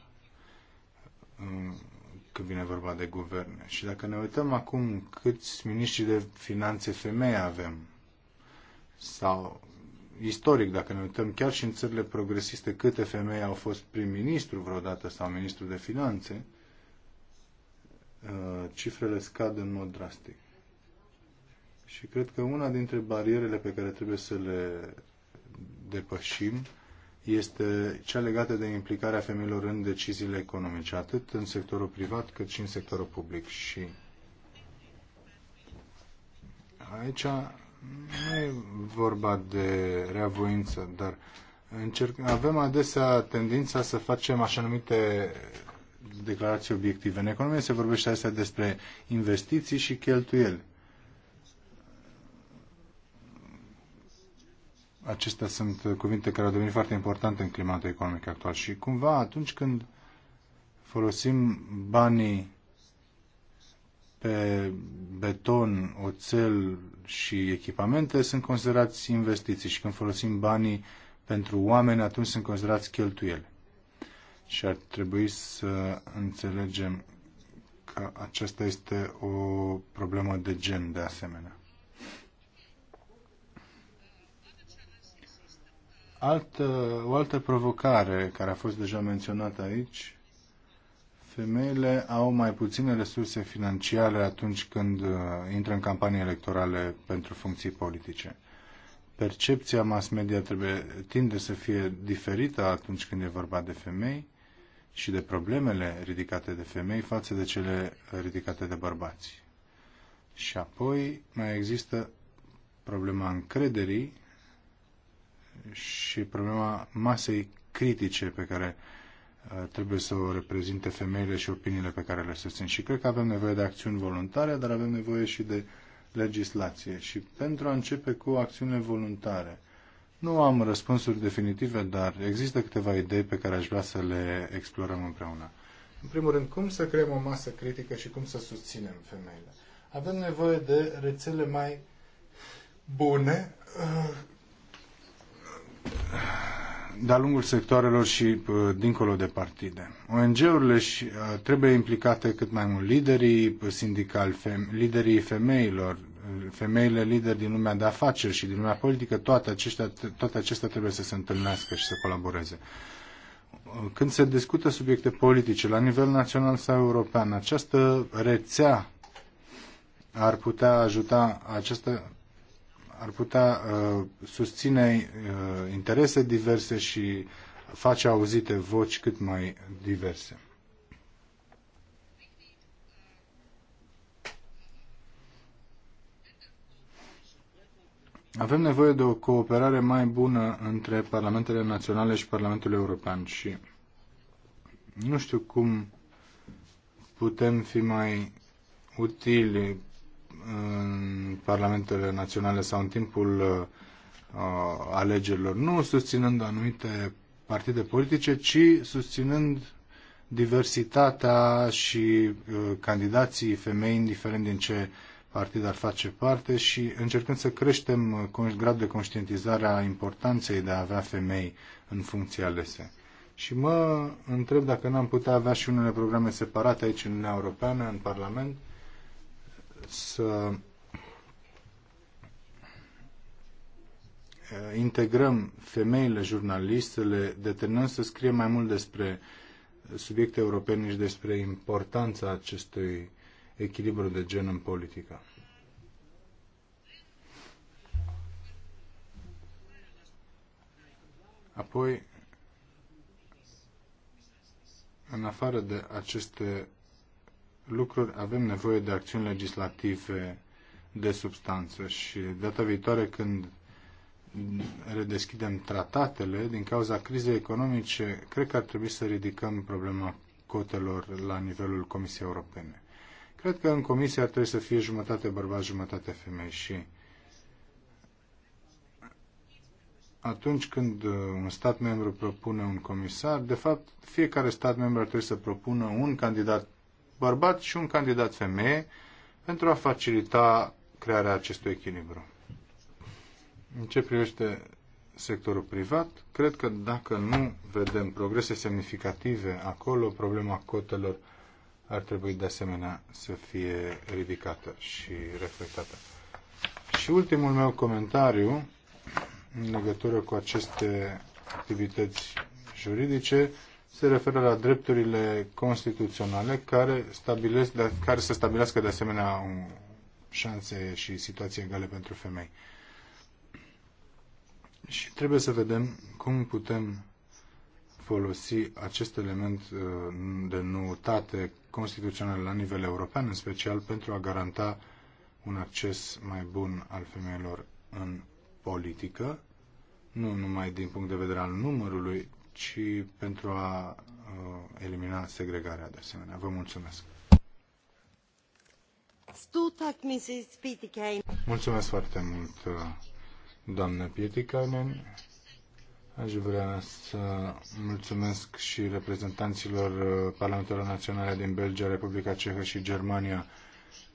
când vine vorba de guverne. Și dacă ne uităm acum câți miniștri de finanțe femei avem, sau istoric, dacă ne uităm chiar și în țările progresiste, câte femei au fost prim-ministru vreodată sau ministru de finanțe, uh, cifrele scad în mod drastic. Și cred că una dintre barierele pe care trebuie să le depășim este cea legată de implicarea femeilor în deciziile economice, atât în sectorul privat cât și în sectorul public. Și aici nu e vorba de reavoință, dar încerc, avem adesea tendința să facem așa numite declarații obiective. În economie se vorbește adesea despre investiții și cheltuieli. Acestea sunt cuvinte care au devenit foarte importante în climatul economic actual și cumva atunci când folosim banii pe beton, oțel și echipamente sunt considerați investiții și când folosim banii pentru oameni, atunci sunt considerați cheltuieli. Și ar trebui să înțelegem că aceasta este o problemă de gen de asemenea. Altă, o altă provocare care a fost deja menționată aici femeile au mai puține resurse financiare atunci când uh, intră în campanii electorale pentru funcții politice. Percepția mass media trebuie, tinde să fie diferită atunci când e vorba de femei și de problemele ridicate de femei față de cele ridicate de bărbați. Și apoi mai există problema încrederii și problema masei critice pe care uh, trebuie să o reprezinte femeile și opiniile pe care le susțin. Și cred că avem nevoie de acțiuni voluntare, dar avem nevoie și de legislație. Și pentru a începe cu acțiune voluntare, nu am răspunsuri definitive, dar există câteva idei pe care aș vrea să le explorăm împreună. În primul rând, cum să creăm o masă critică și cum să susținem femeile? Avem nevoie de rețele mai bune uh, de-a lungul sectoarelor și uh, dincolo de partide. ONG-urile uh, trebuie implicate cât mai mult liderii uh, sindicali, fem, liderii femeilor, femeile lideri din lumea de afaceri și din lumea politică, toate acestea, toate acestea trebuie să se întâlnească și să colaboreze. Când se discută subiecte politice la nivel național sau european, această rețea ar putea ajuta, această ar putea uh, susține uh, interese diverse și face auzite voci cât mai diverse. Avem nevoie de o cooperare mai bună între Parlamentele Naționale și Parlamentul European și nu știu cum putem fi mai utili în parlamentele naționale sau în timpul uh, alegerilor, nu susținând anumite partide politice, ci susținând diversitatea și uh, candidații femei, indiferent din ce partid ar face parte și încercând să creștem gradul de conștientizare a importanței de a avea femei în funcții alese. Și mă întreb dacă n-am putea avea și unele programe separate aici în Uniunea Europeană, în Parlament, uh, să eh, integrăm femeile jurnalistele, determinăm să scrie mai mult despre subiecte europene și despre importanța acestui echilibru de gen în politică. Apoi, în afară de aceste lucruri avem nevoie de acțiuni legislative de substanță și data viitoare când redeschidem tratatele, din cauza crizei economice, cred că ar trebui să ridicăm problema cotelor la nivelul Comisiei Europene. Cred că în Comisie ar trebui să fie jumătate bărbați, jumătate femei și atunci când uh, un stat membru propune un comisar, de fapt fiecare stat membru ar trebui să propună un candidat bărbat și un candidat femeie pentru a facilita crearea acestui echilibru. În ce privește sectorul privat, cred că dacă nu vedem progrese semnificative acolo, problema cotelor ar trebui de asemenea să fie ridicată și reflectată. Și ultimul meu comentariu în legătură cu aceste activități juridice se referă la drepturile constituționale care, stabilesc, care să stabilească de asemenea șanse și situații egale pentru femei. Și trebuie să vedem cum putem folosi acest element uh, de noutate constituțional la nivel european, în special pentru a garanta un acces mai bun al femeilor în politică, nu numai din punct de vedere al numărului ci pentru a uh, elimina segregarea de asemenea. Vă mulțumesc! Mulțumesc foarte mult, uh, doamnă Pietikainen. Aș vrea să mulțumesc și reprezentanților uh, Parlamentelor Naționale din Belgia, Republica Cehă și Germania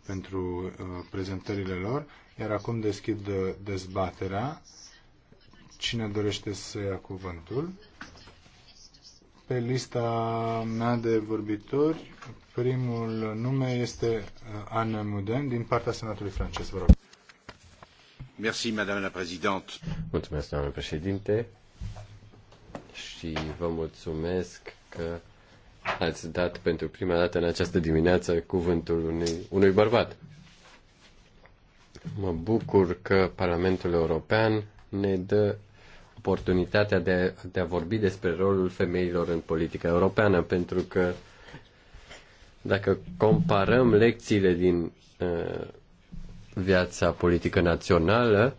pentru prezentările lor. Iar acum deschid dezbaterea. Cine dorește să ia cuvântul? pe lista mea de vorbitori. Primul nume este uh, Anne Mouden din partea Senatului francez. Vă rog. Merci, Madame la Présidente. Mulțumesc, doamnă președinte, și vă mulțumesc că ați dat pentru prima dată în această dimineață cuvântul unui, unui bărbat. Mă bucur că Parlamentul European ne dă oportunitatea de, de a vorbi despre rolul femeilor în politica europeană, pentru că dacă comparăm lecțiile din uh, viața politică națională,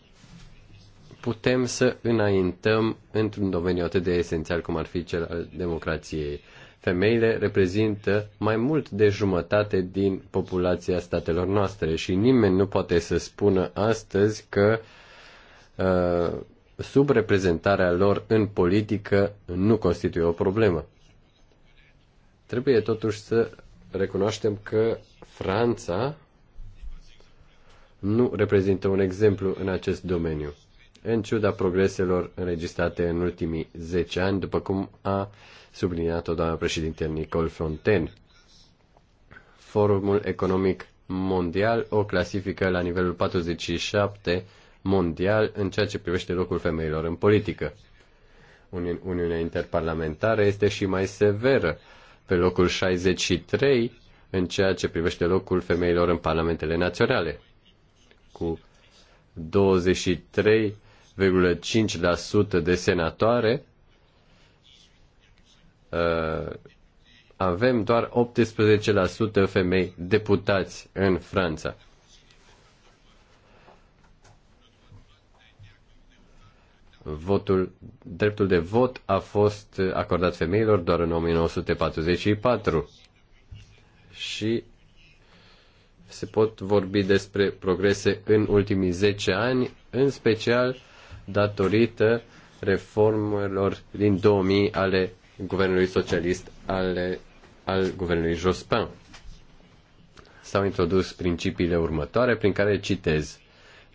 putem să înaintăm într-un domeniu atât de esențial cum ar fi cel al democrației. Femeile reprezintă mai mult de jumătate din populația statelor noastre și nimeni nu poate să spună astăzi că uh, subreprezentarea lor în politică nu constituie o problemă. Trebuie totuși să recunoaștem că Franța nu reprezintă un exemplu în acest domeniu. În ciuda progreselor înregistrate în ultimii 10 ani, după cum a subliniat-o doamna președinte Nicole Fontaine, Forumul Economic Mondial o clasifică la nivelul 47 mondial în ceea ce privește locul femeilor în politică. Uni- Uniunea Interparlamentară este și mai severă, pe locul 63 în ceea ce privește locul femeilor în parlamentele naționale, cu 23,5% de senatoare, uh, avem doar 18% femei deputați în Franța. votul, dreptul de vot a fost acordat femeilor doar în 1944. Și se pot vorbi despre progrese în ultimii 10 ani, în special datorită reformelor din 2000 ale guvernului socialist ale, al guvernului Jospin. S-au introdus principiile următoare, prin care citez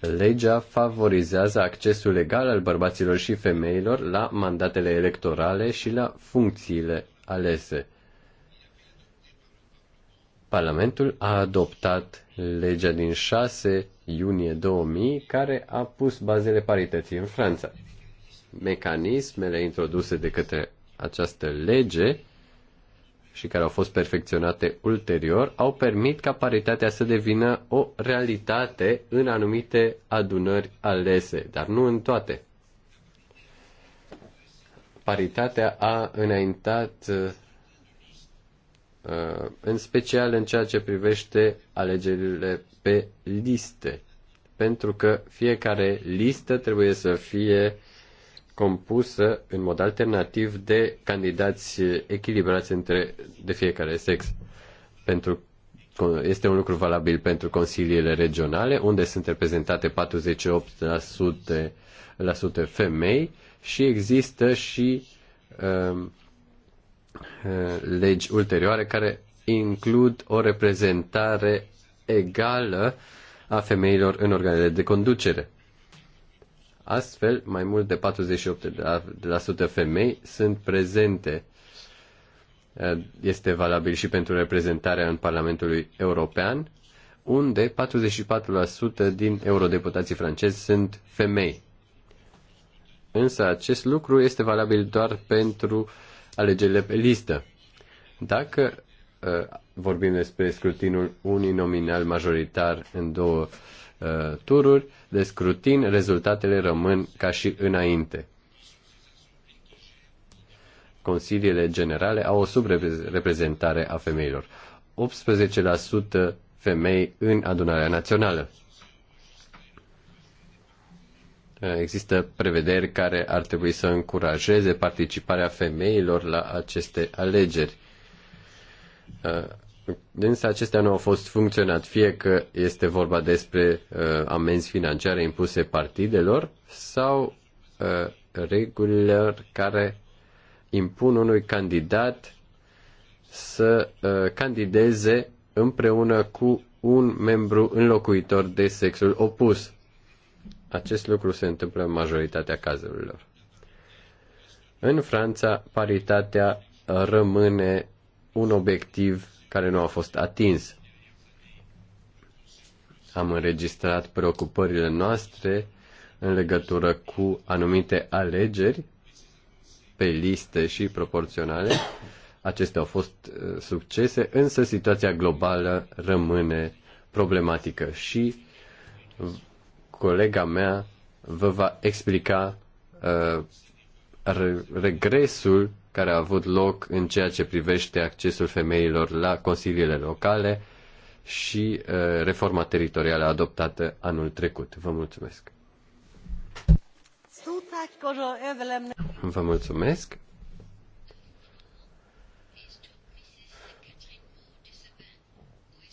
legea favorizează accesul legal al bărbaților și femeilor la mandatele electorale și la funcțiile alese. Parlamentul a adoptat legea din 6 iunie 2000 care a pus bazele parității în Franța. Mecanismele introduse de către această lege și care au fost perfecționate ulterior, au permit ca paritatea să devină o realitate în anumite adunări alese, dar nu în toate. Paritatea a înaintat uh, în special în ceea ce privește alegerile pe liste, pentru că fiecare listă trebuie să fie uh, compusă în mod alternativ de candidați echilibrați între de fiecare sex. Pentru, este un lucru valabil pentru consiliile regionale, unde sunt reprezentate 48% la femei și există și uh, legi ulterioare care includ o reprezentare egală a femeilor în organele de conducere. Astfel, mai mult de 48% femei sunt prezente. Este valabil și pentru reprezentarea în Parlamentul European, unde 44% din eurodeputații francezi sunt femei. Însă acest lucru este valabil doar pentru alegerile pe listă. Dacă uh, vorbim despre scrutinul uninominal majoritar în două uh, Uh, tururi de scrutin, rezultatele rămân ca și înainte. Consiliile generale au o subreprezentare a femeilor. 18% femei în adunarea națională. Uh, există prevederi care ar trebui să încurajeze participarea femeilor la aceste alegeri uh, Însă acestea nu au fost funcționat, fie că este vorba despre uh, amenzi financiare impuse partidelor sau uh, regulilor care impun unui candidat să uh, candideze împreună cu un membru înlocuitor de sexul opus. Acest lucru se întâmplă în majoritatea cazurilor. În Franța, paritatea rămâne un obiectiv care nu au fost atins. Am înregistrat preocupările noastre în legătură cu anumite alegeri pe liste și proporționale. Acestea au fost uh, succese, însă situația globală rămâne problematică și colega mea vă va explica uh, regresul care a avut loc în ceea ce privește accesul femeilor la consiliile locale și uh, reforma teritorială adoptată anul trecut. Vă mulțumesc! Vă mulțumesc!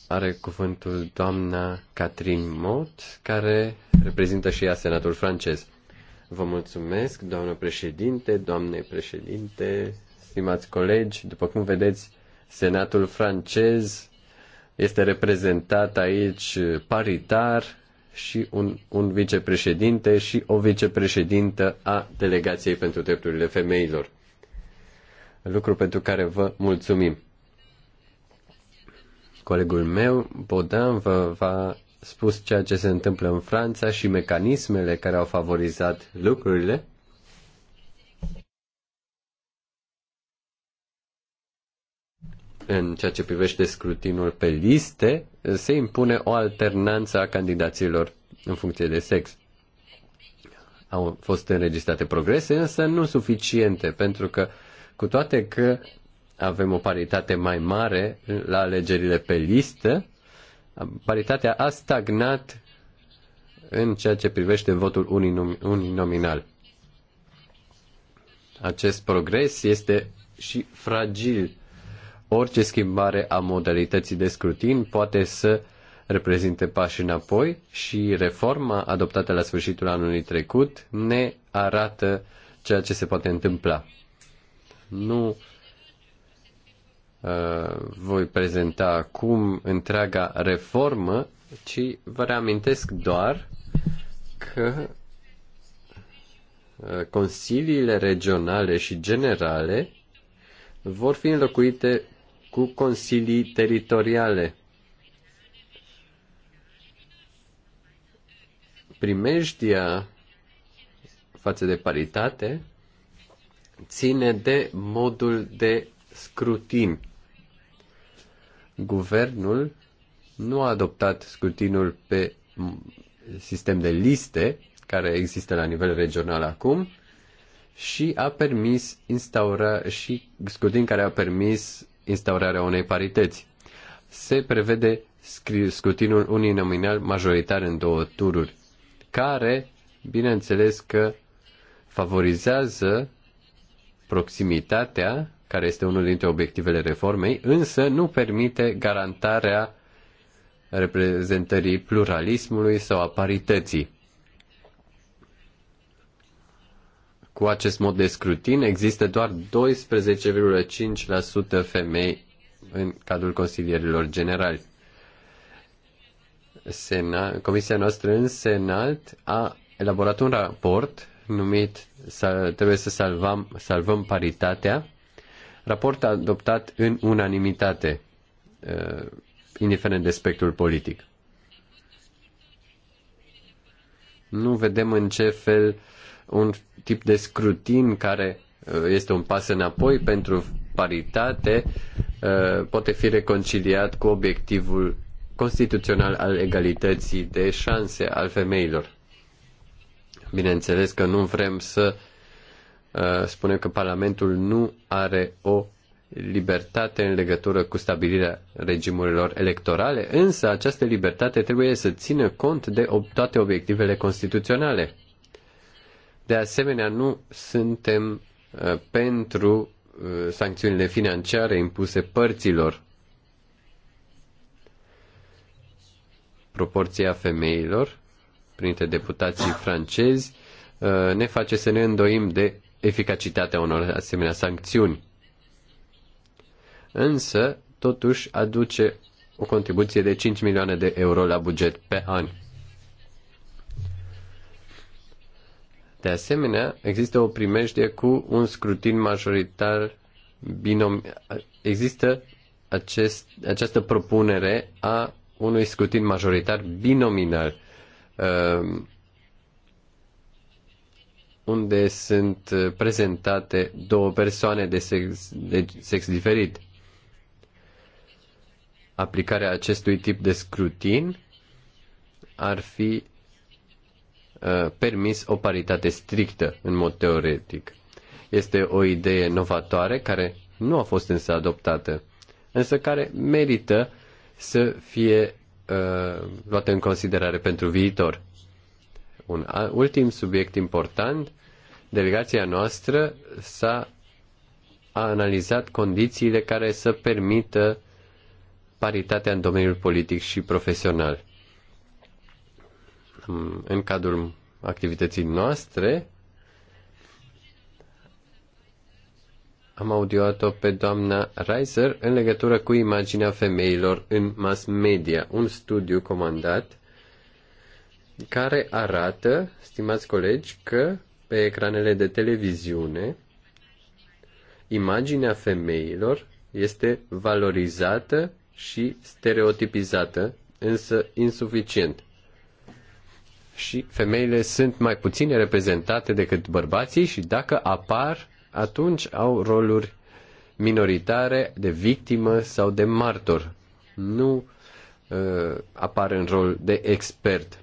Are cuvântul doamna Catherine Mott, care reprezintă și ea senatul francez. Vă mulțumesc, doamnă președinte, doamne președinte, stimați colegi. După cum vedeți, Senatul francez este reprezentat aici paritar și un, un vicepreședinte și o vicepreședintă a Delegației pentru Drepturile Femeilor. Lucru pentru care vă mulțumim. Colegul meu, Bodan, vă va spus ceea ce se întâmplă în Franța și mecanismele care au favorizat lucrurile. În ceea ce privește scrutinul pe liste, se impune o alternanță a candidaților în funcție de sex. Au fost înregistrate progrese, însă nu suficiente, pentru că cu toate că avem o paritate mai mare la alegerile pe listă, paritatea a stagnat în ceea ce privește votul uninominal. Acest progres este și fragil. Orice schimbare a modalității de scrutin poate să reprezinte pași înapoi și reforma adoptată la sfârșitul anului trecut ne arată ceea ce se poate întâmpla. Nu Uh, voi prezenta acum întreaga reformă, ci vă reamintesc doar că uh, consiliile regionale și generale vor fi înlocuite cu consilii teritoriale. Primejdia față de paritate ține de modul de scrutin guvernul nu a adoptat scrutinul pe sistem de liste care există la nivel regional acum și a permis instaura și scrutin care a permis instaurarea unei parități. Se prevede scrutinul uninominal majoritar în două tururi, care, bineînțeles că favorizează proximitatea care este unul dintre obiectivele reformei, însă nu permite garantarea reprezentării pluralismului sau a parității. Cu acest mod de scrutin există doar 12,5% femei în cadrul consilierilor generali. Sena, Comisia noastră în Senat a elaborat un raport numit Trebuie să salvăm, salvăm paritatea raport adoptat în unanimitate, uh, indiferent de spectrul politic. Nu vedem în ce fel un tip de scrutin care uh, este un pas înapoi pentru paritate uh, poate fi reconciliat cu obiectivul constituțional al egalității de șanse al femeilor. Bineînțeles că nu vrem să Uh, spune că Parlamentul nu are o libertate în legătură cu stabilirea regimurilor electorale, însă această libertate trebuie să țină cont de toate obiectivele constituționale. De asemenea, nu suntem uh, pentru uh, sancțiunile financiare impuse părților. Proporția femeilor printre deputații francezi ne face să ne îndoim de eficacitatea unor asemenea sancțiuni. Însă, totuși, aduce o contribuție de 5 milioane de euro la buget pe an. De asemenea, există o primejdie cu un scrutin majoritar binom. Există acest, această propunere a unui scrutin majoritar binominal. Ehm, unde sunt uh, prezentate două persoane de sex, de sex diferit. Aplicarea acestui tip de scrutin ar fi uh, permis o paritate strictă în mod teoretic. Este o idee novatoare care nu a fost însă adoptată, însă care merită să fie uh, luată în considerare pentru viitor. Un ultim subiect important Delegația noastră s-a a analizat condițiile care să permită paritatea în domeniul politic și profesional. În cadrul activității noastre am audiat-o pe doamna Reiser în legătură cu imaginea femeilor în mass media, un studiu comandat care arată, stimați colegi, că pe ecranele de televiziune, imaginea femeilor este valorizată și stereotipizată, însă insuficient. Și femeile sunt mai puține reprezentate decât bărbații și dacă apar, atunci au roluri minoritare de victimă sau de martor. Nu uh, apar în rol de expert.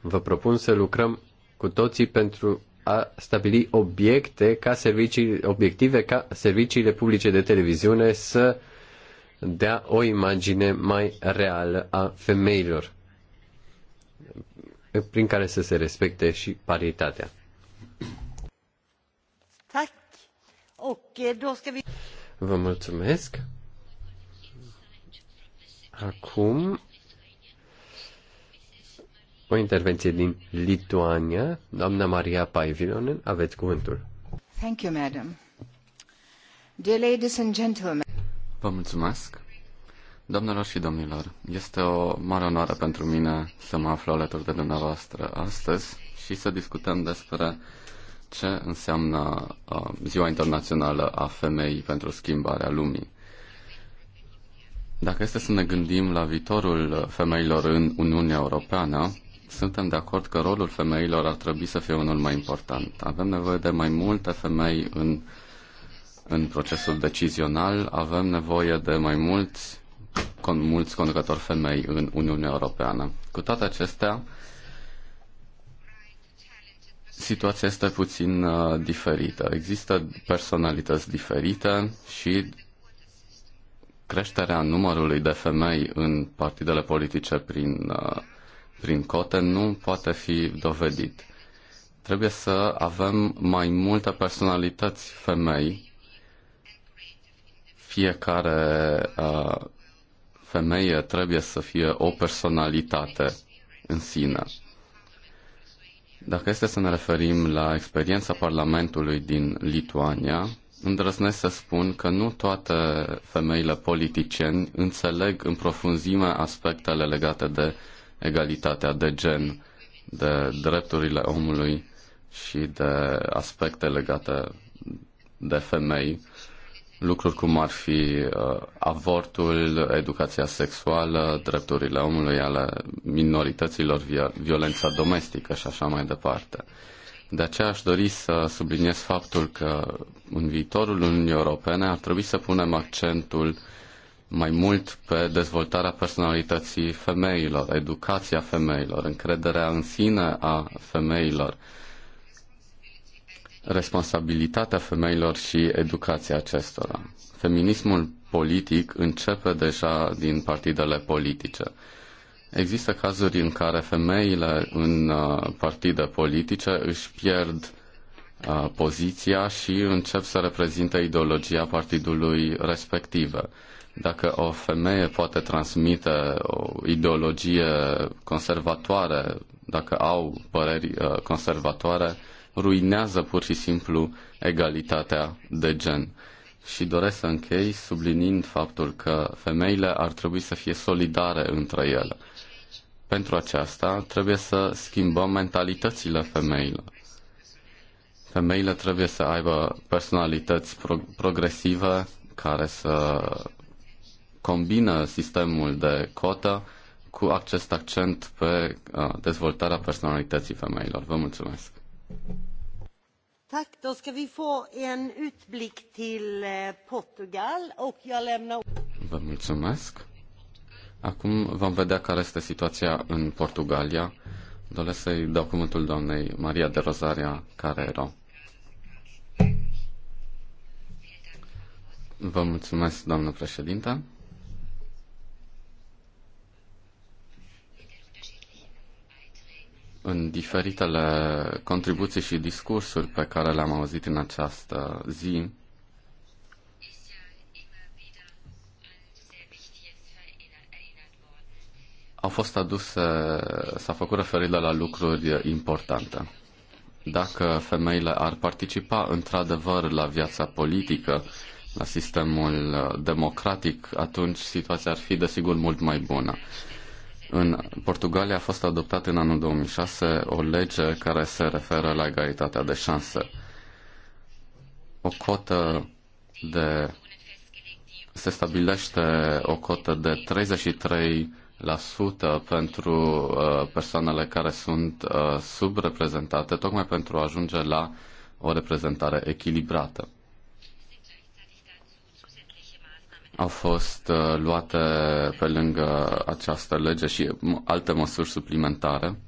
Vă propun să lucrăm cu toții pentru a stabili obiecte ca servicii, obiective ca serviciile publice de televiziune să dea o imagine mai reală a femeilor prin care să se respecte și paritatea. Vă mulțumesc. Acum o intervenție din Lituania. Doamna Maria Paivilonen, aveți cuvântul. Thank you, madam. Dear ladies and gentlemen. Vă mulțumesc. Doamnelor și domnilor, este o mare onoare pentru mine să mă aflu alături de dumneavoastră astăzi și să discutăm despre ce înseamnă uh, Ziua Internațională a Femeii pentru Schimbarea Lumii. Dacă este să ne gândim la viitorul uh, femeilor în Uniunea Europeană, suntem de acord că rolul femeilor ar trebui să fie unul mai important. Avem nevoie de mai multe femei în, în procesul decizional, avem nevoie de mai mulți, con, mulți conducători femei în Uniunea Europeană. Cu toate acestea, situația este puțin uh, diferită. Există personalități diferite și creșterea numărului de femei în partidele politice prin uh, prin cote nu poate fi dovedit. Trebuie să avem mai multe personalități femei. Fiecare uh, femeie trebuie să fie o personalitate în sine. Dacă este să ne referim la experiența Parlamentului din Lituania, îndrăznesc să spun că nu toate femeile politicieni înțeleg în profunzime aspectele legate de egalitatea de gen, de drepturile omului și de aspecte legate de femei, lucruri cum ar fi uh, avortul, educația sexuală, drepturile omului ale minorităților, violența domestică și așa mai departe. De aceea aș dori să subliniez faptul că în viitorul Uniunii Europene ar trebui să punem accentul mai mult pe dezvoltarea personalității femeilor, educația femeilor, încrederea în sine a femeilor, responsabilitatea femeilor și educația acestora. Feminismul politic începe deja din partidele politice. Există cazuri în care femeile în uh, partide politice își pierd uh, poziția și încep să reprezinte ideologia partidului respectiv. Dacă o femeie poate transmite o ideologie conservatoare, dacă au păreri uh, conservatoare, ruinează pur și simplu egalitatea de gen. Și doresc să închei sublinind faptul că femeile ar trebui să fie solidare între ele. Pentru aceasta trebuie să schimbăm mentalitățile femeilor. Femeile trebuie să aibă personalități pro- progresive care să combină sistemul de cotă cu acest accent pe uh, dezvoltarea personalității femeilor. Vă mulțumesc! Tack, då ska vi få en utblick till eh, Portugal och jag lämnar... Vă mulțumesc! Acum vom vedea care este situația în Portugalia. Doresc să-i dau cuvântul doamnei Maria de Rosaria Carrero. Vă mulțumesc, doamnă președinte. în diferitele contribuții și discursuri pe care le-am auzit în această zi, au fost aduse, s-a făcut referire la lucruri importante. Dacă femeile ar participa într-adevăr la viața politică, la sistemul democratic, atunci situația ar fi desigur mult mai bună. În Portugalia a fost adoptată în anul 2006 o lege care se referă la egalitatea de șanse. O cotă de se stabilește o cotă de 33% pentru uh, persoanele care sunt uh, subreprezentate, tocmai pentru a ajunge la o reprezentare echilibrată. a fost uh, luate pe lângă această lege și alte măsuri suplimentare.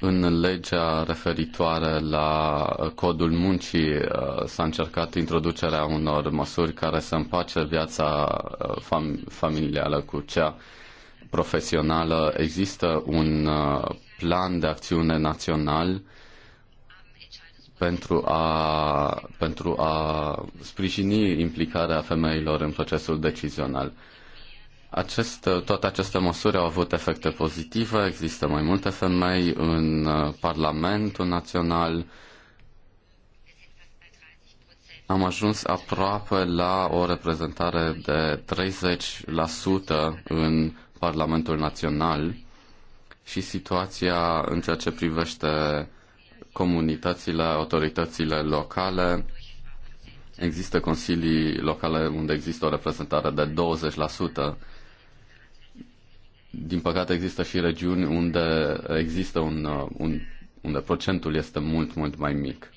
În legea referitoare la codul muncii uh, s-a încercat introducerea unor măsuri care să împace viața uh, fam- familială cu cea profesională. Există un plan de acțiune național pentru a, pentru a sprijini implicarea femeilor în procesul decizional. Acest, toate aceste măsuri au avut efecte pozitive, există mai multe femei în uh, Parlamentul Național. Am ajuns aproape la o reprezentare de 30% în Parlamentul Național și situația în ceea ce privește comunitățile, autoritățile locale. Există consilii locale unde există o reprezentare de 20%. Din păcate există și regiuni unde există un, un unde procentul este mult, mult mai mic.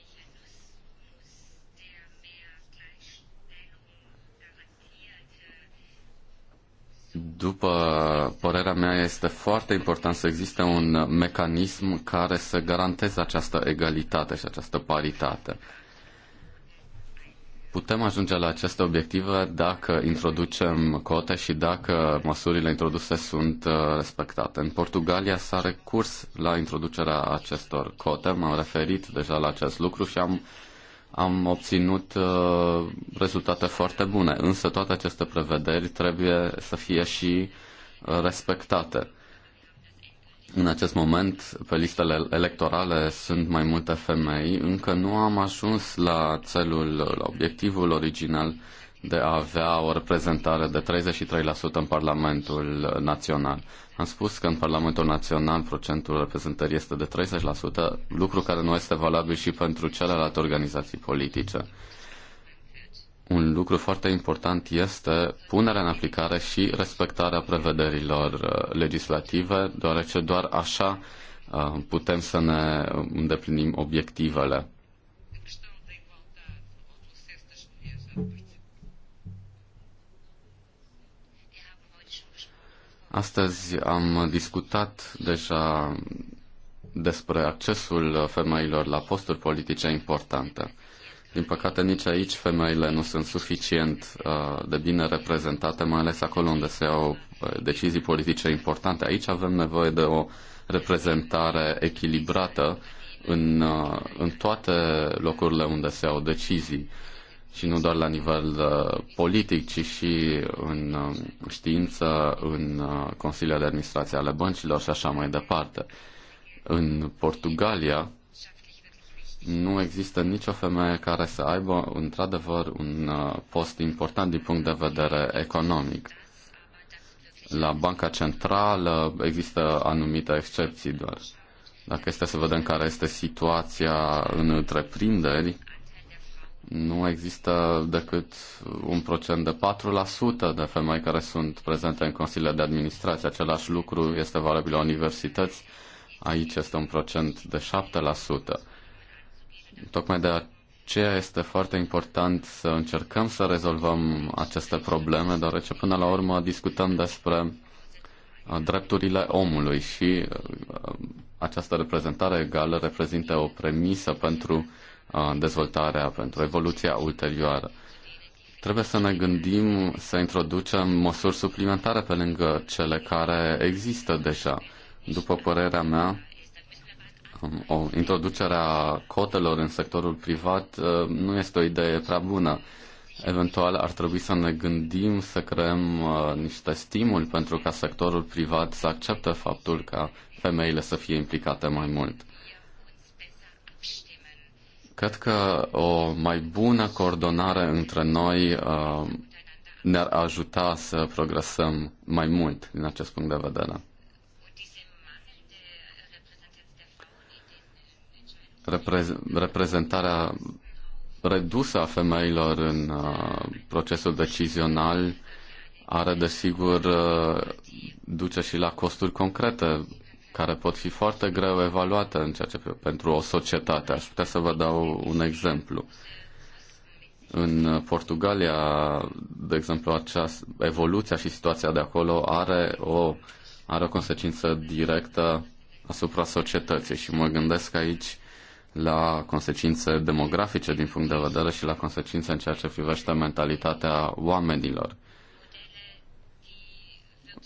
După părerea mea, este foarte important să existe un mecanism care să garanteze această egalitate și această paritate. Putem ajunge la aceste obiective dacă introducem cote și dacă măsurile introduse sunt uh, respectate. În Portugalia s-a recurs la introducerea acestor cote, m-am referit deja la acest lucru și am am obținut uh, rezultate foarte bune, însă toate aceste prevederi trebuie să fie și uh, respectate. În acest moment, pe listele electorale sunt mai multe femei, încă nu am ajuns la celul la obiectivul original de a avea o reprezentare de 33% în Parlamentul Național. Am spus că în Parlamentul Național procentul reprezentării este de 30%, lucru care nu este valabil și pentru celelalte organizații politice. Un lucru foarte important este punerea în aplicare și respectarea prevederilor uh, legislative, deoarece doar așa uh, putem să ne îndeplinim obiectivele Astăzi am discutat deja despre accesul femeilor la posturi politice importante. Din păcate, nici aici femeile nu sunt suficient uh, de bine reprezentate, mai ales acolo unde se iau uh, decizii politice importante. Aici avem nevoie de o reprezentare echilibrată în, uh, în toate locurile unde se iau decizii și nu doar la nivel uh, politic, ci și în um, știință, în uh, Consiliul de Administrație ale băncilor și așa mai departe. În Portugalia nu există nicio femeie care să aibă într-adevăr un uh, post important din punct de vedere economic. La Banca Centrală există anumite excepții doar. Dacă este să vedem care este situația în întreprinderi, nu există decât un procent de 4% de femei care sunt prezente în consiliile de administrație. Același lucru este valabil la universități. Aici este un procent de 7%. Tocmai de aceea este foarte important să încercăm să rezolvăm aceste probleme, deoarece până la urmă discutăm despre uh, drepturile omului și uh, această reprezentare egală reprezintă o premisă pentru dezvoltarea, pentru evoluția ulterioară. Trebuie să ne gândim să introducem măsuri suplimentare pe lângă cele care există deja. După părerea mea, o introducerea cotelor în sectorul privat nu este o idee prea bună. Eventual ar trebui să ne gândim să creăm niște stimul pentru ca sectorul privat să accepte faptul ca femeile să fie implicate mai mult. Cred că o mai bună coordonare între noi uh, ne-ar ajuta să progresăm mai mult din acest punct de vedere. reprezentarea redusă a femeilor în uh, procesul decizional are, desigur, uh, duce și la costuri concrete care pot fi foarte greu evaluate în ceea ce pentru o societate. Aș putea să vă dau un exemplu. În Portugalia, de exemplu, această evoluția și situația de acolo are o, are o consecință directă asupra societății și mă gândesc aici la consecințe demografice din punct de vedere și la consecințe în ceea ce privește mentalitatea oamenilor.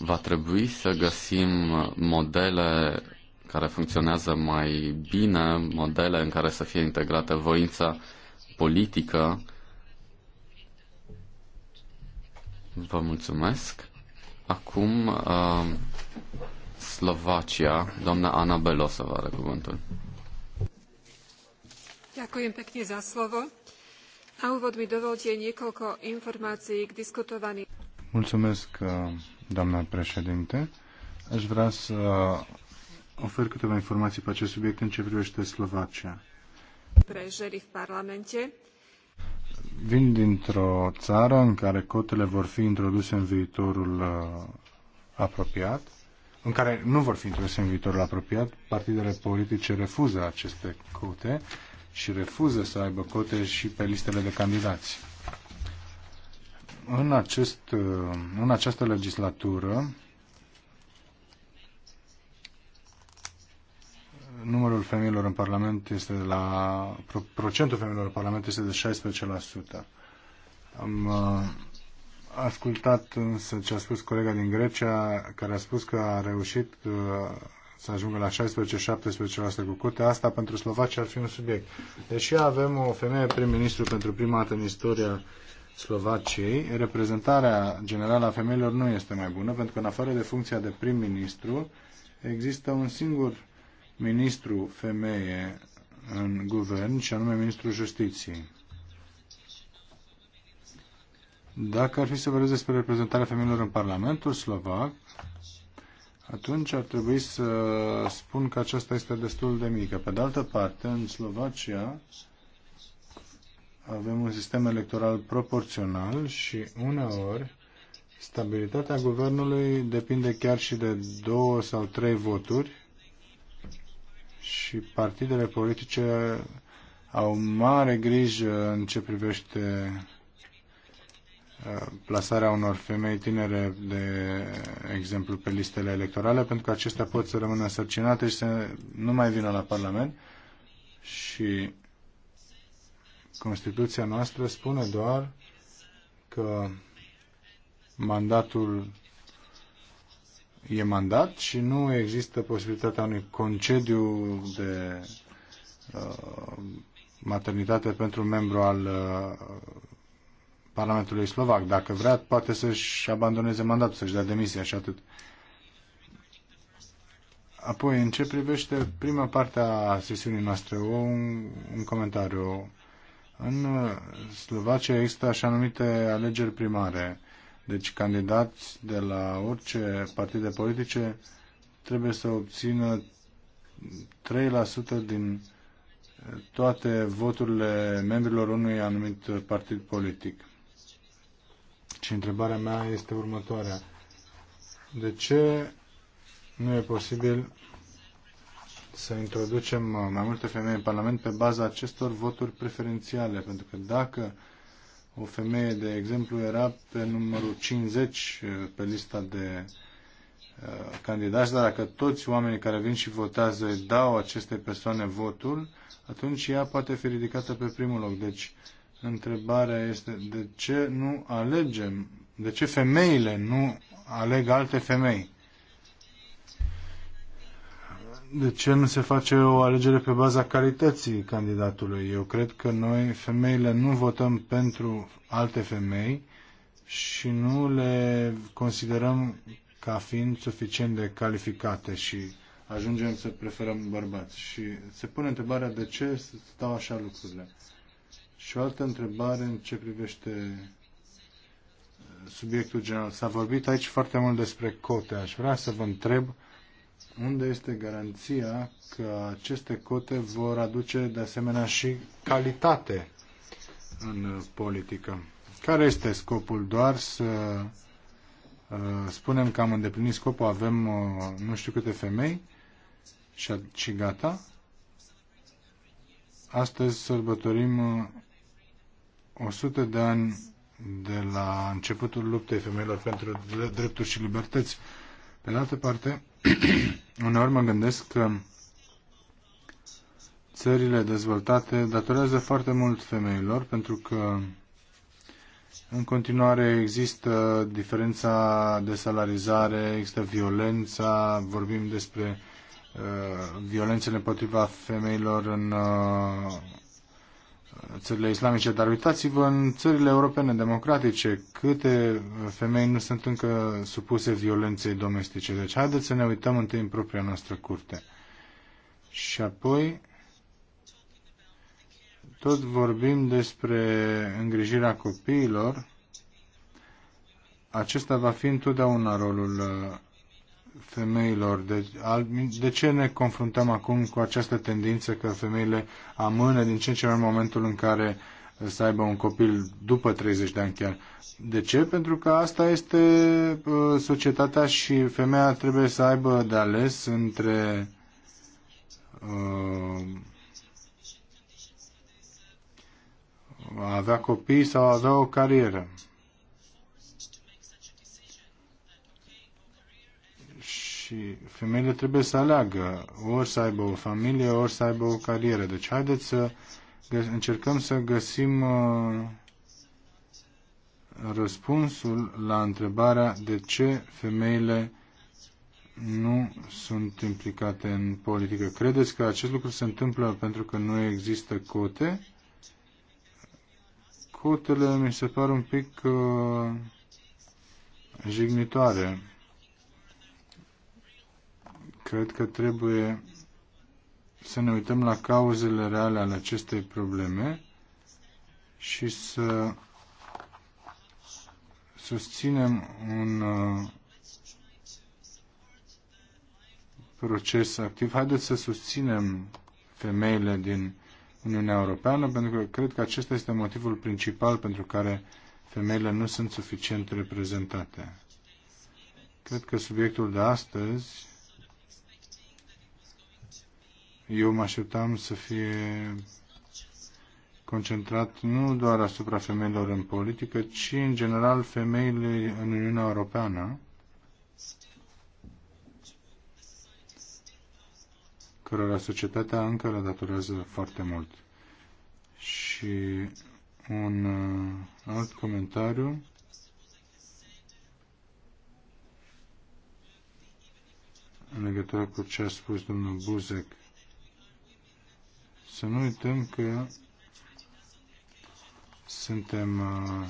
Va trebui să găsim modele care funcționează mai bine, modele în care să fie integrată voința politică. Vă mulțumesc. Acum uh, Slovacia, doamna Ana Belosova are cuvântul. Ďakujem pekne za slovo. Na úvod mi dovolte niekoľko informácií k diskutovaným. Mulțumesc, uh, doamna președinte. Aș vrea să ofer câteva informații pe acest subiect în ce privește Slovacia. Prejării Parlamente. Vin dintr-o țară în care cotele vor fi introduse în viitorul uh, apropiat, în care nu vor fi introduse în viitorul apropiat. Partidele politice refuză aceste cote și refuză să aibă cote și pe listele de candidați în, acest, uh, în această legislatură numărul femeilor în Parlament este de la procentul femeilor în Parlament este de 16%. Am uh, ascultat însă ce a spus colega din Grecia care a spus că a reușit uh, să ajungă la 16-17% cu cote. Asta pentru Slovacia ar fi un subiect. Deși avem o femeie prim-ministru pentru prima dată în istoria Slovaciei, reprezentarea generală a femeilor nu este mai bună, pentru că în afară de funcția de prim-ministru, există un singur ministru femeie în guvern, și anume ministrul justiției. Dacă ar fi să vorbesc despre reprezentarea femeilor în Parlamentul Slovac, atunci ar trebui să spun că aceasta este destul de mică. Pe de altă parte, în Slovacia, avem un sistem electoral proporțional și uneori stabilitatea guvernului depinde chiar și de două sau trei voturi și partidele politice au mare grijă în ce privește uh, plasarea unor femei tinere, de exemplu, pe listele electorale, pentru că acestea pot să rămână însărcinate și să nu mai vină la Parlament. Și Constituția noastră spune doar că mandatul e mandat și nu există posibilitatea unui concediu de uh, maternitate pentru un membru al uh, Parlamentului Slovac. Dacă vrea, poate să-și abandoneze mandatul, să-și dea demisia și atât. Apoi, în ce privește prima parte a sesiunii noastre, un, un comentariu. În uh, Slovacia există așa numite alegeri primare, deci candidați de la orice partide politice trebuie să obțină 3% din uh, toate voturile membrilor unui anumit partid politic. Și întrebarea mea este următoarea. De ce nu e posibil să introducem uh, mai multe femei în Parlament pe baza acestor voturi preferențiale, pentru că dacă o femeie, de exemplu, era pe numărul 50 uh, pe lista de uh, candidați, dar dacă toți oamenii care vin și votează dau acestei persoane votul, atunci ea poate fi ridicată pe primul loc. Deci, întrebarea este de ce nu alegem, de ce femeile nu aleg alte femei? de ce nu se face o alegere pe baza calității candidatului? Eu cred că noi, femeile, nu votăm pentru alte femei și nu le considerăm ca fiind suficient de calificate și ajungem să preferăm bărbați. Și se pune întrebarea de ce stau așa lucrurile. Și o altă întrebare în ce privește uh, subiectul general. S-a vorbit aici foarte mult despre cote. Aș vrea să vă întreb uh, unde este garanția că aceste cote vor aduce de asemenea și calitate în politică? Care este scopul? Doar să uh, spunem că am îndeplinit scopul, avem uh, nu știu câte femei și, și gata. Astăzi sărbătorim 100 uh, de ani de la începutul luptei femeilor pentru drepturi și libertăți. Pe de altă parte, uneori mă gândesc că țările dezvoltate datorează foarte mult femeilor pentru că în continuare există diferența de salarizare, există violența, vorbim despre uh, violențele împotriva femeilor în uh, țările islamice, dar uitați-vă în țările europene democratice câte femei nu sunt încă supuse violenței domestice. Deci haideți să ne uităm întâi în propria noastră curte. Și apoi tot vorbim despre îngrijirea copiilor. Acesta va fi întotdeauna rolul uh, femeilor. De, al, de ce ne confruntăm acum cu această tendință că femeile amână din ce în ce mai momentul în care să aibă un copil după 30 de ani chiar? De ce? Pentru că asta este uh, societatea și femeia trebuie să aibă de ales între uh, a avea copii sau a avea o carieră. și femeile trebuie să aleagă ori să aibă o familie, ori să aibă o carieră. Deci haideți să încercăm să găsim uh, răspunsul la întrebarea de ce femeile nu sunt implicate în politică. Credeți că acest lucru se întâmplă pentru că nu există cote? Cotele mi se par un pic uh, jignitoare. Cred că trebuie să ne uităm la cauzele reale ale acestei probleme și să susținem un uh, proces activ. Haideți să susținem femeile din Uniunea Europeană, pentru că cred că acesta este motivul principal pentru care femeile nu sunt suficient reprezentate. Cred că subiectul de astăzi eu mă așteptam să fie concentrat nu doar asupra femeilor în politică, ci în general femeile în Uniunea Europeană, cărora societatea încă le datorează foarte mult. Și un uh, alt comentariu. În legătură cu ce a spus domnul Buzek, să nu uităm că suntem uh,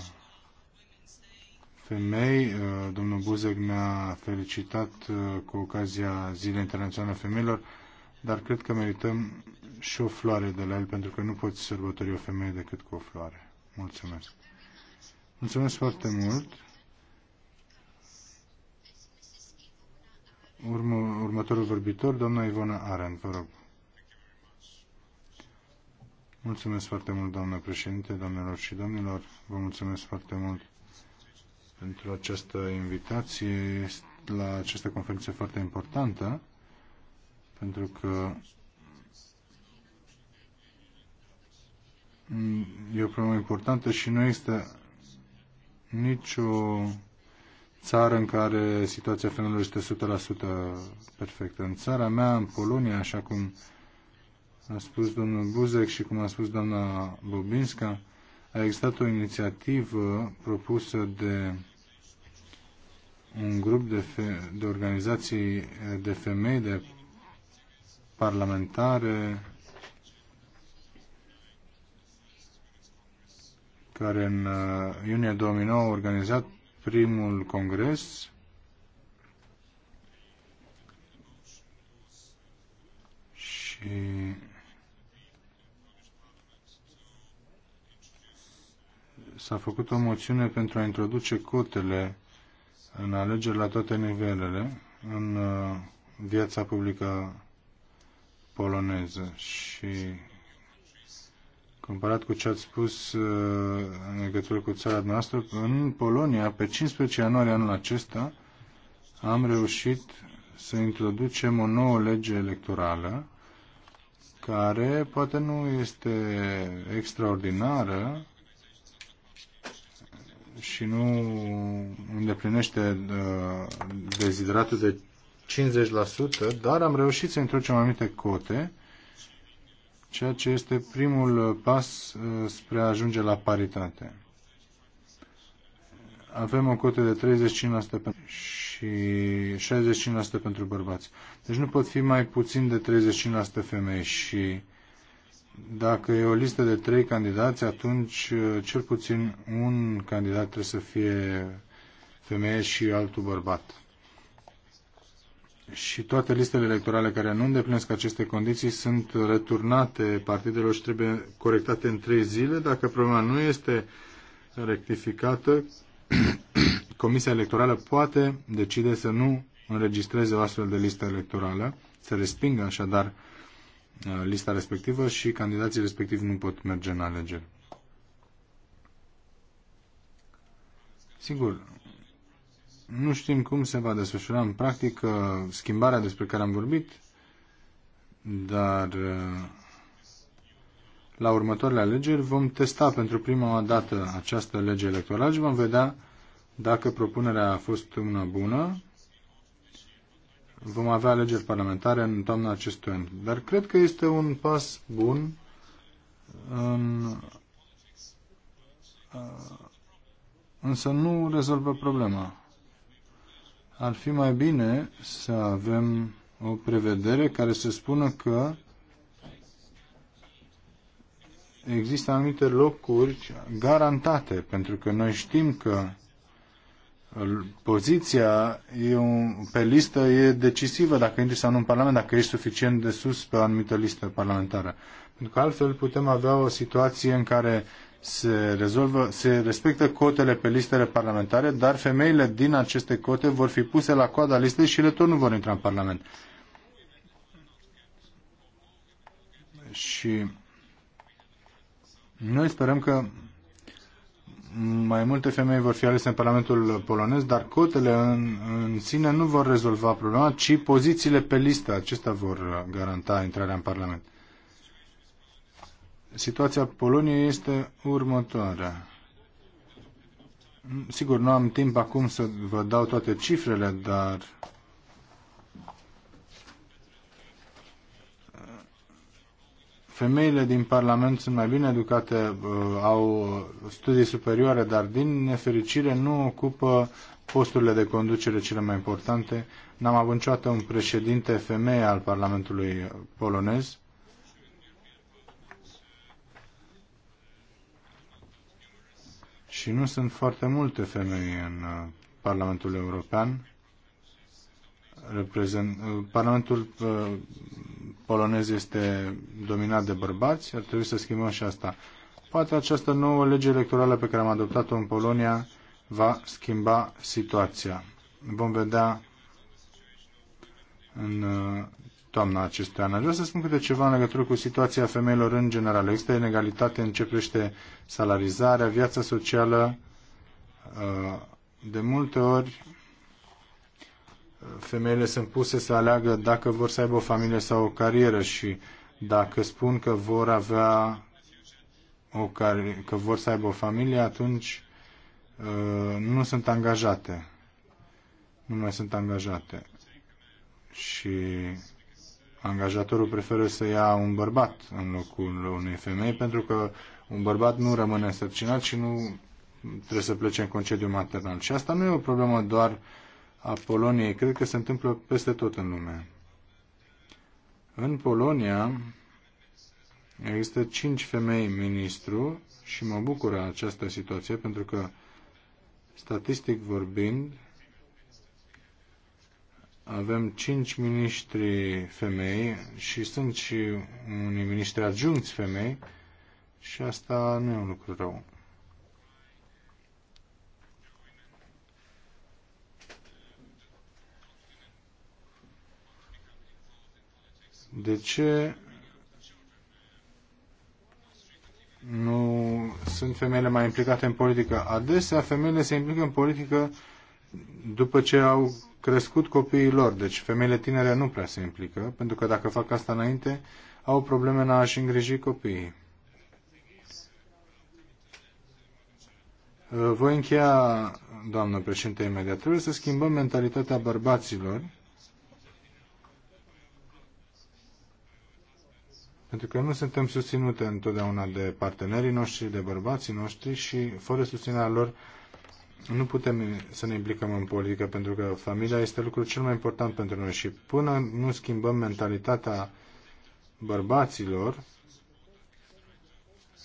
femei. Uh, domnul Buzăg ne-a felicitat uh, cu ocazia Zilei Internaționale a Femeilor, dar cred că merităm și o floare de la el, pentru că nu poți sărbători o femeie decât cu o floare. Mulțumesc! Mulțumesc foarte mult! Urmă, următorul vorbitor, doamna Ivona Aren, vă rog. Mulțumesc foarte mult, doamnă președinte, doamnelor și domnilor. Vă mulțumesc foarte mult pentru această invitație la această conferință foarte importantă, pentru că e o problemă importantă și nu există nicio țară în care situația femeilor este 100% perfectă. În țara mea, în Polonia, așa cum a spus domnul Buzek și cum a spus doamna Bobinska, a existat o inițiativă propusă de un grup de, fe- de organizații de femei, de parlamentare, care în uh, iunie 2009 a organizat primul congres și s-a făcut o moțiune pentru a introduce cotele în alegeri la toate nivelele în uh, viața publică poloneză și comparat cu ce ați spus uh, în legătură cu țara noastră, în Polonia, pe 15 ianuarie anul acesta, am reușit să introducem o nouă lege electorală care poate nu este extraordinară, și nu îndeplinește uh, dezideratul de 50%, dar am reușit să introducem anumite cote, ceea ce este primul pas uh, spre a ajunge la paritate. Avem o cotă de 35% și 65% pentru bărbați. Deci nu pot fi mai puțin de 35% femei și dacă e o listă de trei candidați, atunci uh, cel puțin un candidat trebuie să fie femeie și altul bărbat. Și toate listele electorale care nu îndeplinesc aceste condiții sunt returnate partidelor și trebuie corectate în trei zile. Dacă problema nu este rectificată, Comisia Electorală poate decide să nu înregistreze o astfel de listă electorală, să respingă așadar uh, Uh, lista respectivă și candidații respectivi nu pot merge în alegeri. Sigur, nu știm cum se va desfășura în practică schimbarea despre care am vorbit, dar uh, la următoarele alegeri vom testa pentru prima dată această lege electorală și vom vedea dacă propunerea a fost una bună Vom avea alegeri parlamentare în toamna acestui an. Dar cred că este un pas bun în... Uh, însă nu rezolvă problema. Ar fi mai bine să avem o prevedere care să spună că există anumite locuri garantate, pentru că noi știm că poziția e un, pe listă e decisivă dacă intri sau nu în Parlament, dacă ești suficient de sus pe o anumită listă parlamentară. Pentru că altfel putem avea o situație în care se, rezolvă, se respectă cotele pe listele parlamentare, dar femeile din aceste cote vor fi puse la coada listei și ele tot nu vor intra în Parlament. Și noi sperăm că mai multe femei vor fi alese în Parlamentul polonez, dar cotele în, în sine nu vor rezolva problema, ci pozițiile pe listă. Acestea vor garanta intrarea în Parlament. Situația Poloniei este următoarea. Sigur, nu am timp acum să vă dau toate cifrele, dar Femeile din Parlament sunt mai bine educate, uh, au studii superioare, dar din nefericire nu ocupă posturile de conducere cele mai importante. N-am avut niciodată un președinte femeie al Parlamentului polonez. Și nu sunt foarte multe femei în uh, Parlamentul European reprezent... Parlamentul uh, polonez este dominat de bărbați, ar trebui să schimbăm și asta. Poate această nouă lege electorală pe care am adoptat-o în Polonia va schimba situația. Vom vedea în uh, toamna acestui an. Vreau să spun câte ceva în legătură cu situația femeilor în general. Există inegalitate în ce privește salarizarea, viața socială. Uh, de multe ori femeile sunt puse să aleagă dacă vor să aibă o familie sau o carieră și dacă spun că vor avea o care, că vor să aibă o familie, atunci uh, nu sunt angajate. Nu mai sunt angajate. Și angajatorul preferă să ia un bărbat în locul unei femei pentru că un bărbat nu rămâne însărcinat și nu trebuie să plece în concediu maternal. Și asta nu e o problemă doar uh, a Poloniei. Cred că se întâmplă peste tot în lume. În Polonia există cinci femei ministru și mă bucură această situație pentru că, statistic vorbind, avem cinci miniștri femei și sunt și unii miniștri adjuncți femei și asta nu e un lucru rău. De ce nu sunt femeile mai implicate în politică? Adesea femeile se implică în politică după ce au crescut copiii lor. Deci femeile tinere nu prea se implică, pentru că dacă fac asta înainte, au probleme în a-și îngriji copiii. Voi încheia, doamnă președinte, imediat. Trebuie să schimbăm mentalitatea bărbaților pentru că nu suntem susținute întotdeauna de partenerii noștri, de bărbații noștri și fără susținerea lor nu putem să ne implicăm în politică pentru că familia este lucrul cel mai important pentru noi și până nu schimbăm mentalitatea bărbaților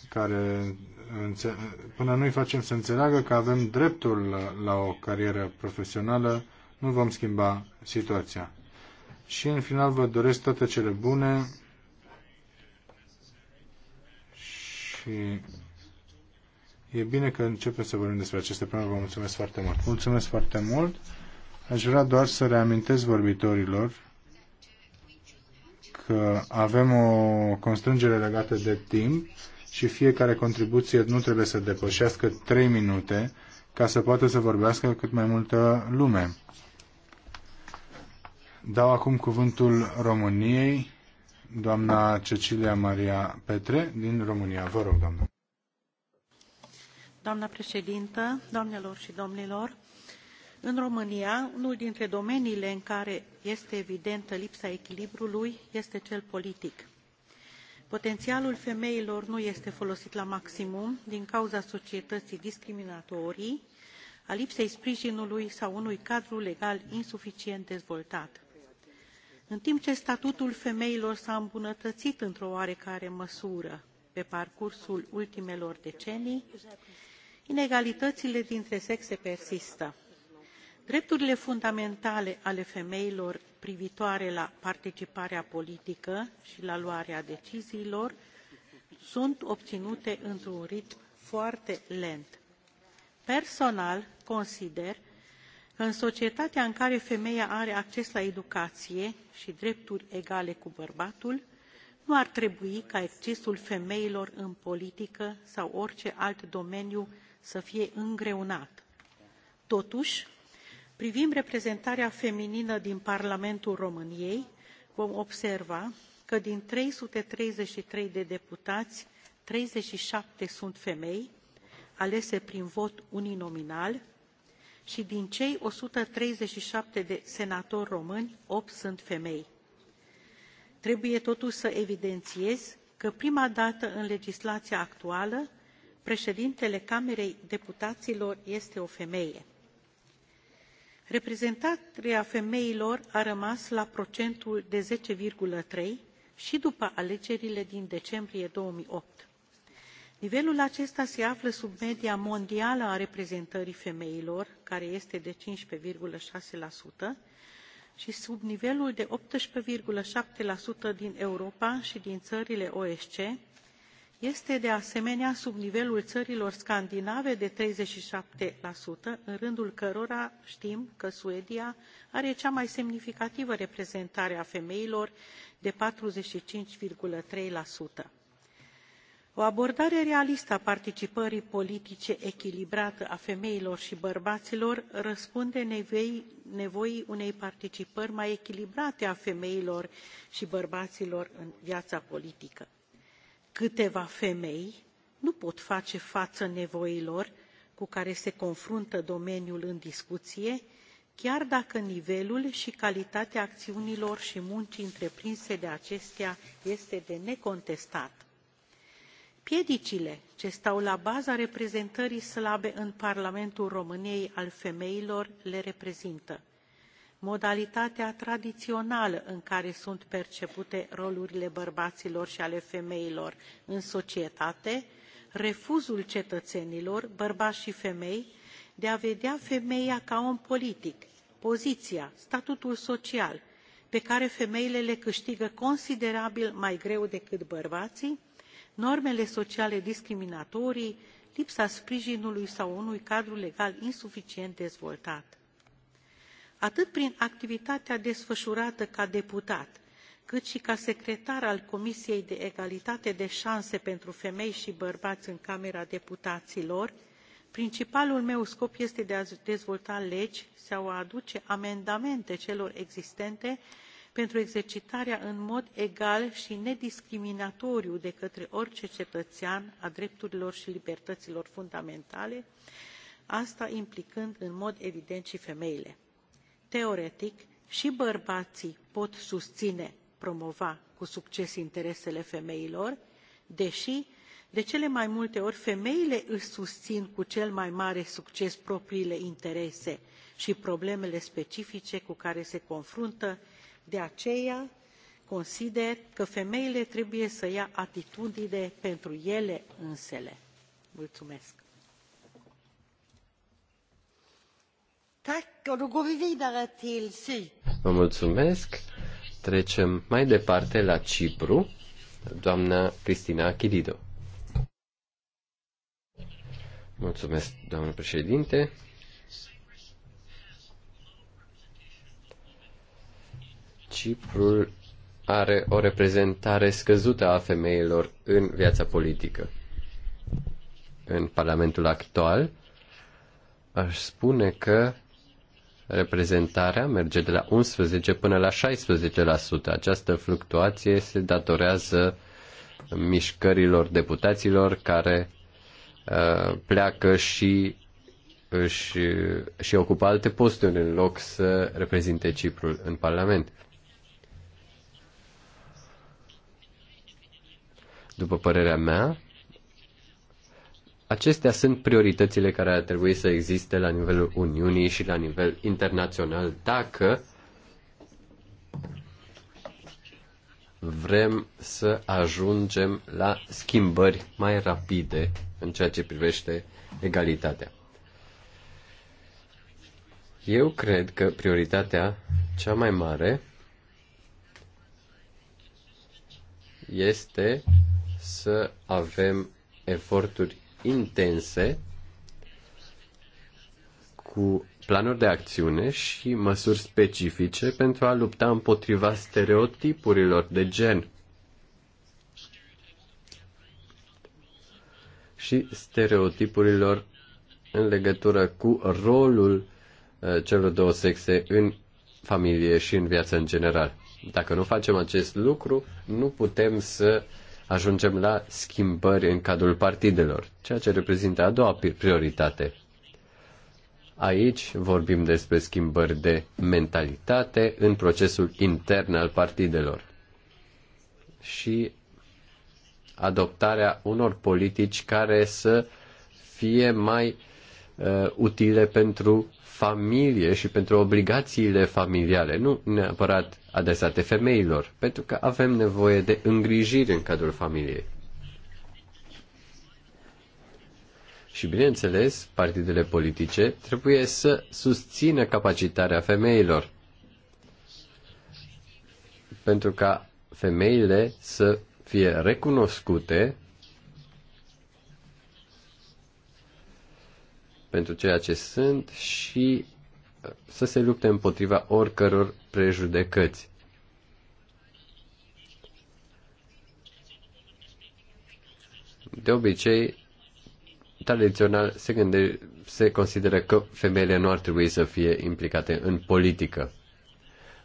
care până nu-i facem să înțeleagă că avem dreptul la, la o carieră profesională, nu vom schimba situația. Și în final vă doresc toate cele bune Și e bine că începem să vorbim despre aceste probleme. Vă mulțumesc foarte mult. Mulțumesc foarte mult. Aș vrea doar să reamintesc vorbitorilor că avem o constrângere legată de timp și fiecare contribuție nu trebuie să depășească 3 minute ca să poată să vorbească cât mai multă lume. Dau acum cuvântul României doamna Cecilia Maria Petre din România. Vă rog, doamnă. Doamna președintă, doamnelor și domnilor, în România, unul dintre domeniile în care este evidentă lipsa echilibrului este cel politic. Potențialul femeilor nu este folosit la maximum din cauza societății discriminatorii, a lipsei sprijinului sau unui cadru legal insuficient dezvoltat în timp ce statutul femeilor s-a îmbunătățit într-o oarecare măsură pe parcursul ultimelor decenii, inegalitățile dintre sexe persistă. Drepturile fundamentale ale femeilor privitoare la participarea politică și la luarea deciziilor sunt obținute într-un ritm foarte lent. Personal, consider în societatea în care femeia are acces la educație și drepturi egale cu bărbatul nu ar trebui ca accesul femeilor în politică sau orice alt domeniu să fie îngreunat. totuși privind reprezentarea feminină din parlamentul româniei vom observa că din trei sute treizeci și trei de deputați treizeci și șapte sunt femei alese prin vot uninominal și din cei 137 de senatori români, 8 sunt femei. Trebuie totuși să evidențiez că prima dată în legislația actuală președintele Camerei Deputaților este o femeie. Reprezentarea femeilor a rămas la procentul de 10,3 și după alegerile din decembrie 2008 nivelul acesta se află sub media mondială a reprezentării femeilor care este de 15,6%, și sub nivelul de 18,7% din europa și din țările osce este de asemenea sub nivelul țărilor scandinave de 37%, în rândul cărora știm că suedia are cea mai semnificativă reprezentare a femeilor de 45,3% o abordare realistă a participării politice echilibrată a femeilor și bărbaților răspunde nevoii, unei participări mai echilibrate a femeilor și bărbaților în viața politică. câteva femei nu pot face față nevoilor cu care se confruntă domeniul în discuție chiar dacă nivelul și calitatea acțiunilor și muncii întreprinse de acestea este de necontestat piedicile ce stau la baza reprezentării slabe în parlamentul româniei al femeilor le reprezintă modalitatea tradițională în care sunt percepute rolurile bărbaților și ale femeilor în societate refuzul cetățenilor bărbați și femei de a vedea femeia ca om politic poziția statutul social pe care femeile le câștigă considerabil mai greu decât bărbații normele sociale discriminatorii lipsa sprijinului sau unui cadru legal insuficient dezvoltat. atât prin activitatea desfășurată ca deputat cât și ca secretar al comisiei de egalitate de șanse pentru femei și bărbați în camera deputaților principalul meu scop este de a dezvolta legi sau a aduce amendamente celor existente pentru exercitarea în mod egal și nediscriminatoriu de către orice cetățean a drepturilor și libertăților fundamentale asta implicând în mod evident și femeile. teoretic și bărbații pot susține promova cu succes interesele femeilor deși de cele mai multe ori femeile își susțin cu cel mai mare succes propriile interese și problemele specifice cu care se confruntă de aceea consider că femeile trebuie să ia atitudine pentru ele însele. Mulțumesc! Vă mulțumesc! Trecem mai departe la Cipru, doamna Cristina Achirido. Mulțumesc, doamnă președinte. Ciprul are o reprezentare scăzută a femeilor în viața politică. În Parlamentul actual, aș spune că reprezentarea merge de la 11 până la 16%. Această fluctuație se datorează mișcărilor deputaților care uh, pleacă și își, și ocupă alte posturi în loc să reprezinte Ciprul în Parlament. După părerea mea, acestea sunt prioritățile care ar trebui să existe la nivelul Uniunii și la nivel internațional dacă vrem să ajungem la schimbări mai rapide în ceea ce privește egalitatea. Eu cred că prioritatea cea mai mare este să avem eforturi intense cu planuri de acțiune și măsuri specifice pentru a lupta împotriva stereotipurilor de gen și stereotipurilor în legătură cu rolul uh, celor două sexe în familie și în viață în general. Dacă nu facem acest lucru, nu putem să uh, ajungem la schimbări în cadrul partidelor, ceea ce reprezintă a doua prioritate. Aici vorbim despre schimbări de mentalitate în procesul intern al partidelor și adoptarea unor politici care să fie mai uh, uh, utile pentru familie și pentru obligațiile familiale, nu neapărat adresate femeilor, pentru că avem nevoie de îngrijiri în cadrul familiei. Și bineînțeles, partidele politice trebuie să susțină capacitarea femeilor pentru ca femeile să fie recunoscute pentru ceea ce sunt și uh, să se lupte împotriva oricăror prejudecăți. De obicei, tradițional se, gânde, se consideră că femeile nu ar trebui să fie implicate în politică.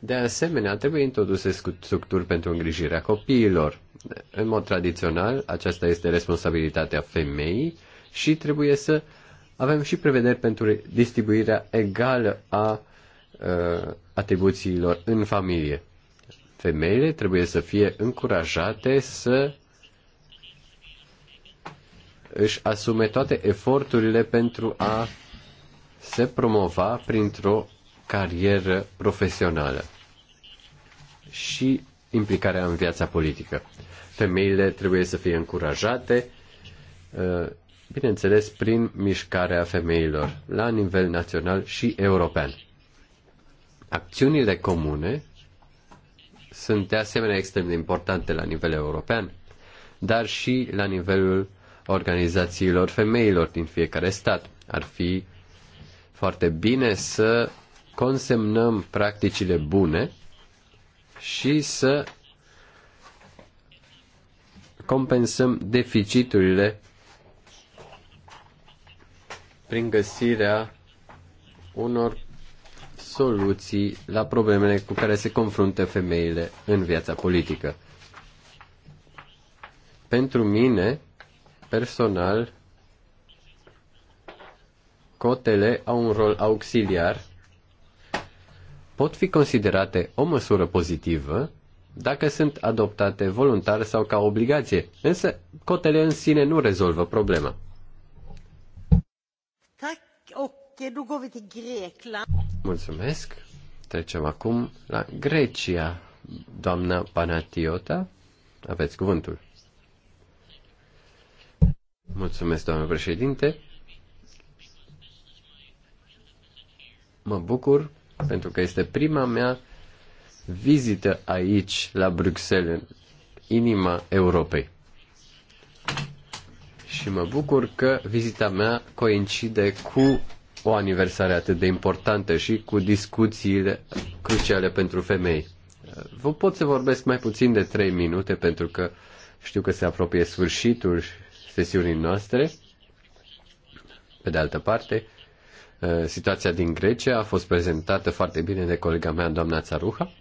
De asemenea, trebuie introduse structuri pentru îngrijirea copiilor. În mod tradițional, aceasta este responsabilitatea femeii și trebuie să uh, avem și prevederi pentru distribuirea egală a uh, atribuțiilor în familie. Femeile trebuie să fie încurajate să își asume toate eforturile pentru a se promova printr-o carieră profesională și implicarea în viața politică. Femeile trebuie să fie încurajate uh, bineînțeles, prin mișcarea femeilor la nivel național și european. Acțiunile comune sunt de asemenea extrem de importante la nivel european, dar și la nivelul organizațiilor femeilor din fiecare stat. Ar fi foarte bine să consemnăm practicile bune și să compensăm deficiturile prin găsirea unor soluții la problemele cu care se confruntă femeile în viața politică. Pentru mine, personal, cotele au un rol auxiliar, pot fi considerate o măsură pozitivă dacă sunt adoptate voluntar sau ca obligație, însă cotele în sine nu rezolvă problema. Mulțumesc. Trecem acum la Grecia. Doamna Panatiota, aveți cuvântul. Mulțumesc, doamnă președinte. Mă bucur pentru că este prima mea vizită aici, la Bruxelles, în inima Europei. Și mă bucur că vizita mea coincide cu o aniversare atât de importantă și cu discuțiile cruciale pentru femei. Vă pot să vorbesc mai puțin de 3 minute pentru că știu că se apropie sfârșitul sesiunii noastre. Pe de altă parte, situația din Grecia a fost prezentată foarte bine de colega mea, doamna Țaruha.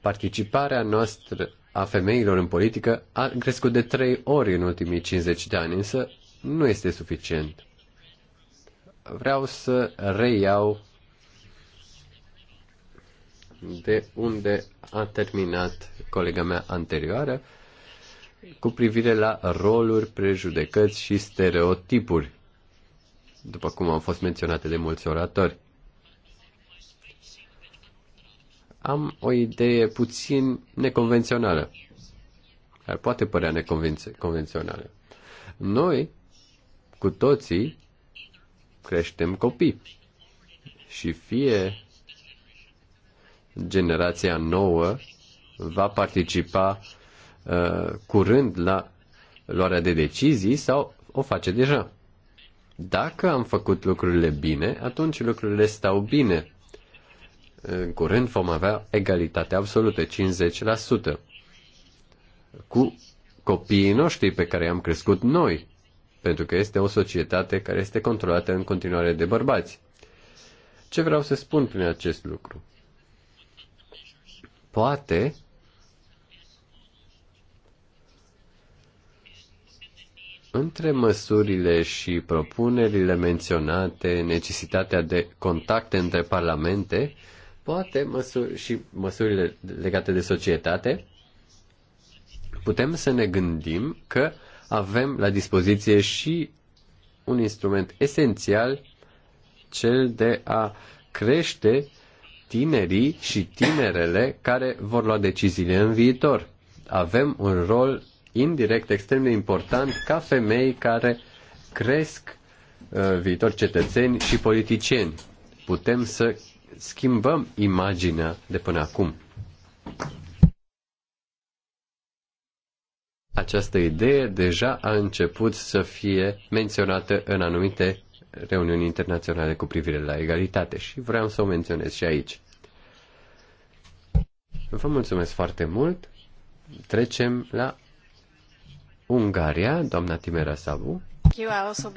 Participarea noastră a femeilor în politică a crescut de trei ori în ultimii 50 de ani, însă nu este suficient vreau să reiau de unde a terminat colega mea anterioară cu privire la roluri, prejudecăți și stereotipuri, după cum au fost menționate de mulți oratori. Am o idee puțin neconvențională, care poate părea neconvențională. Noi, cu toții, creștem copii. Și fie generația nouă va participa uh, curând la luarea de decizii sau o face deja. Dacă am făcut lucrurile bine, atunci lucrurile stau bine. În curând vom avea egalitate absolută, 50%, cu copiii noștri pe care i-am crescut noi pentru că este o societate care este controlată în continuare de bărbați. Ce vreau să spun prin acest lucru? Poate Între măsurile și propunerile menționate, necesitatea de contacte între parlamente, poate măsuri, și măsurile legate de societate, putem să ne gândim că avem la dispoziție și un instrument esențial, cel de a crește tinerii și tinerele care vor lua deciziile în viitor. Avem un rol indirect extrem de important ca femei care cresc uh, viitor cetățeni și politicieni. Putem să schimbăm imaginea de până acum. Această idee deja a început să fie menționată în anumite reuniuni internaționale cu privire la egalitate și vreau să o menționez și aici. Vă mulțumesc foarte mult. Trecem la Ungaria, doamna Timera Sabu. Uh,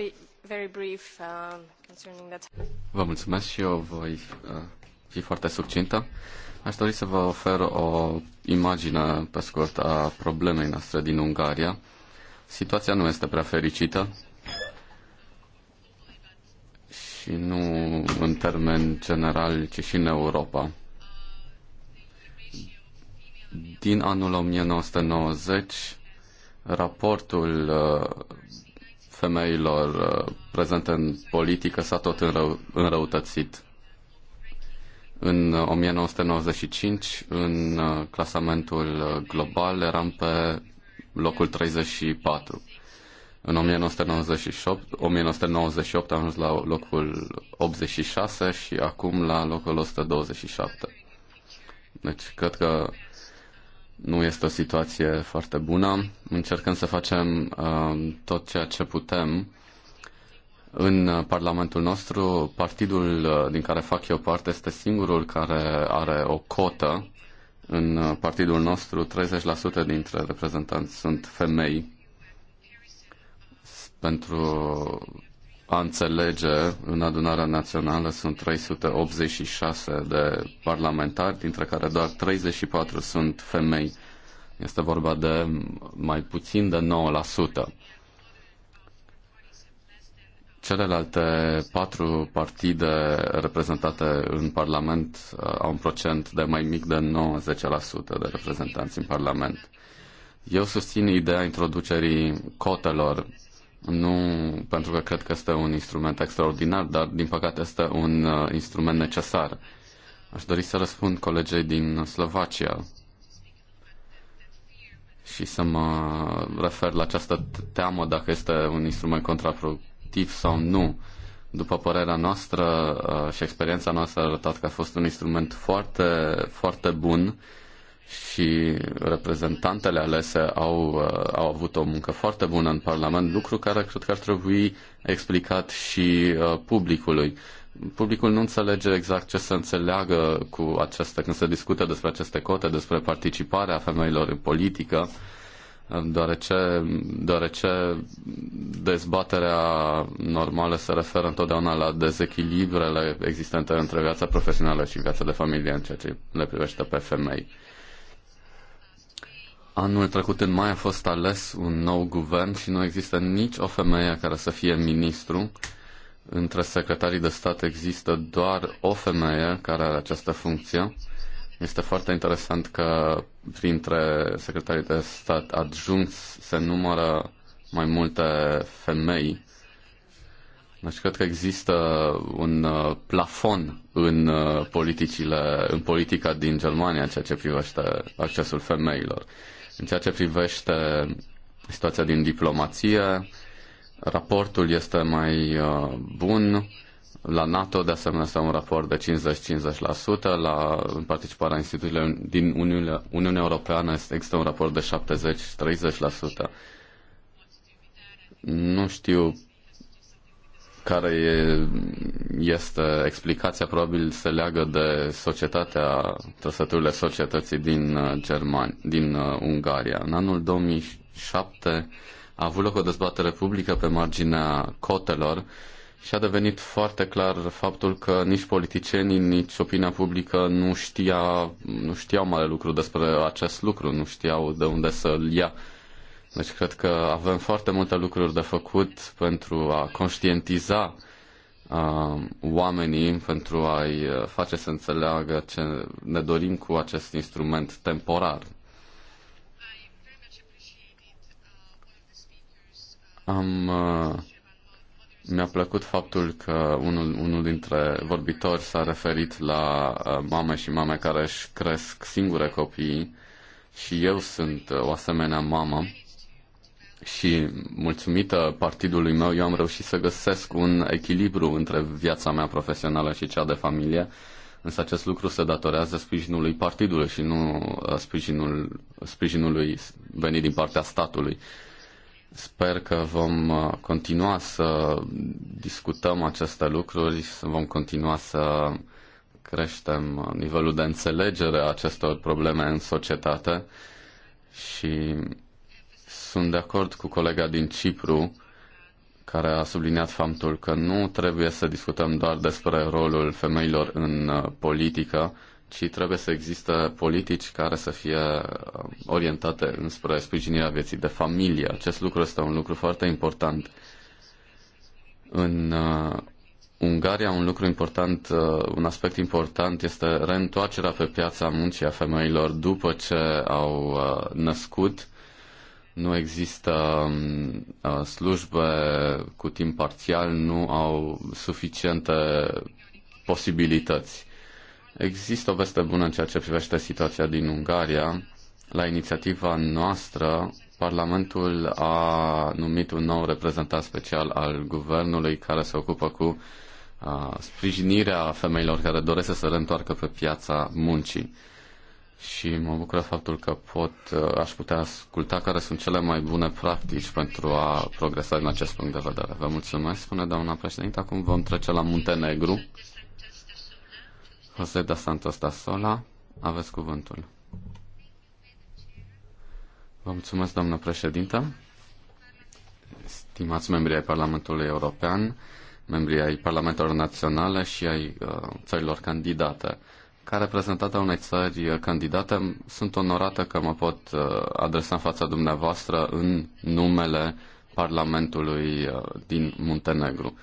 Vă mulțumesc și eu voi uh, fi foarte succintă. Aș dori să vă ofer o imagine pe scurt a problemei noastre din Ungaria. Situația nu este prea fericită și nu în termen general, ci și în Europa. Din anul 1990, raportul uh, femeilor uh, prezente în politică s-a tot înrău- înrăutățit. În 1995, uh, în uh, clasamentul uh, global, eram pe locul 34. În 1998, 1998 am ajuns la locul 86 și acum la locul 127. Deci cred că nu este o situație foarte bună. Încercăm să facem uh, tot ceea ce putem în Parlamentul nostru, partidul uh, din care fac eu parte este singurul care are o cotă. În uh, partidul nostru, 30% dintre reprezentanți sunt femei. Pentru a înțelege, în adunarea națională sunt 386 de parlamentari, dintre care doar 34 sunt femei. Este vorba de mai puțin de 9%. Celelalte patru partide reprezentate în Parlament uh, au un procent de mai mic de 90% de reprezentanți în Parlament. Eu susțin ideea introducerii cotelor, nu pentru că cred că este un instrument extraordinar, dar din păcate este un uh, instrument necesar. Aș dori să răspund colegei din Slovacia și să mă refer la această teamă dacă este un instrument contraproductiv efectiv sau nu. După părerea noastră uh, și experiența noastră a arătat că a fost un instrument foarte, foarte bun și reprezentantele alese au, uh, au avut o muncă foarte bună în Parlament, lucru care cred că ar trebui explicat și uh, publicului. Publicul nu înțelege exact ce se înțeleagă cu aceste, când se discută despre aceste cote, despre participarea femeilor în politică. Uh, deoarece, deoarece dezbaterea normală se referă întotdeauna la dezechilibrele existente între viața profesională și viața de familie în ceea ce le privește pe femei. Anul trecut în mai a fost ales un nou guvern și nu există nici o femeie care să fie ministru. Între secretarii de stat există doar o femeie care are această funcție este foarte interesant că printre secretarii de stat adjunți se numără mai multe femei. Deci cred că există un uh, plafon în uh, politicile, în politica din Germania în ceea ce privește accesul femeilor. În ceea ce privește situația din diplomație, raportul este mai uh, bun la NATO, de asemenea, este un raport de 50-50%, la participarea instituțiilor din Uniunea, Uniunea Europeană există un raport de 70-30%. Nu știu care este explicația, probabil se leagă de societatea, trăsăturile societății din, uh, German, din uh, Ungaria. În anul 2007 a avut loc o dezbatere publică pe marginea cotelor și a devenit foarte clar faptul că nici politicienii, nici opinia publică nu, știa, nu știau mare lucru despre acest lucru, nu știau de unde să-l ia. Deci cred că avem foarte multe lucruri de făcut pentru a conștientiza uh, oamenii, pentru a-i face să înțeleagă ce ne dorim cu acest instrument temporar. Am uh, mi-a plăcut faptul că unul, unul dintre vorbitori s-a referit la uh, mame și mame care își cresc singure copii și eu sunt uh, o asemenea mamă și mulțumită partidului meu eu am reușit să găsesc un echilibru între viața mea profesională și cea de familie, însă acest lucru se datorează sprijinului partidului și nu uh, sprijinul, sprijinului venit din partea statului. Sper că vom uh, continua să discutăm aceste lucruri, să vom continua să creștem nivelul de înțelegere a acestor probleme în societate și sunt de acord cu colega din Cipru care a subliniat faptul că nu trebuie să discutăm doar despre rolul femeilor în uh, politică, ci trebuie să existe politici care să fie um, orientate înspre sprijinirea vieții de familie. Acest lucru este un lucru foarte important. În uh, Ungaria, un lucru important, uh, un aspect important este reîntoarcerea pe piața muncii a femeilor după ce au uh, născut. Nu există um, uh, slujbe cu timp parțial, nu au suficiente posibilități Există o veste bună în ceea ce privește situația din Ungaria. La inițiativa noastră, Parlamentul a numit un nou reprezentant special al guvernului care se ocupă cu uh, sprijinirea femeilor care doresc să se reîntoarcă pe piața muncii. Și mă bucură faptul că pot, uh, aș putea asculta care sunt cele mai bune practici pentru a progresa în acest punct de vedere. Vă mulțumesc, spune doamna președinte. Acum vom trece la Muntenegru. José da Santos da Sola, aveți cuvântul. Vă mulțumesc, doamnă președintă. Stimați membri ai Parlamentului European, membri ai Parlamentelor Naționale și ai uh, țărilor candidate. Ca reprezentată a unei țări uh, candidate, sunt onorată că mă pot uh, adresa în fața dumneavoastră în numele Parlamentului uh, din Muntenegru. Uh,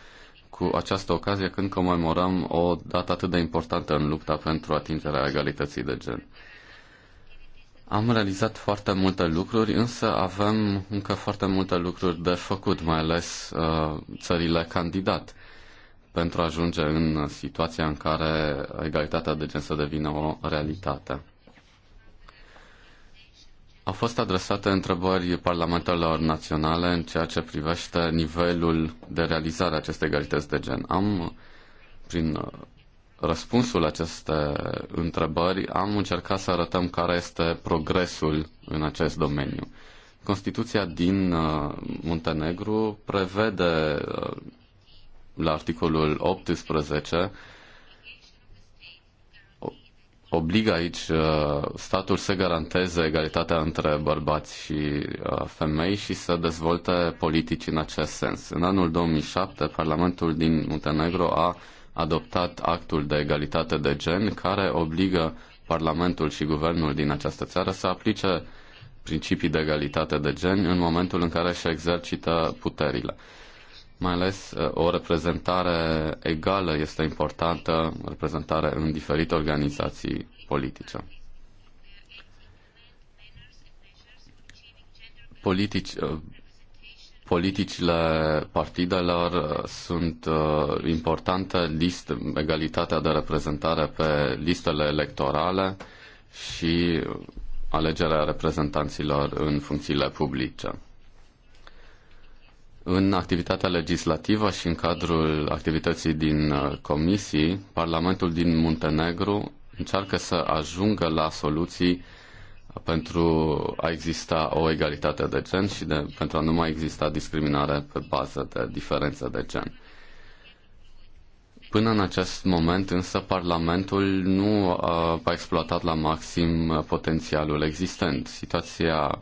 cu această ocazie când comemorăm o dată atât de importantă în lupta pentru atingerea egalității de gen. Am realizat foarte multe lucruri, însă avem încă foarte multe lucruri de făcut, mai ales uh, țările candidat, pentru a ajunge în situația în care egalitatea de gen să devină o realitate. Au fost adresate întrebări parlamentarilor naționale în ceea ce privește nivelul de realizare a acestei egalități de gen. Am, prin uh, răspunsul aceste întrebări, am încercat să arătăm care este progresul în acest domeniu. Constituția din uh, Muntenegru prevede uh, la articolul 18 obligă aici uh, statul să garanteze egalitatea între bărbați și uh, femei și să dezvolte politici în acest sens. În anul 2007, Parlamentul din Muntenegro a adoptat actul de egalitate de gen care obligă Parlamentul și guvernul din această țară să aplice principii de egalitate de gen în momentul în care își exercită puterile mai ales uh, o reprezentare egală este importantă, reprezentare în diferite organizații politice. Politici, uh, politicile partidelor uh, sunt importante, list, egalitatea de reprezentare pe listele electorale și alegerea reprezentanților în funcțiile publice. În activitatea legislativă și în cadrul activității din uh, comisii, Parlamentul din Muntenegru încearcă să ajungă la soluții pentru a exista o egalitate de gen și de, pentru a nu mai exista discriminare pe bază de diferențe de gen. Până în acest moment, însă, Parlamentul nu a, uh, a exploatat la maxim uh, potențialul existent. Situația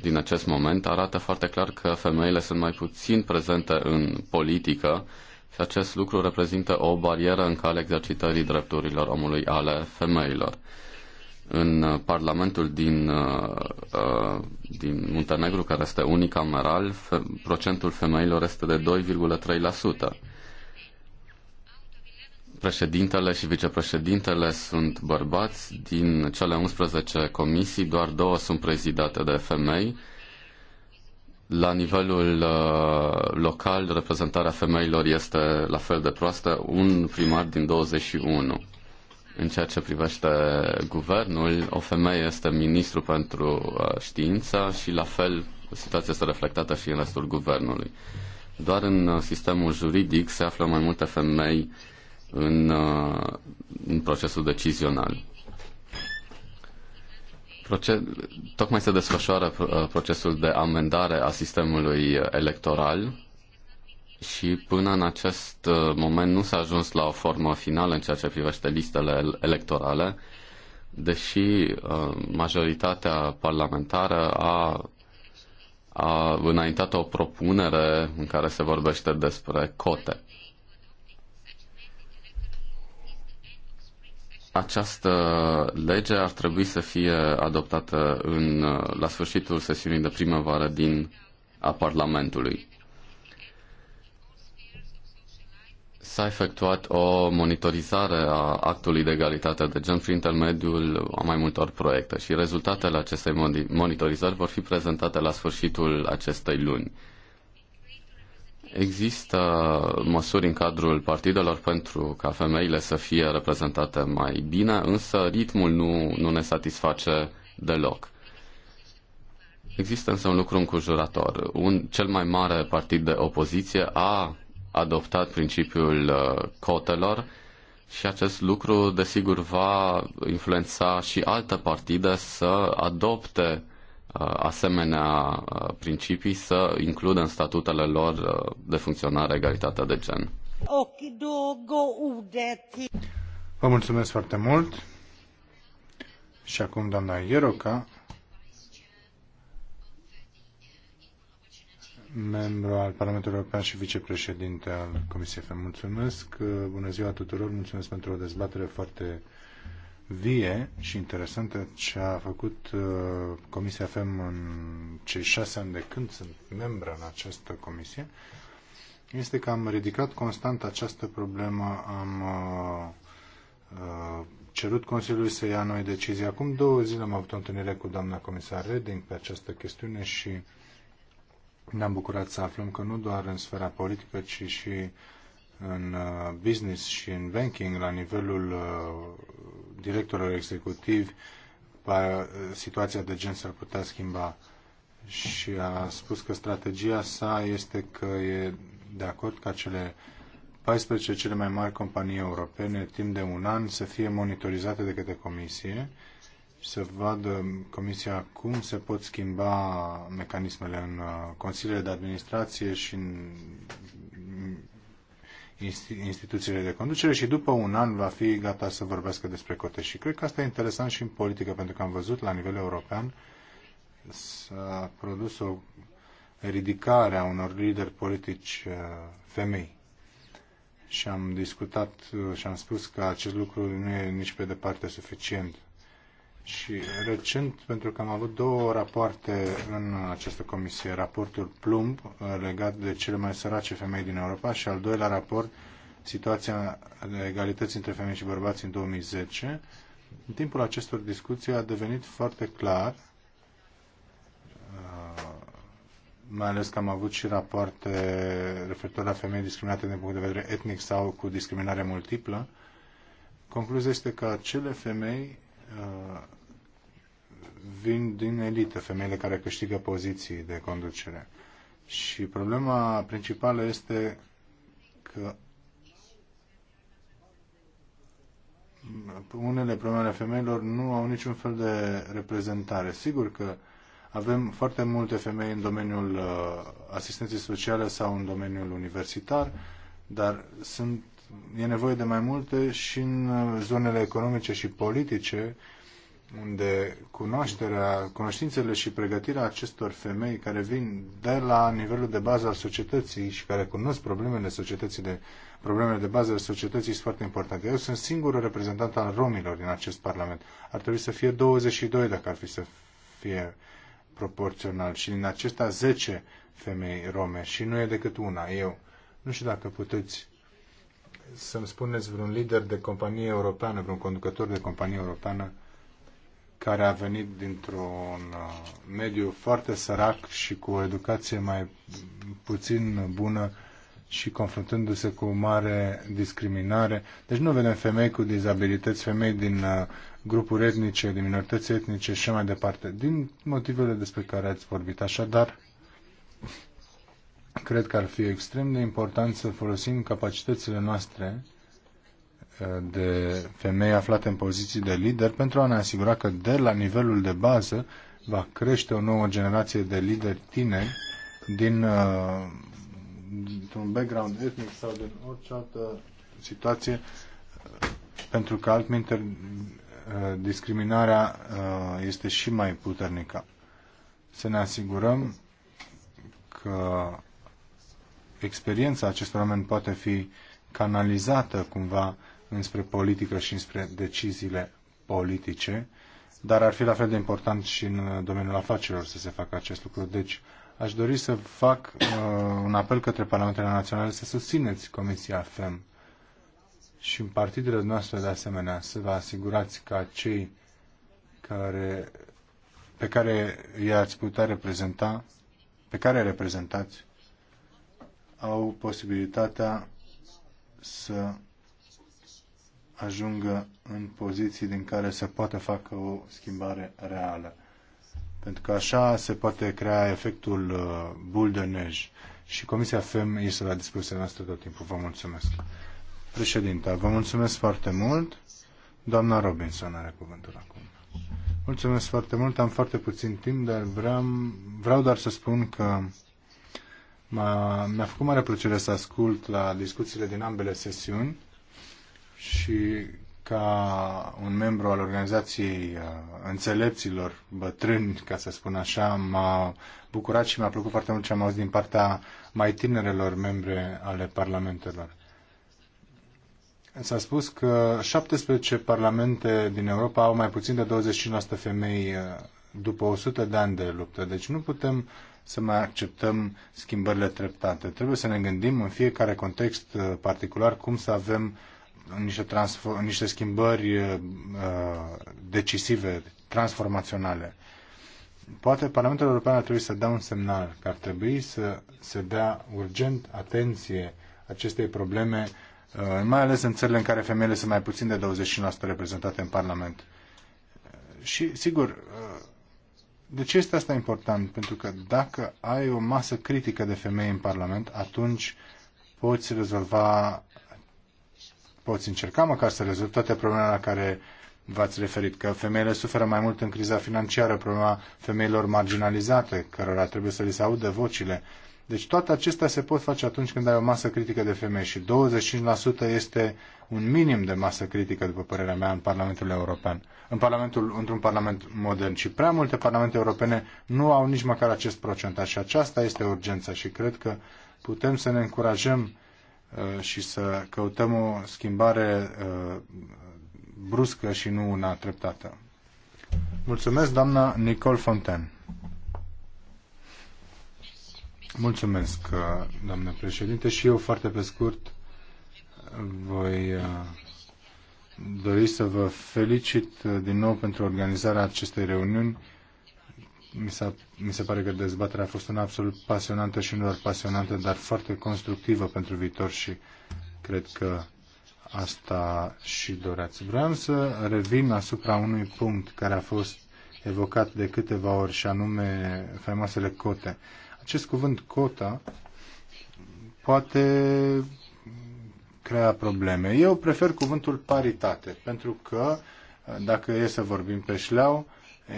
din acest moment arată foarte clar că femeile sunt mai puțin prezente în politică și acest lucru reprezintă o barieră în calea exercitării drepturilor omului ale femeilor. În uh, Parlamentul din, uh, uh, din Muntenegru, care este unicameral, procentul femeilor este de 2,3% președintele și vicepreședintele sunt bărbați. Din cele 11 comisii, doar două sunt prezidate de femei. La nivelul uh, local, reprezentarea femeilor este la fel de proastă, un primar din 21. În ceea ce privește guvernul, o femeie este ministru pentru uh, știință și la fel situația este reflectată și în restul guvernului. Doar în uh, sistemul juridic se află mai multe femei uh, în, uh, în procesul decizional. Proce- tocmai se desfășoară uh, procesul de amendare a sistemului electoral și până în acest uh, moment nu s-a ajuns la o formă finală în ceea ce privește listele electorale, deși majoritatea parlamentară a, a înaintat o propunere în care se vorbește despre cote. Această lege ar trebui să fie adoptată în, la sfârșitul sesiunii de primăvară din a Parlamentului. S-a efectuat o monitorizare a actului de egalitate de gen prin intermediul a mai multor proiecte și rezultatele acestei monitorizări vor fi prezentate la sfârșitul acestei luni. Există măsuri în cadrul partidelor pentru ca femeile să fie reprezentate mai bine, însă ritmul nu, nu ne satisface deloc. Există însă un lucru încurajator. Un cel mai mare partid de opoziție a adoptat principiul uh, cotelor și acest lucru, desigur, va influența și alte partide să adopte Uh, asemenea uh, principii să includă în statutele lor uh, de funcționare egalitatea de gen. Vă mulțumesc foarte mult. Și acum doamna Ieroca, membru al Parlamentului European și vicepreședinte al Comisiei Vă Mulțumesc, bună ziua tuturor, mulțumesc pentru o dezbatere foarte vie și interesantă ce a făcut uh, Comisia FEM în cei șase ani de când sunt membră în această comisie este că am ridicat constant această problemă, am uh, uh, cerut Consiliului să ia noi decizii. Acum două zile am avut o întâlnire cu doamna comisar Reding pe această chestiune și ne-am bucurat să aflăm că nu doar în sfera politică, ci și în business și în banking, la nivelul directorilor executivi, situația de gen s-ar putea schimba și a spus că strategia sa este că e de acord ca cele 14 cele mai mari companii europene timp de un an să fie monitorizate de către comisie și să vadă comisia cum se pot schimba mecanismele în uh, consiliile de administrație și în instituțiile de conducere și după un an va fi gata să vorbească despre cote. Și cred că asta e interesant și în politică, pentru că am văzut la nivel european s-a produs o ridicare a unor lideri politici uh, femei. Și am discutat uh, și am spus că acest lucru nu e nici pe departe suficient și recent, pentru că am avut două rapoarte în această comisie, raportul Plumb uh, legat de cele mai sărace femei din Europa și al doilea raport, situația egalității între femei și bărbați în 2010. În timpul acestor discuții a devenit foarte clar, uh, mai ales că am avut și rapoarte referitor la femei discriminate din punct de vedere etnic sau cu discriminare multiplă, concluzia este că acele femei Uh, vin din elită, femeile care câștigă poziții de conducere. Și problema principală este că unele probleme ale femeilor nu au niciun fel de reprezentare. Sigur că avem foarte multe femei în domeniul uh, asistenței sociale sau în domeniul universitar, dar sunt e nevoie de mai multe și în uh, zonele economice și politice, unde cunoașterea, cunoștințele și pregătirea acestor femei care vin de la nivelul de bază al societății și care cunosc problemele societății de problemele de bază ale societății sunt foarte importante. Eu sunt singurul reprezentant al romilor din acest parlament. Ar trebui să fie 22 dacă ar fi să fie proporțional și din acestea 10 femei rome și nu e decât una, eu. Nu știu dacă puteți să-mi spuneți vreun lider de companie europeană, vreun conducător de companie europeană care a venit dintr-un uh, mediu foarte sărac și cu o educație mai puțin bună și confruntându-se cu mare discriminare. Deci nu vedem femei cu dizabilități, femei din uh, grupuri etnice, din minorități etnice și mai departe, din motivele despre care ați vorbit. Așadar, Cred că ar fi extrem de important să folosim capacitățile noastre uh, de femei aflate în poziții de lider pentru a ne asigura că de la nivelul de bază va crește o nouă generație de lideri tineri din uh, un background etnic sau din orice altă situație uh, pentru că altminte discriminarea este și mai puternică. Să ne asigurăm că experiența acestor oameni poate fi canalizată cumva înspre politică și înspre deciziile politice, dar ar fi la fel de important și în domeniul afacerilor să se facă acest lucru. Deci aș dori să fac uh, un apel către Parlamentele Naționale să susțineți Comisia FEM și în partidele noastre de asemenea să vă asigurați ca cei care, pe care i-ați putea reprezenta, pe care reprezentați, au posibilitatea să ajungă în poziții din care să poată facă o schimbare reală. Pentru că așa se poate crea efectul uh, bul de nej. Și Comisia FEM este la dispoziția noastră tot timpul. Vă mulțumesc. Președinta, vă mulțumesc foarte mult. Doamna Robinson are cuvântul acum. Mulțumesc foarte mult. Am foarte puțin timp, dar vreau, vreau doar să spun că mi-a făcut mare plăcere să ascult la discuțiile din ambele sesiuni și ca un membru al organizației uh, înțelepților bătrâni, ca să spun așa, m-a bucurat și mi-a plăcut foarte mult ce am auzit din partea mai tinerelor membre ale parlamentelor. S-a spus că 17 parlamente din Europa au mai puțin de 25% femei uh, după 100 de ani de luptă. Deci nu putem să mai acceptăm schimbările treptate. Trebuie să ne gândim în fiecare context uh, particular cum să avem niște, niște schimbări uh, uh, decisive, transformaționale. Poate Parlamentul European ar trebui să dea un semnal că ar trebui să se dea urgent atenție acestei probleme, uh, mai ales în țările în care femeile sunt mai puțin de 25% reprezentate în Parlament. Și, sigur, uh, de ce este asta important? Pentru că dacă ai o masă critică de femei în Parlament, atunci poți rezolva, poți încerca măcar să rezolvi toate problemele la care v-ați referit, că femeile suferă mai mult în criza financiară, problema femeilor marginalizate, cărora trebuie să li se audă vocile, deci toate acestea se pot face atunci când ai o masă critică de femei și 25% este un minim de masă critică, după părerea mea, în Parlamentul European, în Parlamentul, într-un Parlament modern. Și prea multe parlamente europene nu au nici măcar acest procentaj și aceasta este urgența și cred că putem să ne încurajăm uh, și să căutăm o schimbare uh, bruscă și nu una treptată. Mulțumesc, doamna Nicole Fontaine. Mulțumesc, uh, doamnă președinte, și eu foarte pe scurt voi uh, dori să vă felicit uh, din nou pentru organizarea acestei reuniuni. Mi, s-a, mi se pare că dezbaterea a fost una absolut pasionantă și nu doar pasionantă, dar foarte constructivă pentru viitor și cred că asta și doreați. Vreau să revin asupra unui punct care a fost evocat de câteva ori și anume faimoasele cote. Uh, acest cuvânt cota poate crea probleme. Eu prefer cuvântul paritate, pentru că, dacă e să vorbim pe șleau,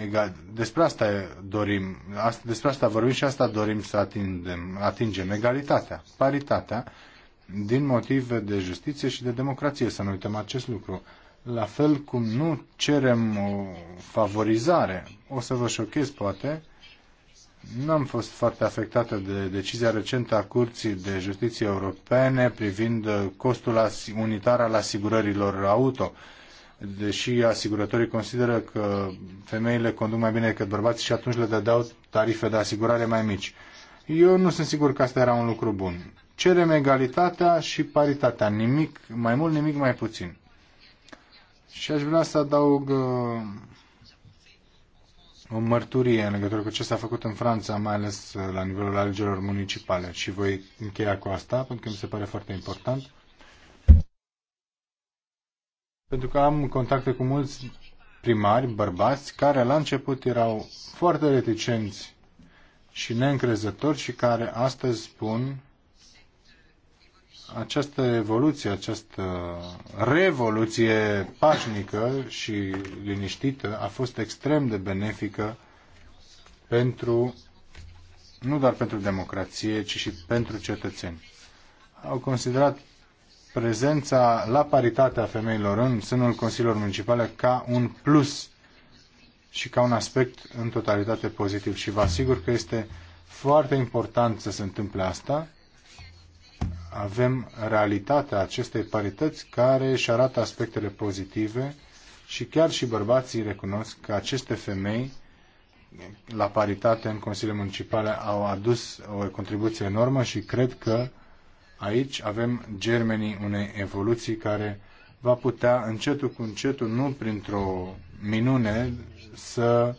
egal, despre asta dorim, despre asta vorbim și asta dorim să atingem, atingem egalitatea, paritatea, din motive de justiție și de democrație, să nu uităm acest lucru. La fel cum nu cerem o favorizare, o să vă șochez poate, nu am fost foarte afectată de decizia recentă a Curții de Justiție Europene privind uh, costul unitar al asigurărilor auto. Deși asigurătorii consideră că femeile conduc mai bine decât bărbații și atunci le dădeau tarife de asigurare mai mici. Eu nu sunt sigur că asta era un lucru bun. Cerem egalitatea și paritatea. Nimic mai mult, nimic mai puțin. Și aș vrea să adaug uh, o mărturie în legătură cu ce s-a făcut în Franța, mai ales uh, la nivelul alegerilor municipale. Și voi încheia cu asta, pentru că mi se pare foarte important. Pentru că am contacte cu mulți primari, bărbați, care la început erau foarte reticenți și neîncrezători și care astăzi spun această evoluție, această revoluție pașnică și liniștită a fost extrem de benefică pentru, nu doar pentru democrație, ci și pentru cetățeni. Au considerat prezența la paritatea femeilor în sânul Consiliilor Municipale ca un plus și ca un aspect în totalitate pozitiv. Și vă asigur că este foarte important să se întâmple asta avem realitatea acestei parități care își arată aspectele pozitive și chiar și bărbații recunosc că aceste femei la paritate în Consiliile Municipale au adus o contribuție enormă și cred că aici avem germenii unei evoluții care va putea încetul cu încetul, nu printr-o minune, să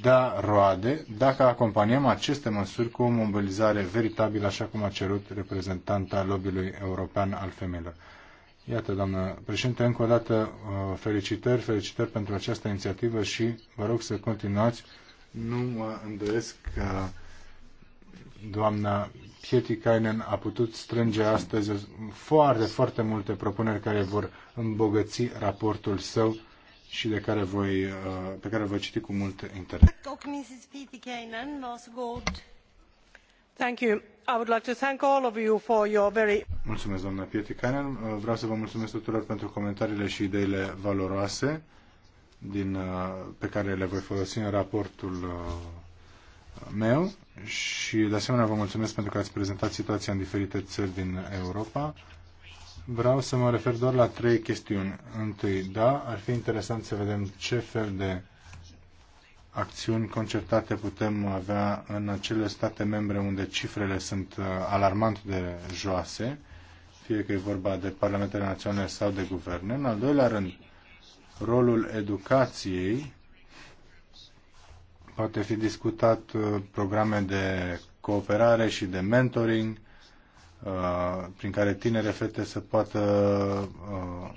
da roade dacă acompaniem aceste măsuri cu o mobilizare veritabilă, așa cum a cerut reprezentanta lobby-ului european al femeilor. Iată, doamnă președinte, încă o dată uh, felicitări, felicitări pentru această inițiativă și vă rog să continuați. Nu mă îndoiesc că doamna Pieti Kainen a putut strânge astăzi foarte, foarte multe propuneri care vor îmbogăți raportul său și de care voi, uh, pe care voi citi cu mult interes. Mulțumesc, doamna Pietikainen. Uh, vreau să vă mulțumesc tuturor pentru comentariile și ideile valoroase din, uh, pe care le voi folosi în raportul meu și de asemenea vă mulțumesc pentru că ați prezentat situația în diferite țări din Europa Vreau să mă refer doar la trei chestiuni. Întâi, da, ar fi interesant să vedem ce fel de acțiuni concertate putem avea în acele state membre unde cifrele sunt uh, alarmant de joase, fie că e vorba de parlamentele naționale sau de guverne. În al doilea rând, rolul educației poate fi discutat uh, programe de cooperare și de mentoring Uh, prin care tinere fete să poată uh,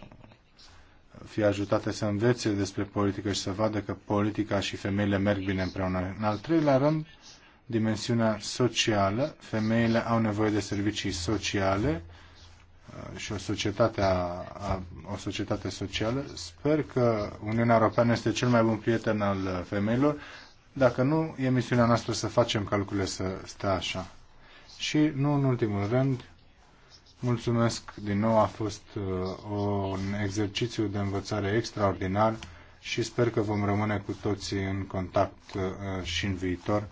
fi ajutate să învețe despre politică și să vadă că politica și femeile merg bine împreună. În al treilea rând, dimensiunea socială. Femeile au nevoie de servicii sociale uh, și o societate, a, a, o societate socială. Sper că Uniunea Europeană este cel mai bun prieten al femeilor. Dacă nu, e misiunea noastră să facem ca lucrurile să stea așa. Și, nu în ultimul rând, mulțumesc din nou, a fost uh, un exercițiu de învățare extraordinar și sper că vom rămâne cu toții în contact uh, și în viitor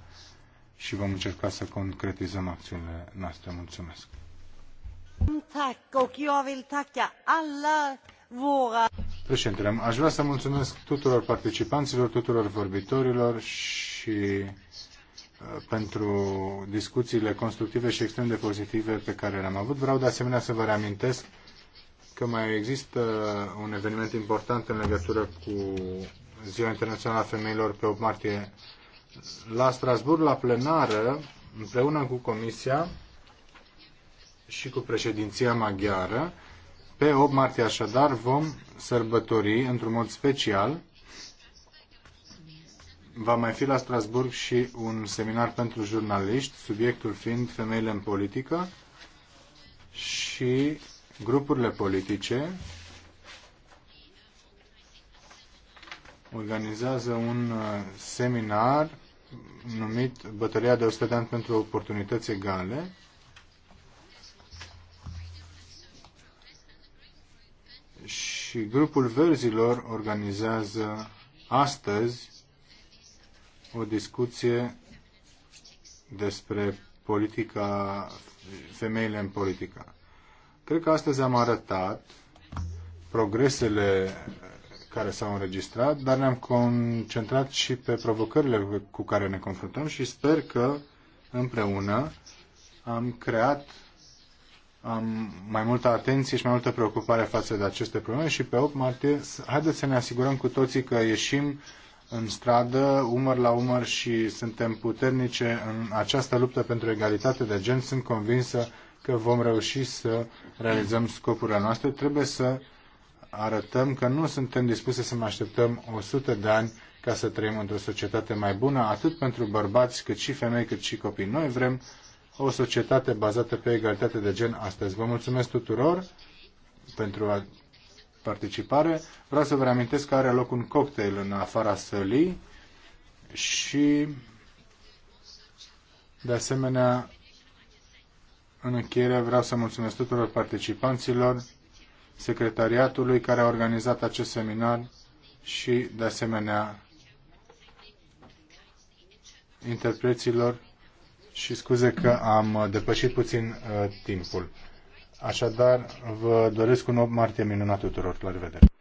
și vom încerca să concretizăm acțiunile noastre. Mulțumesc! Președintele, aș vrea să mulțumesc tuturor participanților, tuturor vorbitorilor și pentru discuțiile constructive și extrem de pozitive pe care le-am avut. Vreau de asemenea să vă reamintesc că mai există un eveniment important în legătură cu Ziua Internațională a Femeilor pe 8 martie la Strasburg, la plenară, împreună cu Comisia și cu președinția maghiară. Pe 8 martie așadar vom sărbători într-un mod special va mai fi la Strasburg și un seminar pentru jurnaliști, subiectul fiind femeile în politică și grupurile politice organizează un uh, seminar numit Bătălia de 100 de ani pentru oportunități egale. Și grupul verzilor organizează astăzi o discuție despre politica, femeile în politică. Cred că astăzi am arătat progresele care s-au înregistrat, dar ne-am concentrat și pe provocările cu care ne confruntăm și sper că împreună am creat am mai multă atenție și mai multă preocupare față de aceste probleme și pe 8 martie haideți să ne asigurăm cu toții că ieșim în stradă, umăr la umăr și suntem puternice în această luptă pentru egalitate de gen, sunt convinsă că vom reuși să realizăm scopurile noastre. Trebuie să arătăm că nu suntem dispuse să mai așteptăm 100 de ani ca să trăim într-o societate mai bună, atât pentru bărbați, cât și femei, cât și copii. Noi vrem o societate bazată pe egalitate de gen astăzi. Vă mulțumesc tuturor pentru participare. Vreau să vă reamintesc că are loc un cocktail în afara sălii și de asemenea în încheiere vreau să mulțumesc tuturor participanților, secretariatului care a organizat acest seminar și de asemenea interpreților și scuze că am depășit puțin uh, timpul. Așadar, vă doresc un 8 martie minunat tuturor. La revedere!